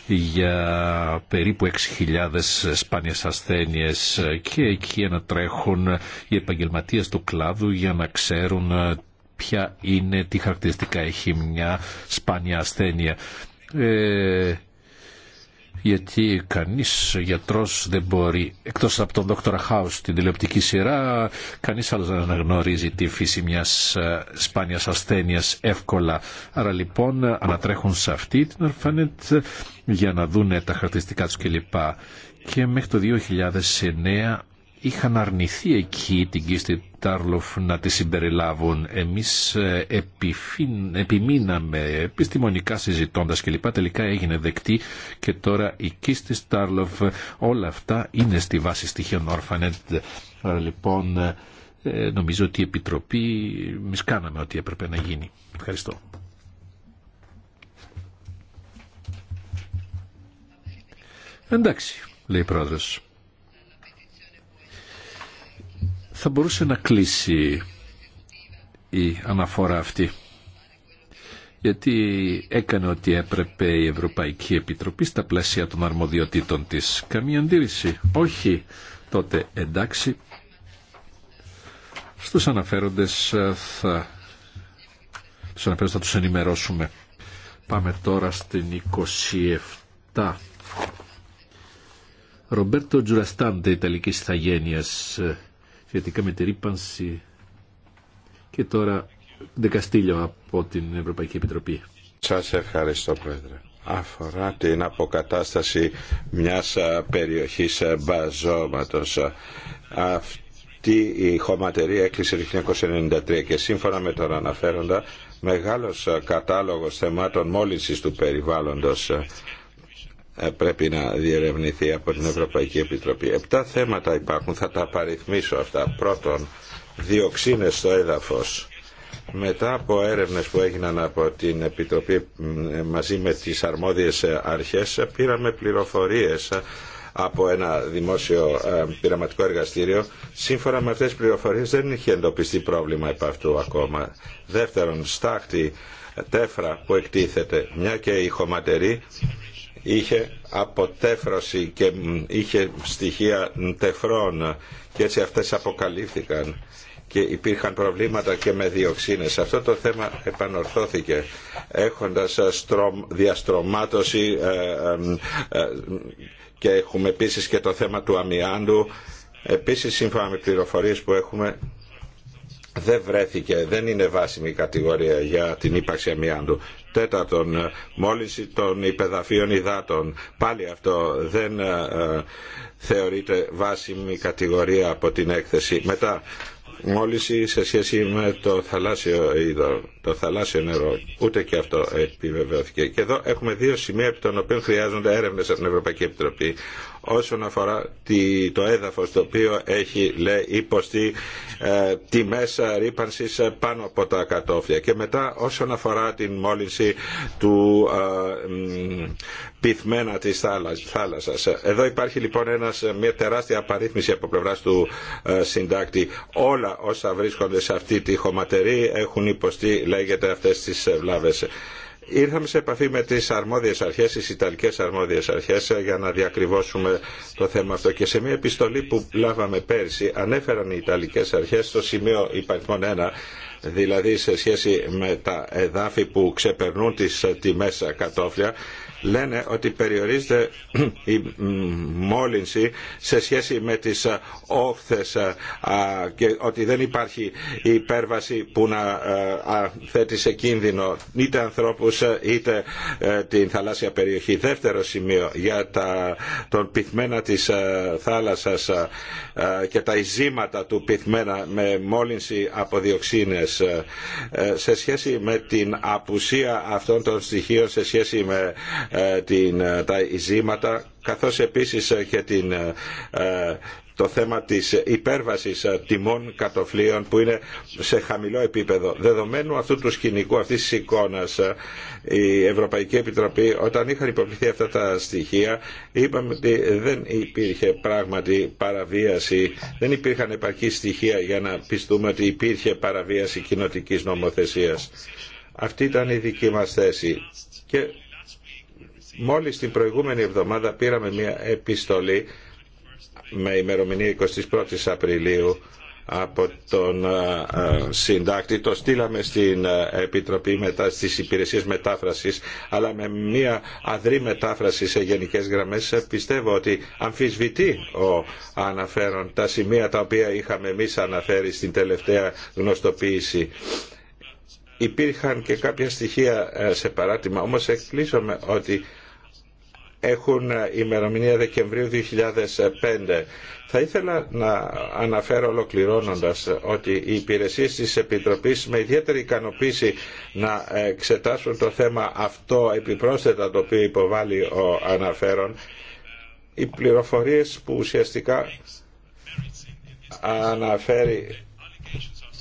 για περίπου 6.000 σπάνιες ασθένειες και εκεί να τρέχουν οι επαγγελματίες του κλάδου για να ξέρουν ποια είναι, τι χαρακτηριστικά έχει μια σπάνια ασθένεια. Ε, γιατί κανείς γιατρός δεν μπορεί, εκτός από τον Δόκτωρα Χάους την τηλεοπτική σειρά, κανείς άλλος δεν αναγνωρίζει τη φύση μιας ε, σπάνιας ασθένειας εύκολα. Άρα λοιπόν ανατρέχουν σε αυτή την ορφανέτ για να δούνε τα χαρακτηριστικά τους κλπ. Και μέχρι το 2009 είχαν αρνηθεί εκεί την Κίστη Τάρλοφ να τη συμπεριλάβουν. Εμείς ε, επιμείναμε επιστημονικά συζητώντας και λοιπά. Τελικά έγινε δεκτή και τώρα η Κίστη Τάρλοφ όλα αυτά είναι στη βάση στοιχείων Orphanet. Λοιπόν, ε, νομίζω ότι η Επιτροπή μισκάναμε κάναμε ό,τι έπρεπε να γίνει. Ευχαριστώ. Εντάξει, λέει η πρόεδρος. θα μπορούσε να κλείσει η αναφορά αυτή γιατί έκανε ό,τι έπρεπε η Ευρωπαϊκή Επιτροπή στα πλαίσια των αρμοδιοτήτων της. Καμία αντίρρηση. Όχι. Τότε εντάξει. Στους αναφέροντες ε, θα, στους αναφέροντες θα τους ενημερώσουμε. Πάμε τώρα στην 27. Ρομπέρτο Τζουραστάντε, Ιταλικής Ιθαγένειας, σχετικά με τη ρήπανση. Και τώρα δεκαστήλιο από την Ευρωπαϊκή Επιτροπή. Σας ευχαριστώ Πρόεδρε. Αφορά την αποκατάσταση μιας περιοχής μπαζώματος. Αυτή η χωματερία έκλεισε το 1993 και σύμφωνα με τον αναφέροντα μεγάλος κατάλογος θεμάτων μόλυνσης του περιβάλλοντος πρέπει να διερευνηθεί από την Ευρωπαϊκή Επιτροπή. Επτά θέματα υπάρχουν, θα τα απαριθμίσω αυτά. Πρώτον, διοξίνες στο έδαφος. Μετά από έρευνες που έγιναν από την Επιτροπή μαζί με τις αρμόδιες αρχές, πήραμε πληροφορίες από ένα δημόσιο ε, πειραματικό εργαστήριο. Σύμφωνα με αυτές τις πληροφορίες δεν είχε εντοπιστεί πρόβλημα επ' αυτού ακόμα. Δεύτερον, στάχτη, τέφρα που εκτίθεται, μια και η χωματερή είχε αποτέφρωση και είχε στοιχεία τεφρών και έτσι αυτές αποκαλύφθηκαν και υπήρχαν προβλήματα και με διοξίνες. Αυτό το θέμα επανορθώθηκε έχοντας διαστρωμάτωση ε, ε, ε, και έχουμε επίσης και το θέμα του αμοιάντου. Επίσης σύμφωνα με πληροφορίες που έχουμε δεν βρέθηκε, δεν είναι βάσιμη η κατηγορία για την ύπαρξη αμοιάντου. Τέταρτον, ε, μόλυνση των υπεδαφίων υδάτων. Πάλι αυτό δεν ε, ε, θεωρείται βάσιμη κατηγορία από την έκθεση. Μετά, μόλυνση σε σχέση με το θαλάσσιο είδο, το θαλάσσιο νερό. Ούτε και αυτό επιβεβαιώθηκε. Και εδώ έχουμε δύο σημεία από των οποία χρειάζονται έρευνε από την Ευρωπαϊκή Επιτροπή όσον αφορά το έδαφος το οποίο έχει λέει, υποστεί ε, τη μέσα ρήπανσης πάνω από τα κατόφλια και μετά όσον αφορά την μόλυνση του ε, πυθμένα της θάλασσας. Εδώ υπάρχει λοιπόν ένας, μια τεράστια απαρίθμηση από πλευράς του ε, συντάκτη. Όλα όσα βρίσκονται σε αυτή τη χωματερή έχουν υποστεί λέγεται αυτές τις βλάβες. Ήρθαμε σε επαφή με τις αρμόδιες αρχές, τις Ιταλικές αρμόδιες αρχές για να διακριβώσουμε το θέμα αυτό και σε μια επιστολή που λάβαμε πέρσι ανέφεραν οι Ιταλικές αρχές στο σημείο υπαριθμών 1 δηλαδή σε σχέση με τα εδάφη που ξεπερνούν τις τιμές κατόφλια λένε ότι περιορίζεται η μόλυνση σε σχέση με τις όχθες και ότι δεν υπάρχει υπέρβαση που να θέτει σε κίνδυνο είτε ανθρώπους είτε ε, την θαλάσσια περιοχή. Δεύτερο σημείο για τα, τον πυθμένα της ε, θάλασσας ε, και τα ειζήματα του πυθμένα με μόλυνση από διοξίνες σε σχέση με την απουσία αυτών των στοιχείων σε σχέση με ε, την, ε, τα ειζήματα καθώς επίσης και ε, το θέμα της υπέρβασης τιμών κατοφλίων που είναι σε χαμηλό επίπεδο. Δεδομένου αυτού του σκηνικού, αυτής της εικόνας, η Ευρωπαϊκή Επιτροπή όταν είχαν υποβληθεί αυτά τα στοιχεία είπαμε ότι δεν υπήρχε πράγματι παραβίαση, δεν υπήρχαν επαρκή στοιχεία για να πιστούμε ότι υπήρχε παραβίαση κοινοτικής νομοθεσίας. Αυτή ήταν η δική μας θέση. Και Μόλις την προηγούμενη εβδομάδα πήραμε μια επιστολή με ημερομηνία 21 Απριλίου από τον συντάκτη. Το στείλαμε στην Επιτροπή μετά στις υπηρεσίες μετάφρασης, αλλά με μια αδρή μετάφραση σε γενικές γραμμές πιστεύω ότι αμφισβητεί ο αναφέρον τα σημεία τα οποία είχαμε εμείς αναφέρει στην τελευταία γνωστοποίηση. Υπήρχαν και κάποια στοιχεία ε, σε παράτημα, όμως εκπλήσωμε ότι έχουν ημερομηνία Δεκεμβρίου 2005. Θα ήθελα να αναφέρω ολοκληρώνοντα ότι οι υπηρεσίε τη Επιτροπή με ιδιαίτερη ικανοποίηση να εξετάσουν το θέμα αυτό επιπρόσθετα το οποίο υποβάλλει ο αναφέρον. Οι πληροφορίες που ουσιαστικά αναφέρει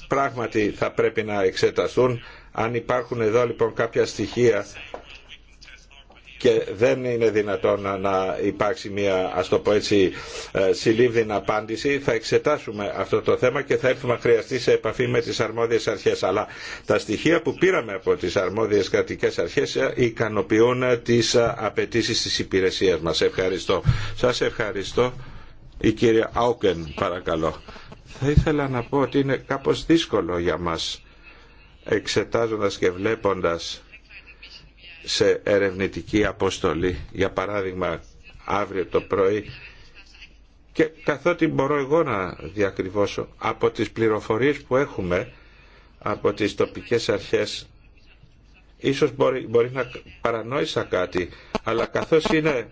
πράγματι θα πρέπει να εξεταστούν. Αν υπάρχουν εδώ λοιπόν κάποια στοιχεία και δεν είναι δυνατόν να υπάρξει μια ας το πω έτσι ε, συλλήβδινα απάντηση θα εξετάσουμε αυτό το θέμα και θα έρθουμε να χρειαστεί σε επαφή με τις αρμόδιες αρχές αλλά τα στοιχεία που πήραμε από τις αρμόδιες κρατικές αρχές ε, ικανοποιούν τις ε, απαιτήσεις της υπηρεσίας μας. Ευχαριστώ. Σας ευχαριστώ. Η κυρία Άουκεν παρακαλώ. Θα ήθελα να πω ότι είναι κάπως δύσκολο για μας εξετάζοντας και βλέποντας σε ερευνητική αποστολή, για παράδειγμα αύριο το πρωί, και καθότι μπορώ εγώ να διακριβώσω από τις πληροφορίες που έχουμε από τις τοπικές αρχές ίσως μπορεί, να παρανόησα κάτι αλλά καθώς είναι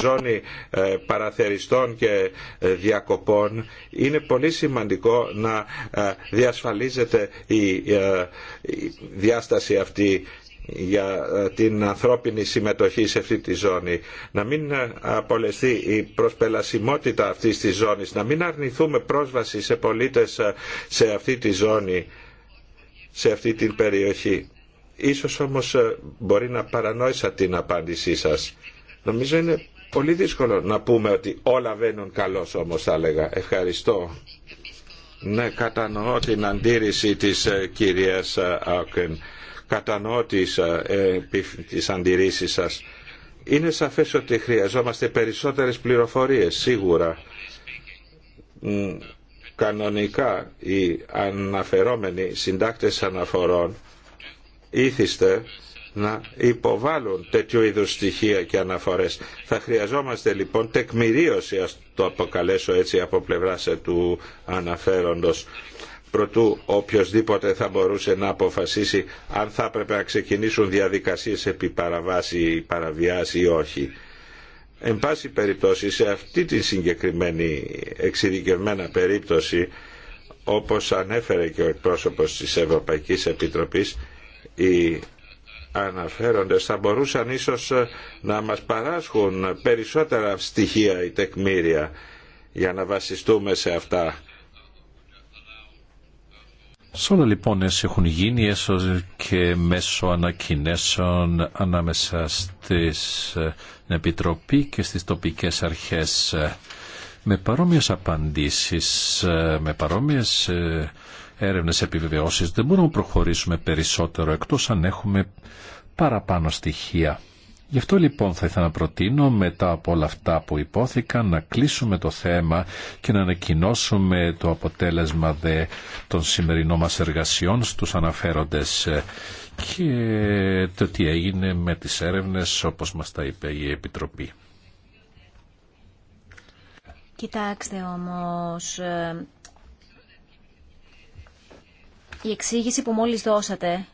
ζώνη ε, παραθεριστών και ε, διακοπών είναι πολύ σημαντικό να ε, διασφαλίζεται η διάσταση αυτή για ε, την ανθρώπινη συμμετοχή σε αυτή τη ζώνη. Να μην ε, απολεστεί η προσπελασιμότητα αυτής της ζώνης, να μην αρνηθούμε πρόσβαση σε πολίτες ε, σε αυτή τη ζώνη, σε αυτή την περιοχή. Ίσως όμως μπορεί να παρανόησα την απάντησή σας. Νομίζω είναι πολύ δύσκολο να πούμε ότι όλα βαίνουν καλώς όμως θα έλεγα. Ευχαριστώ. Ναι, κατανοώ την αντίρρηση της κυρίας Άουκεν κατανοώ τις, ε, τις αντιρρήσεις σας. Είναι σαφές ότι χρειαζόμαστε περισσότερες πληροφορίες, σίγουρα. Κανονικά οι αναφερόμενοι συντάκτες αναφορών ήθιστε να υποβάλουν τέτοιου είδους στοιχεία και αναφορές. Θα χρειαζόμαστε λοιπόν τεκμηρίωση, ας το αποκαλέσω έτσι από πλευράς του αναφέροντος προτού οποιοδήποτε θα μπορούσε να αποφασίσει αν θα έπρεπε να ξεκινήσουν διαδικασίες επί παραβάση ή παραβιάση ή όχι. Εν πάση περιπτώσει, σε αυτή τη συγκεκριμένη εξειδικευμένα περίπτωση, όπως ανέφερε και ο εκπρόσωπος της Ευρωπαϊκής Επιτροπής, οι αναφέροντες θα μπορούσαν ίσως να μας παράσχουν περισσότερα στοιχεία ή τεκμήρια για να βασιστούμε σε αυτά σε όλα λοιπόν έχουν γίνει έσω και μέσω ανακοινέσεων ανάμεσα ε, στην Επιτροπή και στις τοπικές αρχές ε, με παρόμοιες απαντήσεις, ε, με παρόμοιες έρευνες επιβεβαιώσεις δεν μπορούμε να προχωρήσουμε περισσότερο εκτός αν έχουμε παραπάνω στοιχεία. Γι' αυτό λοιπόν θα ήθελα να προτείνω μετά από όλα αυτά που υπόθηκαν να κλείσουμε το θέμα και να ανακοινώσουμε το αποτέλεσμα των σημερινών μας εργασιών στους αναφέροντες και το τι έγινε με τις έρευνες όπως μας τα είπε η Επιτροπή. Κοιτάξτε όμως, ε, η εξήγηση που μόλις δώσατε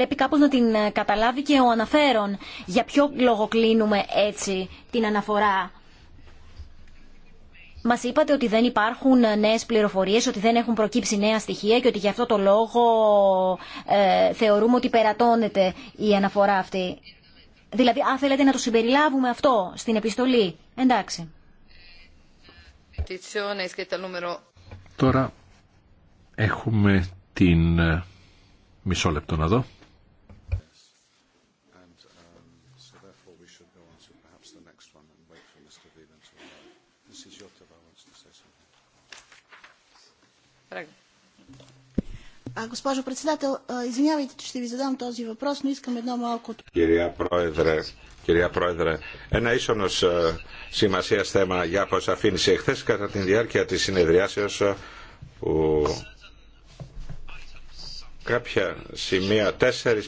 πρέπει κάπως να την ε, καταλάβει και ο αναφέρον. Για ποιο λόγο κλείνουμε έτσι την αναφορά. Μα είπατε ότι δεν υπάρχουν ε, νέε πληροφορίε, ότι δεν έχουν προκύψει νέα στοιχεία και ότι γι' αυτό το λόγο ε, θεωρούμε ότι περατώνεται η αναφορά αυτή. Δηλαδή, αν θέλετε να το συμπεριλάβουμε αυτό στην επιστολή. Εντάξει. Τώρα έχουμε την. Μισό λεπτό να δω. Госпожо председател, извинявайте, че ще ви задам този въпрос, но искам едно малко... Кирия Проедре, κυρία Πρόεδρε, ένα ίσονος σημασία θέμα για αποσαφήνιση. Εχθές κατά τη διάρκεια της συνεδριάσεως που κάποια σημεία,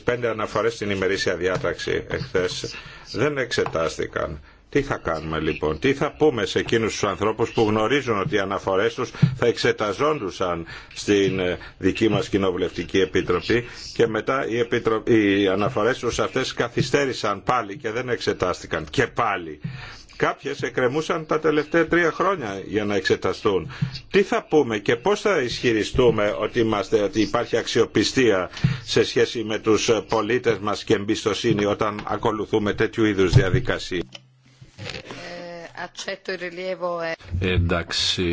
4-5 αναφορές στην ημερήσια διάταξη εχθές, δεν εξετάστηκαν τι θα κάνουμε λοιπόν, τι θα πούμε σε εκείνους τους ανθρώπους που γνωρίζουν ότι οι αναφορές τους θα εξεταζόντουσαν στην ε, δική μας Κοινοβουλευτική Επιτροπή και μετά οι, επιτρο... οι αναφορές τους αυτές καθυστέρησαν πάλι και δεν εξετάστηκαν και πάλι. Κάποιες εκκρεμούσαν τα τελευταία τρία χρόνια για να εξεταστούν. Τι θα πούμε και πώς θα ισχυριστούμε ότι, είμαστε, ότι υπάρχει αξιοπιστία σε σχέση με τους πολίτες μας και εμπιστοσύνη όταν ακολουθούμε τέτοιου είδους διαδικασία. Ε, e- Εντάξει,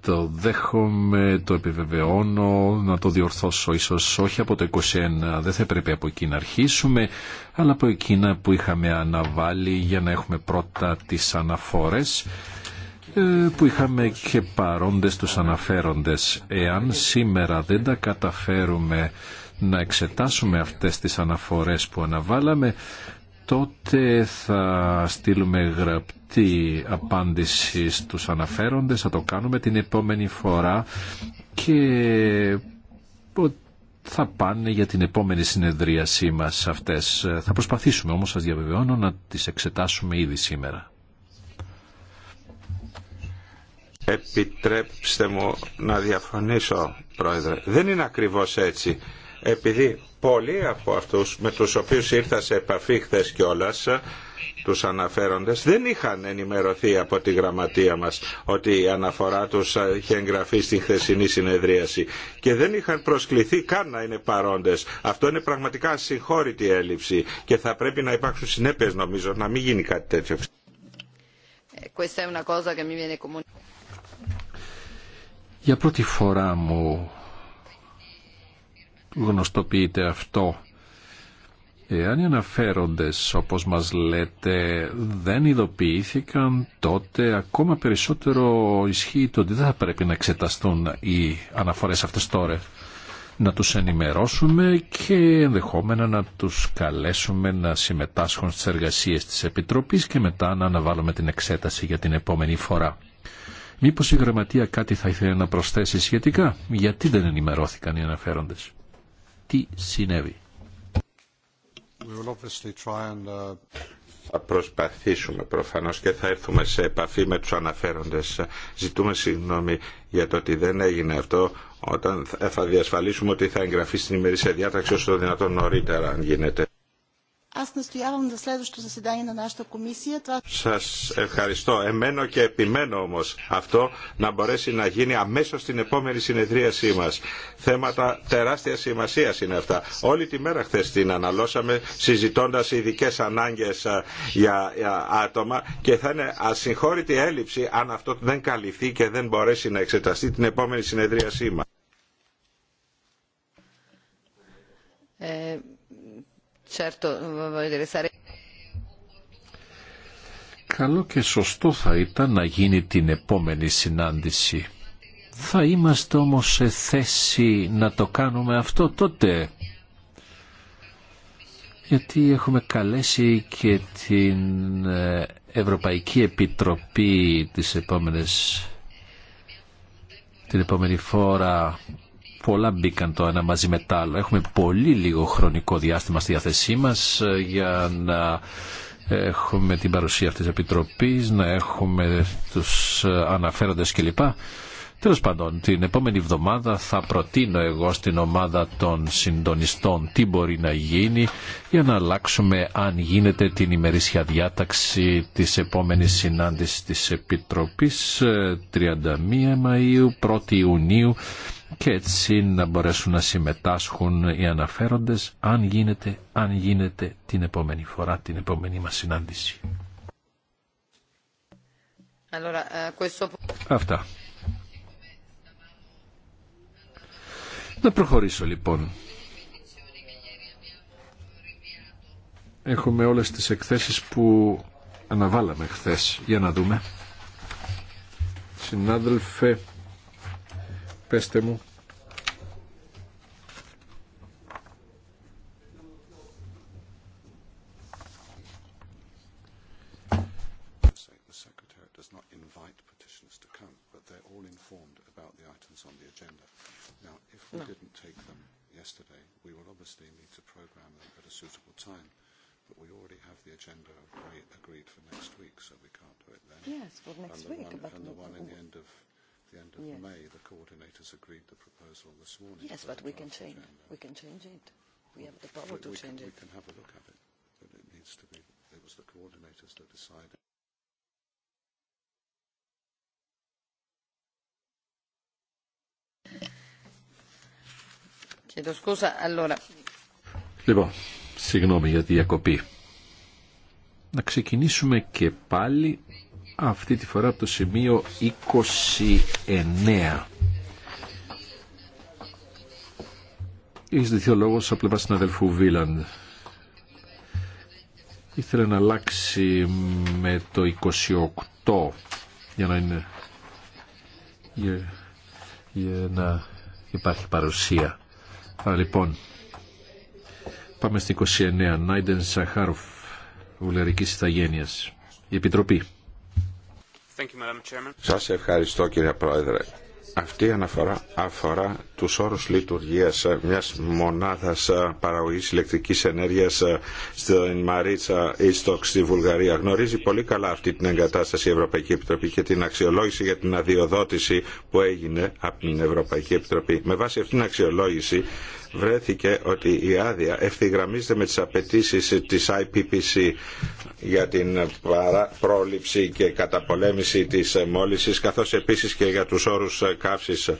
το δέχομαι, το επιβεβαιώνω, να το διορθώσω ίσως όχι από το 21, δεν θα έπρεπε από εκεί να αρχίσουμε, αλλά από εκείνα που είχαμε αναβάλει για να έχουμε πρώτα τις αναφόρες ε, που είχαμε και παρόντες τους αναφέροντες. Εάν σήμερα δεν τα καταφέρουμε να εξετάσουμε αυτές τις αναφορές που αναβάλαμε, τότε θα στείλουμε γραπτή απάντηση στους αναφέροντες, θα το κάνουμε την επόμενη φορά και θα πάνε για την επόμενη συνεδρίασή μας αυτές. Θα προσπαθήσουμε όμως, σας διαβεβαιώνω, να τις εξετάσουμε ήδη σήμερα. Επιτρέψτε μου να διαφωνήσω, Πρόεδρε. Δεν είναι ακριβώς έτσι. Επειδή Πολλοί από αυτούς με τους οποίους ήρθα σε επαφή χθε κιόλα, τους αναφέροντες δεν είχαν ενημερωθεί από τη γραμματεία μας ότι η αναφορά τους είχε εγγραφεί στη χθεσινή συνεδρίαση και δεν είχαν προσκληθεί καν να είναι παρόντες. Αυτό είναι πραγματικά συγχώρητη έλλειψη και θα πρέπει να υπάρξουν συνέπειες νομίζω να μην γίνει κάτι τέτοιο. Για πρώτη φορά μου γνωστοποιείται αυτό. Εάν οι αναφέροντες, όπως μας λέτε, δεν ειδοποιήθηκαν, τότε ακόμα περισσότερο ισχύει το ότι δεν θα πρέπει να εξεταστούν οι αναφορές αυτές τώρα. Να τους ενημερώσουμε και ενδεχόμενα να τους καλέσουμε να συμμετάσχουν στις εργασίες της Επιτροπής και μετά να αναβάλουμε την εξέταση για την επόμενη φορά. Μήπως η Γραμματεία κάτι θα ήθελε να προσθέσει σχετικά, γιατί δεν ενημερώθηκαν οι αναφέροντες τι συνέβη. Uh, θα προσπαθήσουμε προφανώς και θα έρθουμε σε επαφή με τους αναφέροντες. Ζητούμε συγγνώμη για το ότι δεν έγινε αυτό όταν θα διασφαλίσουμε ότι θα εγγραφεί στην ημερήσια διάταξη όσο το δυνατόν νωρίτερα αν γίνεται. Σα Σας ευχαριστώ. Εμένω και επιμένω όμως αυτό να μπορέσει να γίνει αμέσως στην επόμενη συνεδρίασή μας. Θέματα τεράστια σημασία είναι αυτά. Όλη τη μέρα χθε την αναλώσαμε συζητώντας ειδικέ ανάγκες για, άτομα και θα είναι ασυγχώρητη έλλειψη αν αυτό δεν καλυφθεί και δεν μπορέσει να εξεταστεί την επόμενη συνεδρίασή μας. Ε, Καλό και σωστό θα ήταν να γίνει την επόμενη συνάντηση. Θα είμαστε όμως σε θέση να το κάνουμε αυτό τότε. Γιατί έχουμε καλέσει και την ε, Ευρωπαϊκή Επιτροπή τις επόμενες, την επόμενη φορά πολλά μπήκαν το ένα μαζί με άλλο. Έχουμε πολύ λίγο χρονικό διάστημα στη διάθεσή μας ε, για να έχουμε την παρουσία αυτής της Επιτροπής, να έχουμε τους ε, αναφέροντες κλπ. Τέλος πάντων, την επόμενη εβδομάδα θα προτείνω εγώ στην ομάδα των συντονιστών τι μπορεί να γίνει για να αλλάξουμε αν γίνεται την ημερήσια διάταξη της επόμενης συνάντησης της Επιτροπής 31 ε, Μαΐου, 1 Ιουνίου και έτσι να μπορέσουν να συμμετάσχουν οι αναφέροντες αν γίνεται, αν γίνεται την επόμενη φορά, την επόμενη μας συνάντηση. Eh, Αυτά. Να προχωρήσω λοιπόν. Έχουμε όλες τις εκθέσεις που αναβάλαμε χθες. Για να δούμε. Συνάδελφε, Πέστε μου sworn Yes, but we can change. We can change it. We have the power to change it. We can have a look at it, but it needs to be. It was the coordinators that decided. Λοιπόν, συγγνώμη για τη διακοπή. Να ξεκινήσουμε και πάλι αυτή τη φορά από το σημείο 29. Έχει δοθεί ο λόγο από πλευρά συναδελφού Βίλαντ. Ήθελε να αλλάξει με το 28 για να είναι. Για, να υπάρχει παρουσία. λοιπόν, πάμε στην 29. Νάιντεν Σαχάροφ, βουλερική Ιθαγένεια. Η Επιτροπή. Σα ευχαριστώ κύριε Πρόεδρε. Αυτή η αναφορά αφορά τους όρους λειτουργίας μιας μονάδας ε, παραγωγής ηλεκτρικής ενέργειας ε, στην Μαρίτσα η στη Βουλγαρία. Γνωρίζει πολύ καλά αυτή την εγκατάσταση η Ευρωπαϊκή Επιτροπή και την αξιολόγηση για την αδειοδότηση που έγινε από την Ευρωπαϊκή Επιτροπή. Με βάση αυτήν την αξιολόγηση βρέθηκε ότι η άδεια ευθυγραμμίζεται με τις απαιτήσει της IPPC για την πρόληψη και καταπολέμηση της μόλυσης καθώς επίσης και για τους όρους καύσης.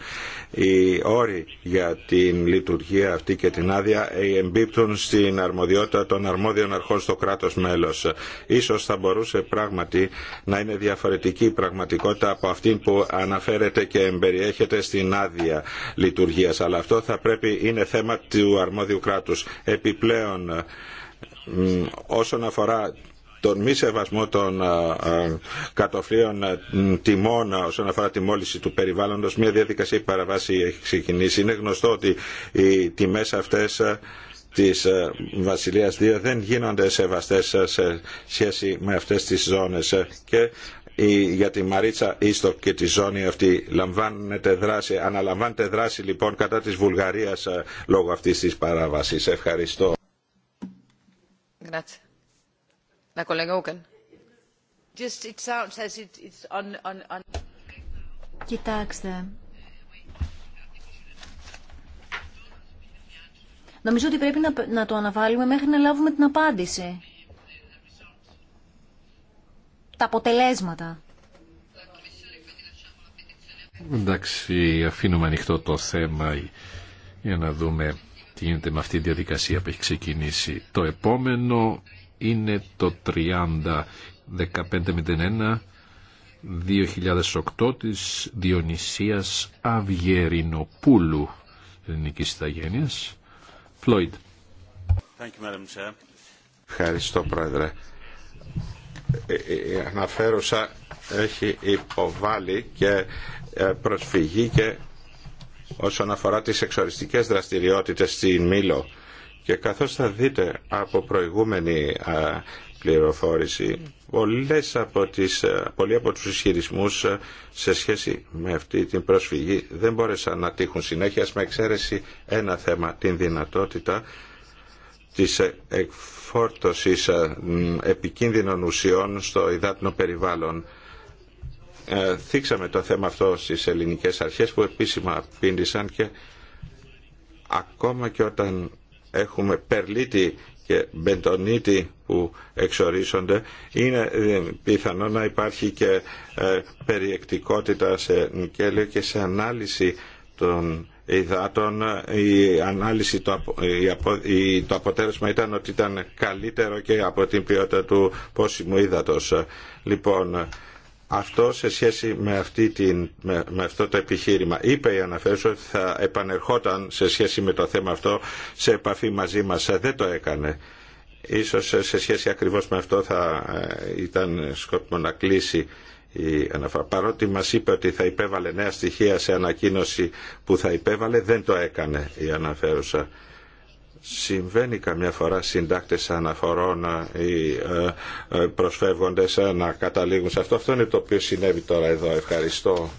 Οι όροι για την λειτουργία αυτή και την άδεια εμπίπτουν στην αρμοδιότητα των αρμόδιων αρχών στο κράτος μέλος. Ίσως θα μπορούσε πράγματι να είναι διαφορετική η πραγματικότητα από αυτή που αναφέρεται και εμπεριέχεται στην άδεια λειτουργίας. Αλλά αυτό θα πρέπει είναι θέμα θέμα του αρμόδιου κράτους. Επιπλέον, ε, όσον αφορά τον μη σεβασμό των ε, ε, κατοφλίων τιμών όσον αφορά τη μόλυση του περιβάλλοντος, μια διαδικασία παραβάση παραβάσει έχει ξεκινήσει. Είναι γνωστό ότι οι τιμές αυτές της Βασιλείας 2 δεν γίνονται σεβαστές σε σχέση με αυτές τις ζώνες και για τη Μαρίτσα Ίστοκ και τη ζώνη αυτή λαμβάνεται δράση, αναλαμβάνεται δράση λοιπόν κατά της Βουλγαρίας ε, λόγω αυτής της παράβασης. Ευχαριστώ. Κοιτάξτε, νομίζω ότι πρέπει να το αναβάλουμε μέχρι να λάβουμε την απάντηση τα αποτελέσματα. Εντάξει, αφήνουμε ανοιχτό το θέμα για να δούμε τι γίνεται με αυτή τη διαδικασία που έχει ξεκινήσει. Το επόμενο είναι το 30 1501 2008 της Διονυσίας Αυγερινοπούλου ελληνική Ιθαγένειας. Φλόιντ. Ευχαριστώ, Πρόεδρε η ε, ε, αναφέρουσα έχει υποβάλει και ε, προσφυγή και όσον αφορά τις εξοριστικές δραστηριότητες στην Μήλο και καθώς θα δείτε από προηγούμενη πληροφόρηση πολλές από τις, πολλοί από τους ισχυρισμού σε σχέση με αυτή την προσφυγή δεν μπόρεσαν να τύχουν συνέχεια με εξαίρεση ένα θέμα την δυνατότητα της φόρτωσης επικίνδυνων ουσιών στο υδάτινο περιβάλλον. Ε, θίξαμε το θέμα αυτό στις ελληνικές αρχές που επίσημα πίντησαν και ακόμα και όταν έχουμε περλίτη και μπεντονίτη που εξορίσσονται είναι ε, πιθανό να υπάρχει και ε, περιεκτικότητα σε νικέλιο και σε ανάλυση των υδάτων η ανάλυση το, το αποτέλεσμα ήταν ότι ήταν καλύτερο και από την ποιότητα του πόσιμου ύδατος. Λοιπόν, αυτό σε σχέση με, αυτή την, με, αυτό το επιχείρημα. Είπε η αναφέρουσα ότι θα επανερχόταν σε σχέση με το θέμα αυτό σε επαφή μαζί μας. Δεν το έκανε. Ίσως σε σχέση ακριβώς με αυτό θα ε, ήταν σκόπιμο να κλείσει η αναφορά. Παρότι μας είπε ότι θα υπέβαλε νέα στοιχεία σε ανακοίνωση που θα υπέβαλε, δεν το έκανε η αναφέρουσα. Συμβαίνει καμιά φορά συντάκτες αναφορών ή ε, ε, προσφεύγοντες ε, να καταλήγουν σε αυτό. Αυτό είναι το οποίο συνέβη τώρα εδώ. Ευχαριστώ.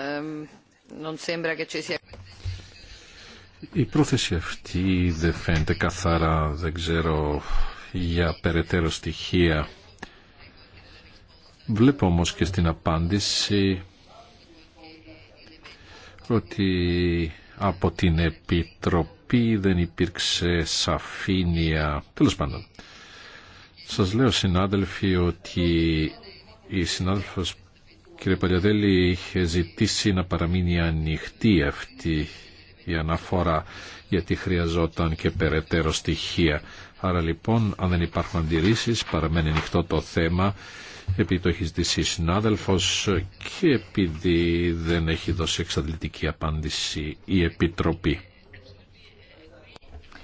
Ehm, η πρόθεση αυτή δεν φαίνεται καθαρά, δεν ξέρω για περαιτέρω στοιχεία. Βλέπω όμως και στην απάντηση ότι από την Επιτροπή δεν υπήρξε σαφήνεια. Τέλος πάντων, σας λέω συνάδελφοι ότι η συνάδελφος κύριε Παλιαδέλη είχε ζητήσει να παραμείνει ανοιχτή αυτή η αναφορά γιατί χρειαζόταν και περαιτέρω στοιχεία. Άρα λοιπόν αν δεν υπάρχουν αντιρρήσεις παραμένει ανοιχτό το θέμα επειδή το έχει και επειδή δεν έχει δώσει εξαντλητική απάντηση η Επιτροπή.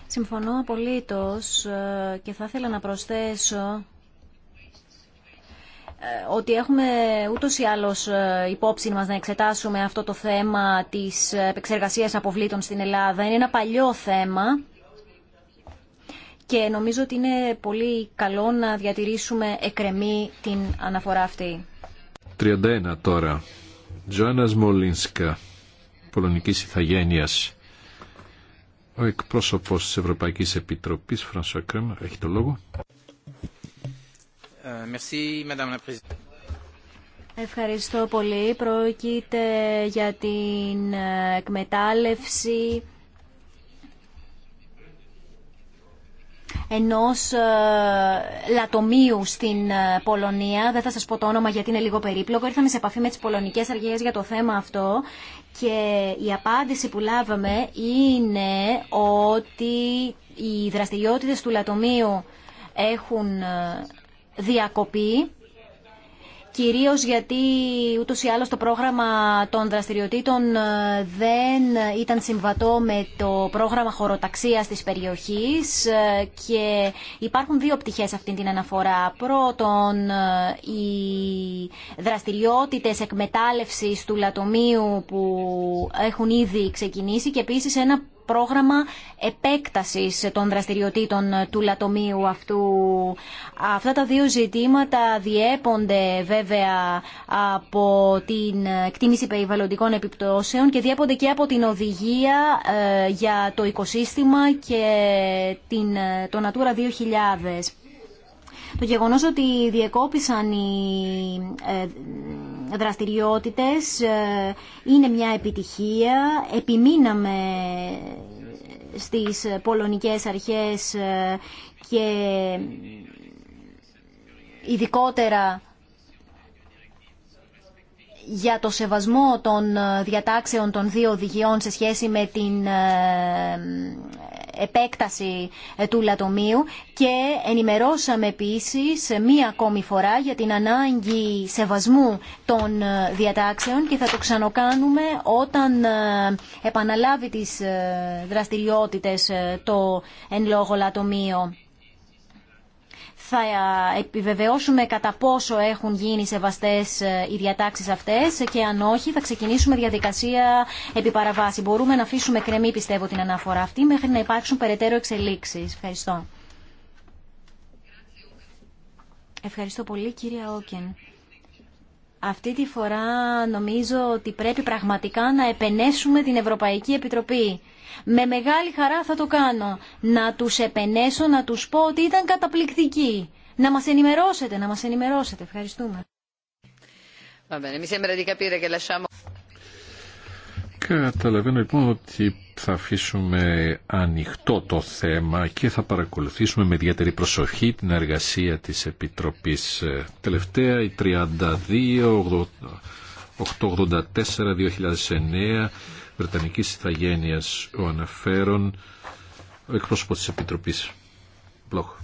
Συμφωνώ απολύτως ε, και θα ήθελα να προσθέσω ε, ότι έχουμε ούτως ή άλλως ε, υπόψη μας να εξετάσουμε αυτό το θέμα της επεξεργασίας αποβλήτων στην Ελλάδα. Είναι ένα παλιό θέμα και νομίζω ότι είναι πολύ καλό να διατηρήσουμε εκρεμή την αναφορά αυτή. 31 τώρα. Τζόνα Μολίνσκα, Πολωνική ηθαγένεια. Ο εκπρόσωπο τη Ευρωπαϊκής Επιτροπή Φρανσουά Κρέμα, έχει το λόγο. Ε, Ευχαριστώ πολύ. Πρόκειται για την ε, εκμετάλλευση ενός ε, λατομείου στην Πολωνία. Δεν θα σας πω το όνομα γιατί είναι λίγο περίπλοκο. Ήρθαμε σε επαφή με τις πολωνικές αρχές για το θέμα αυτό και η απάντηση που λάβαμε είναι ότι οι δραστηριότητες του λατομείου έχουν διακοπή κυρίως γιατί ούτως ή άλλως το πρόγραμμα των δραστηριοτήτων ε, δεν ήταν συμβατό με το πρόγραμμα χωροταξίας της περιοχής ε, και υπάρχουν δύο πτυχές αυτήν την αναφορά. Πρώτον, ε, οι δραστηριότητες εκμετάλλευσης του λατομείου που έχουν ήδη ξεκινήσει και επίσης ένα πρόγραμμα επέκτασης των δραστηριοτήτων του λατομείου αυτού. Αυτά τα δύο ζητήματα διέπονται βέβαια από την εκτίμηση περιβαλλοντικών επιπτώσεων και διέπονται και από την οδηγία ε, για το οικοσύστημα και την, το Natura 2000. Το γεγονός ότι διεκόπησαν οι ε, δραστηριότητες ε, είναι μια επιτυχία. Επιμείναμε στις πολωνικές αρχές ε, και ειδικότερα για το σεβασμό των διατάξεων των δύο οδηγιών σε σχέση με την ε, επέκταση ε, του λατομείου και ενημερώσαμε επίσης ε, μία ακόμη φορά για την ανάγκη σεβασμού των ε, διατάξεων και θα το ξανοκάνουμε όταν επαναλάβει τις δραστηριότητες το εν λόγω λατομείο θα επιβεβαιώσουμε κατά πόσο έχουν γίνει σεβαστές ε, οι διατάξεις αυτές και αν όχι θα ξεκινήσουμε διαδικασία επιπαραβάση. Μπορούμε να αφήσουμε κρεμή πιστεύω την αναφορά αυτή μέχρι να υπάρξουν περαιτέρω εξελίξεις. Ευχαριστώ. Ευχαριστώ πολύ κύριε Όκεν. Αυτή τη φορά νομίζω ότι πρέπει πραγματικά να επενέσουμε την Ευρωπαϊκή Επιτροπή. Με μεγάλη χαρά θα το κάνω. Να τους επενέσω, να τους πω ότι ήταν καταπληκτικοί. Να μας ενημερώσετε, να μας ενημερώσετε. Ευχαριστούμε. Καταλαβαίνω λοιπόν ότι θα αφήσουμε ανοιχτό το θέμα και θα παρακολουθήσουμε με ιδιαίτερη προσοχή την εργασία της Επιτροπής. Ε, τελευταία η 32, 884, 2009 Βρετανικής Ιθαγένειας ο αναφέρον, ο εκπρόσωπο τη Επιτροπής. Μπλόχ.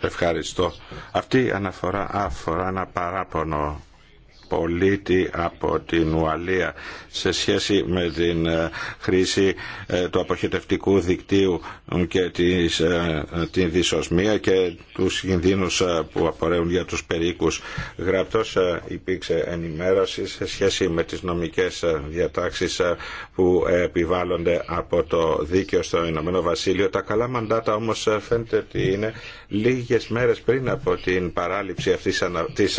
Ευχαριστώ. Αυτή η αναφορά αφορά ένα παράπονο πολίτη από την Ουαλία σε σχέση με την ε, χρήση ε, του αποχετευτικού δικτύου και την ε, δυσοσμία και τους κινδύνους που απορρέουν για τους περίκους. Γραπτός υπήρξε ενημέρωση σε σχέση με τις νομικές διατάξεις που επιβάλλονται από το δίκαιο στο Ηνωμένο Βασίλειο. Τα καλά μαντάτα όμως φαίνεται ότι είναι λίγες μέρες πριν από την παράληψη αυτής της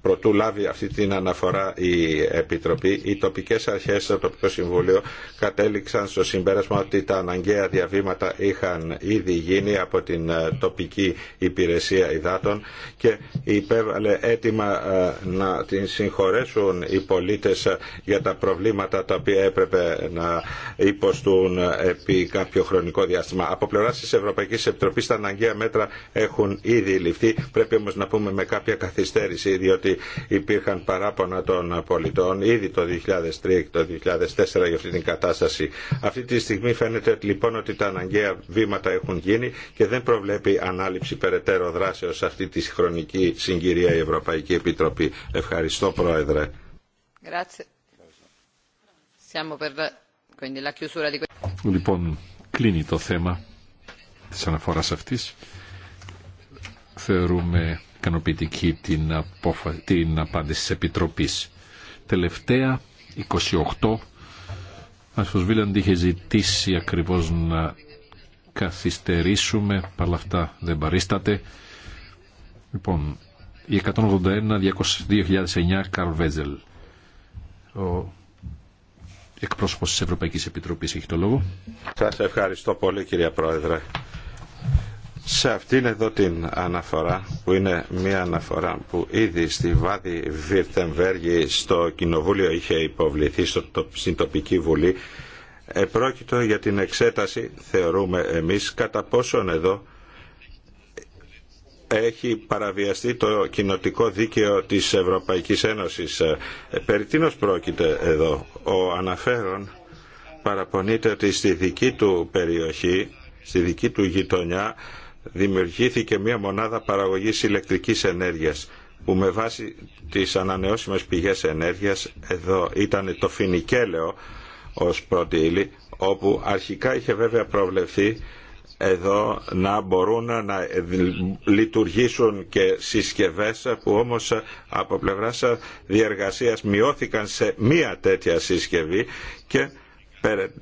προτού λάβει αυτή την αναφορά η Επιτροπή, οι τοπικές αρχές στο τοπικό συμβούλιο κατέληξαν στο συμπέρασμα ότι τα αναγκαία διαβήματα είχαν ήδη γίνει από την ε, τοπική υπηρεσία υδάτων και υπέβαλε έτοιμα ε, να την συγχωρέσουν οι πολίτες ε, για τα προβλήματα τα οποία έπρεπε να υποστούν επί κάποιο χρονικό διάστημα. Από πλευρά τη Ευρωπαϊκή Επιτροπή τα αναγκαία μέτρα έχουν ήδη ληφθεί. Πρέπει όμω να πούμε με κάποια καθυστέρηση, διότι υπήρχαν παράπονα των πολιτών ήδη το 2003 και το 2004 για αυτή την κατάσταση. Αυτή τη στιγμή φαίνεται λοιπόν ότι τα αναγκαία βήματα έχουν γίνει και δεν προβλέπει ανάληψη περαιτέρω δράσεως σε αυτή τη χρονική συγκυρία η Ευρωπαϊκή Επιτροπή. Ευχαριστώ Πρόεδρε. Λοιπόν, κλείνει το θέμα της αναφοράς αυτής. Θεωρούμε ικανοποιητική την, αποφα... την απάντηση της Επιτροπής. Τελευταία, 28, πως Βίλαντ είχε ζητήσει ακριβώς να καθυστερήσουμε, παρ' αυτά δεν παρίσταται. Λοιπόν, η 181-2009 Καρλ ο εκπρόσωπος της Ευρωπαϊκής Επιτροπής, έχει το λόγο. Σας ευχαριστώ πολύ κυρία Πρόεδρε σε αυτήν εδώ την αναφορά που είναι μια αναφορά που ήδη στη Βάδη Βιρτεμβέργη στο Κοινοβούλιο είχε υποβληθεί στο, στην τοπική βουλή επρόκειτο για την εξέταση θεωρούμε εμείς κατά πόσον εδώ έχει παραβιαστεί το κοινοτικό δίκαιο της Ευρωπαϊκής Ένωσης. Ε, περί τίνος πρόκειται εδώ. Ο αναφέρον παραπονείται ότι στη δική του περιοχή, στη δική του γειτονιά δημιουργήθηκε μια μονάδα παραγωγής ηλεκτρικής ενέργειας που με βάση τις ανανεώσιμες πηγές ενέργειας εδώ ήταν το φινικέλαιο ως πρώτη ύλη όπου αρχικά είχε βέβαια προβλεφθεί εδώ να μπορούν να λειτουργήσουν και συσκευές που όμως από πλευράς διεργασίας μειώθηκαν σε μία τέτοια συσκευή και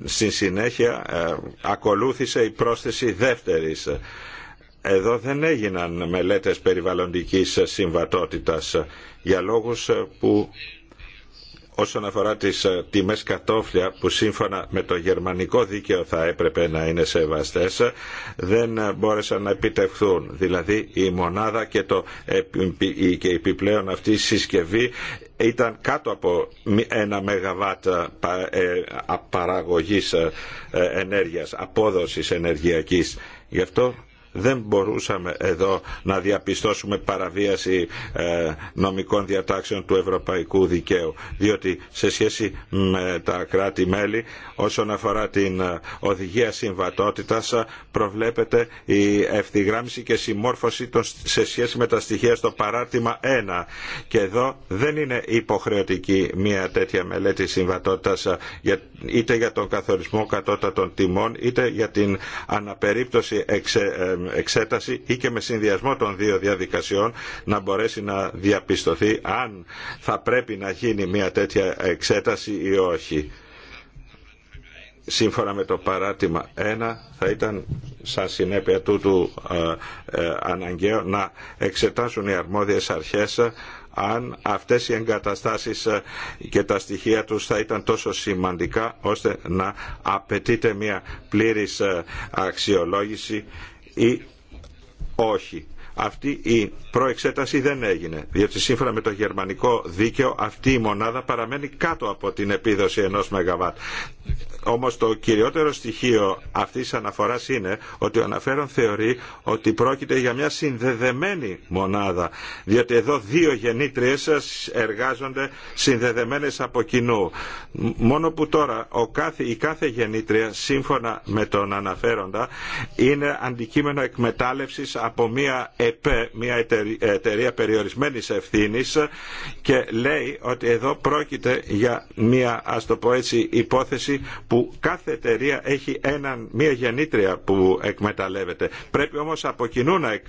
στη συνέχεια ε, ακολούθησε η πρόσθεση δεύτερης εδώ δεν έγιναν μελέτες περιβαλλοντικής συμβατότητας για λόγους που όσον αφορά τις τιμές κατόφλια που σύμφωνα με το γερμανικό δίκαιο θα έπρεπε να είναι σεβαστές δεν μπόρεσαν να επιτευχθούν. Δηλαδή η μονάδα και, το, και επιπλέον αυτή η συσκευή ήταν κάτω από ένα μεγαβάτ ε, παραγωγής ε, ενέργειας, απόδοσης ενεργειακής. Γι' αυτό δεν μπορούσαμε εδώ να διαπιστώσουμε παραβίαση ε, νομικών διατάξεων του ευρωπαϊκού δικαίου διότι σε σχέση με τα κράτη-μέλη όσον αφορά την ε, οδηγία συμβατότητας ε, προβλέπεται η ευθυγράμμιση και συμμόρφωση σε σχέση με τα στοιχεία στο παράρτημα 1 και εδώ δεν είναι υποχρεωτική μια τέτοια μελέτη συμβατότητας είτε για τον καθορισμό κατώτατων τιμών είτε για την αναπερίπτωση εξε, εξέταση ή και με συνδυασμό των δύο διαδικασιών να μπορέσει να διαπιστωθεί αν θα πρέπει να γίνει μια τέτοια εξέταση ή όχι. Σύμφωνα με το παράτημα 1 θα ήταν σαν συνέπεια τούτου ε, ε αναγκαίο να εξετάσουν οι αρμόδιες αρχές ε, αν αυτές οι εγκαταστάσεις ε, και τα στοιχεία τους θα ήταν τόσο σημαντικά ώστε να απαιτείται μια πλήρης αξιολόγηση ή όχι. Αυτή η προεξέταση δεν έγινε, διότι σύμφωνα με το γερμανικό δίκαιο αυτή η μονάδα παραμένει κάτω από την επίδοση ενός ΜΒ. Όμως το κυριότερο στοιχείο αυτής της αναφοράς είναι ότι ο αναφέρον θεωρεί ότι πρόκειται για μια συνδεδεμένη μονάδα, διότι εδώ δύο γεννήτριες εργάζονται συνδεδεμένες από κοινού. Μόνο που τώρα ο κάθε, η κάθε γεννήτρια σύμφωνα με τον αναφέροντα είναι αντικείμενο εκμετάλλευσης από μια ΕΠΕ, μια εταιρεία ε, εταιρεία περιορισμένης ευθύνης και λέει ότι εδώ πρόκειται για μια ας πω έτσι υπόθεση που κάθε εταιρεία έχει έναν, μια γεννήτρια που εκμεταλλεύεται. Πρέπει όμως από κοινού να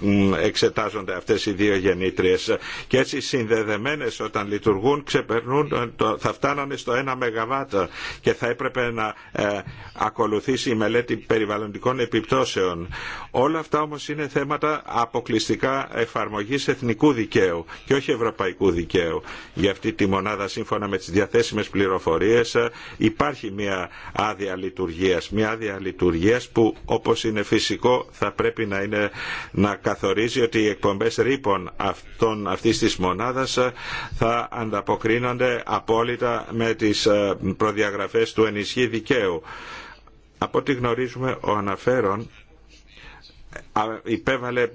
εξετάζονται αυτές οι δύο γεννήτριες και έτσι συνδεδεμένες όταν λειτουργούν ξεπερνούν, ε, θα φτάνανε στο 1 ΜΒ και θα έπρεπε να ε, ακολουθήσει η μελέτη περιβαλλοντικών επιπτώσεων. Όλα αυτά όμως είναι θέματα αποκλειστικά εφαρμογή εφαρμογής εθνικού δικαίου και όχι ευρωπαϊκού δικαίου. Για αυτή τη μονάδα σύμφωνα με τις διαθέσιμες πληροφορίες υπάρχει μια άδεια λειτουργίας, μια άδεια λειτουργίας που όπως είναι φυσικό θα πρέπει να, είναι, να καθορίζει ότι οι εκπομπές ρήπων αυτών, αυτής της μονάδας θα ανταποκρίνονται απόλυτα με τις ε, προδιαγραφές του ενισχύ δικαίου. Από ό,τι γνωρίζουμε ο αναφέρον υπέβαλε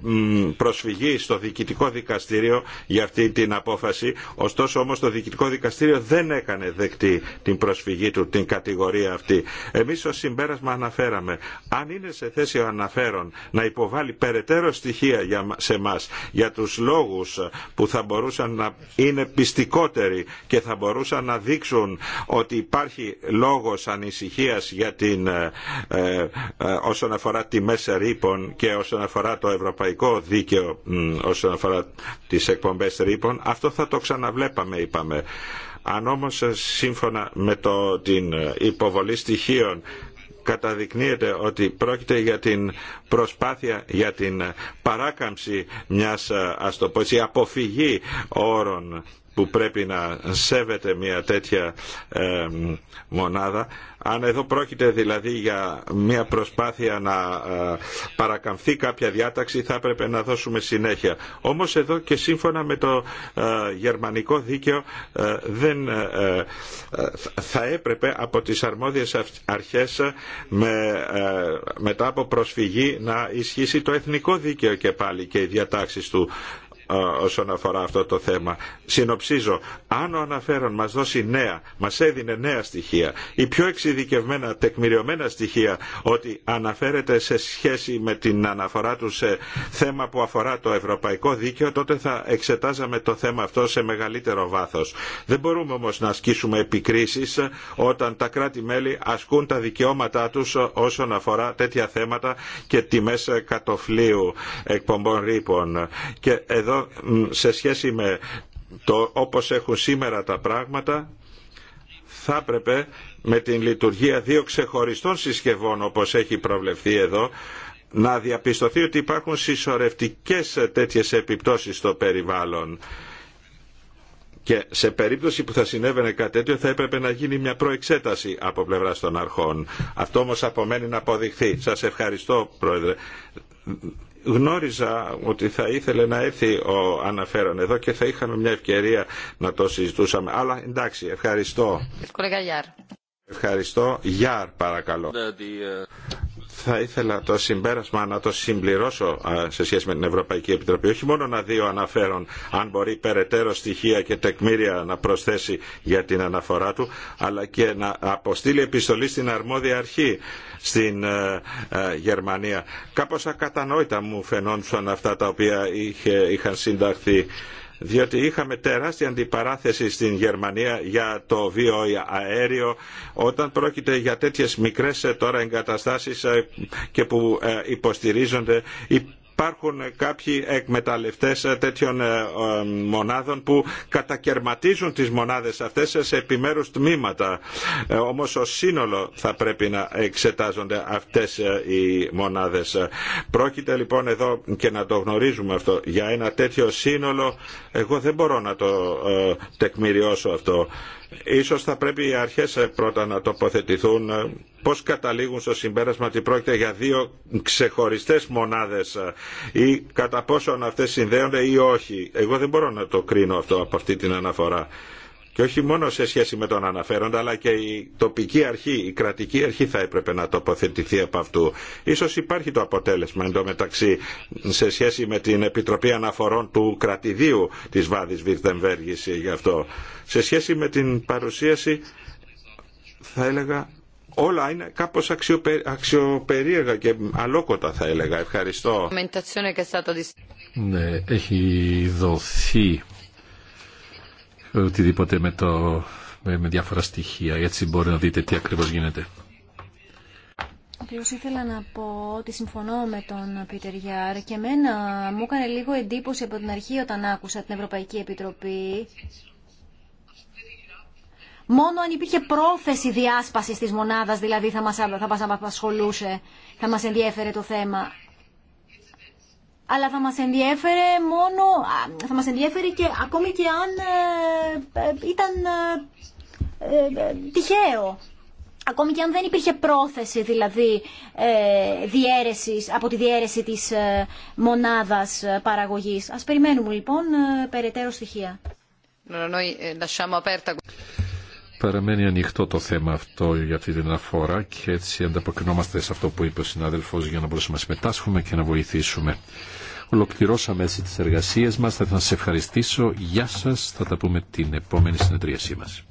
προσφυγή στο διοικητικό δικαστήριο για αυτή την απόφαση ωστόσο όμως το διοικητικό δικαστήριο δεν έκανε δεκτή την προσφυγή του την κατηγορία αυτή. Εμείς ως συμπέρασμα αναφέραμε αν είναι σε θέση ο αναφέρον να υποβάλει περαιτέρω στοιχεία σε εμά για τους λόγους που θα μπορούσαν να είναι πιστικότεροι και θα μπορούσαν να δείξουν ότι υπάρχει λόγος ανησυχίας για την, ε, ε, ε, όσον αφορά μέσα ρήπων και όσον αφορά το ευρωπαϊκό δίκαιο, όσον αφορά τις εκπομπές ρήπων, αυτό θα το ξαναβλέπαμε, είπαμε. Αν όμως ε, σύμφωνα με το, την υποβολή στοιχείων καταδεικνύεται ότι πρόκειται για την προσπάθεια για την παράκαμψη μιας ε, ας αποφυγή όρων που πρέπει να σέβεται μια τέτοια ε, μονάδα. Αν εδώ πρόκειται δηλαδή για μια προσπάθεια να ε, παρακαμφθεί κάποια διάταξη θα έπρεπε να δώσουμε συνέχεια. Όμως εδώ και σύμφωνα με το ε, γερμανικό δίκαιο ε, δεν θα έπρεπε από τις αρμόδιες αρχές με, μετά από προσφυγή να ισχύσει το εθνικό δίκαιο και πάλι και οι διατάξεις του όσον αφορά αυτό το θέμα. Συνοψίζω, αν ο αναφέρον μας δώσει νέα, μας έδινε νέα στοιχεία ή πιο εξειδικευμένα, τεκμηριωμένα στοιχεία ότι αναφέρεται σε σχέση με την αναφορά του σε θέμα που αφορά το ευρωπαϊκό δίκαιο, τότε θα εξετάζαμε το θέμα αυτό σε μεγαλύτερο βάθος. Δεν μπορούμε όμως να ασκήσουμε επικρίσεις όταν τα κράτη-μέλη ασκούν τα δικαιώματά τους όσον αφορά τέτοια θέματα και τιμές κατοφλίου εκπομπών ρήπων σε σχέση με το όπως έχουν σήμερα τα πράγματα θα έπρεπε με την λειτουργία δύο ξεχωριστών συσκευών όπως έχει προβλεφθεί εδώ να διαπιστωθεί ότι υπάρχουν συσσωρευτικές τέτοιες επιπτώσεις στο περιβάλλον. Και σε περίπτωση που θα συνέβαινε κάτι τέτοιο θα έπρεπε να γίνει μια προεξέταση από πλευρά των αρχών. Αυτό όμως απομένει να αποδειχθεί. Σας ευχαριστώ Πρόεδρε γνώριζα ότι θα ήθελε να έρθει ο αναφέρον εδώ και θα είχαμε μια ευκαιρία να το συζητούσαμε. Αλλά εντάξει, ευχαριστώ. Ευχαριστώ. Γιάρ, παρακαλώ θα ήθελα το συμπέρασμα να το συμπληρώσω σε σχέση με την Ευρωπαϊκή Επιτροπή. Όχι μόνο να δύο αναφέρον αν μπορεί περαιτέρω στοιχεία και τεκμήρια να προσθέσει για την αναφορά του, αλλά και να αποστείλει επιστολή στην αρμόδια αρχή στην ε, ε, Γερμανία. Κάπως ακατανόητα μου φαινόντουσαν αυτά τα οποία είχαν συνταχθεί διότι είχαμε τεράστια αντιπαράθεση στην Γερμανία για το βιοαέριο αέριο όταν πρόκειται για τέτοιες μικρές ε, τώρα εγκαταστάσεις ε, και που ε, υποστηρίζονται υπάρχουν κάποιοι εκμεταλλευτές τέτοιων ε, μονάδων που κατακαιρματίζουν τις μονάδες αυτές σε επιμέρους τμήματα. Ε, όμως ως σύνολο θα πρέπει να εξετάζονται αυτές ε, οι μονάδες. Πρόκειται λοιπόν εδώ και να το γνωρίζουμε αυτό για ένα τέτοιο σύνολο εγώ δεν μπορώ να το τεκμηριώσω αυτό. Ίσως θα πρέπει οι αρχές ε, πρώτα να τοποθετηθούν ε, πώς καταλήγουν στο συμπέρασμα ότι πρόκειται για δύο ξεχωριστές μονάδες ε, ή κατά πόσον αυτές συνδέονται ή όχι. Εγώ δεν μπορώ να το κρίνω αυτό από αυτή την αναφορά. Και όχι μόνο σε σχέση με τον αναφέροντα, αλλά και η τοπική αρχή, η κρατική αρχή θα έπρεπε να τοποθετηθεί από αυτού. Ίσως υπάρχει το αποτέλεσμα εντωμεταξύ σε σχέση με την Επιτροπή Αναφορών του Κρατηδίου της Βάδης Βιρτεμβέργης γι' αυτό. Σε σχέση με την παρουσίαση θα έλεγα όλα είναι κάπως αξιοπε... αξιοπερίεργα και αλόκοτα θα έλεγα. Ευχαριστώ. Ναι, έχει δοθεί οτιδήποτε με, το, με, διάφορα στοιχεία. Έτσι μπορεί να δείτε τι ακριβώς γίνεται. Απλώ ήθελα να πω ότι συμφωνώ με τον Πίτερ Γιάρ και εμένα μου έκανε λίγο εντύπωση από την αρχή όταν άκουσα την Ευρωπαϊκή Επιτροπή. Μόνο αν υπήρχε πρόθεση διάσπασης της μονάδας, δηλαδή θα μας, θα μας απασχολούσε, θα μας ενδιέφερε το θέμα αλλά θα μας ενδιέφερε μόνο, θα μας ενδιέφερε και ακόμη και αν ε, ε, ήταν ε, τυχαίο. Ακόμη και αν δεν υπήρχε πρόθεση δηλαδή διέρεσης, από τη διαίρεση της μονάδας παραγωγής. Ας περιμένουμε λοιπόν περαιτέρω στοιχεία. Παραμένει ανοιχτό το θέμα αυτό για αυτή την αναφορά και έτσι ανταποκρινόμαστε σε αυτό που είπε ο συνάδελφος για να μπορούμε να συμμετάσχουμε και να βοηθήσουμε. Ολοκληρώσαμε έτσι τις εργασίες μας. Θα σας ευχαριστήσω. Γεια σας. Θα τα πούμε την επόμενη συνεδρίασή μας.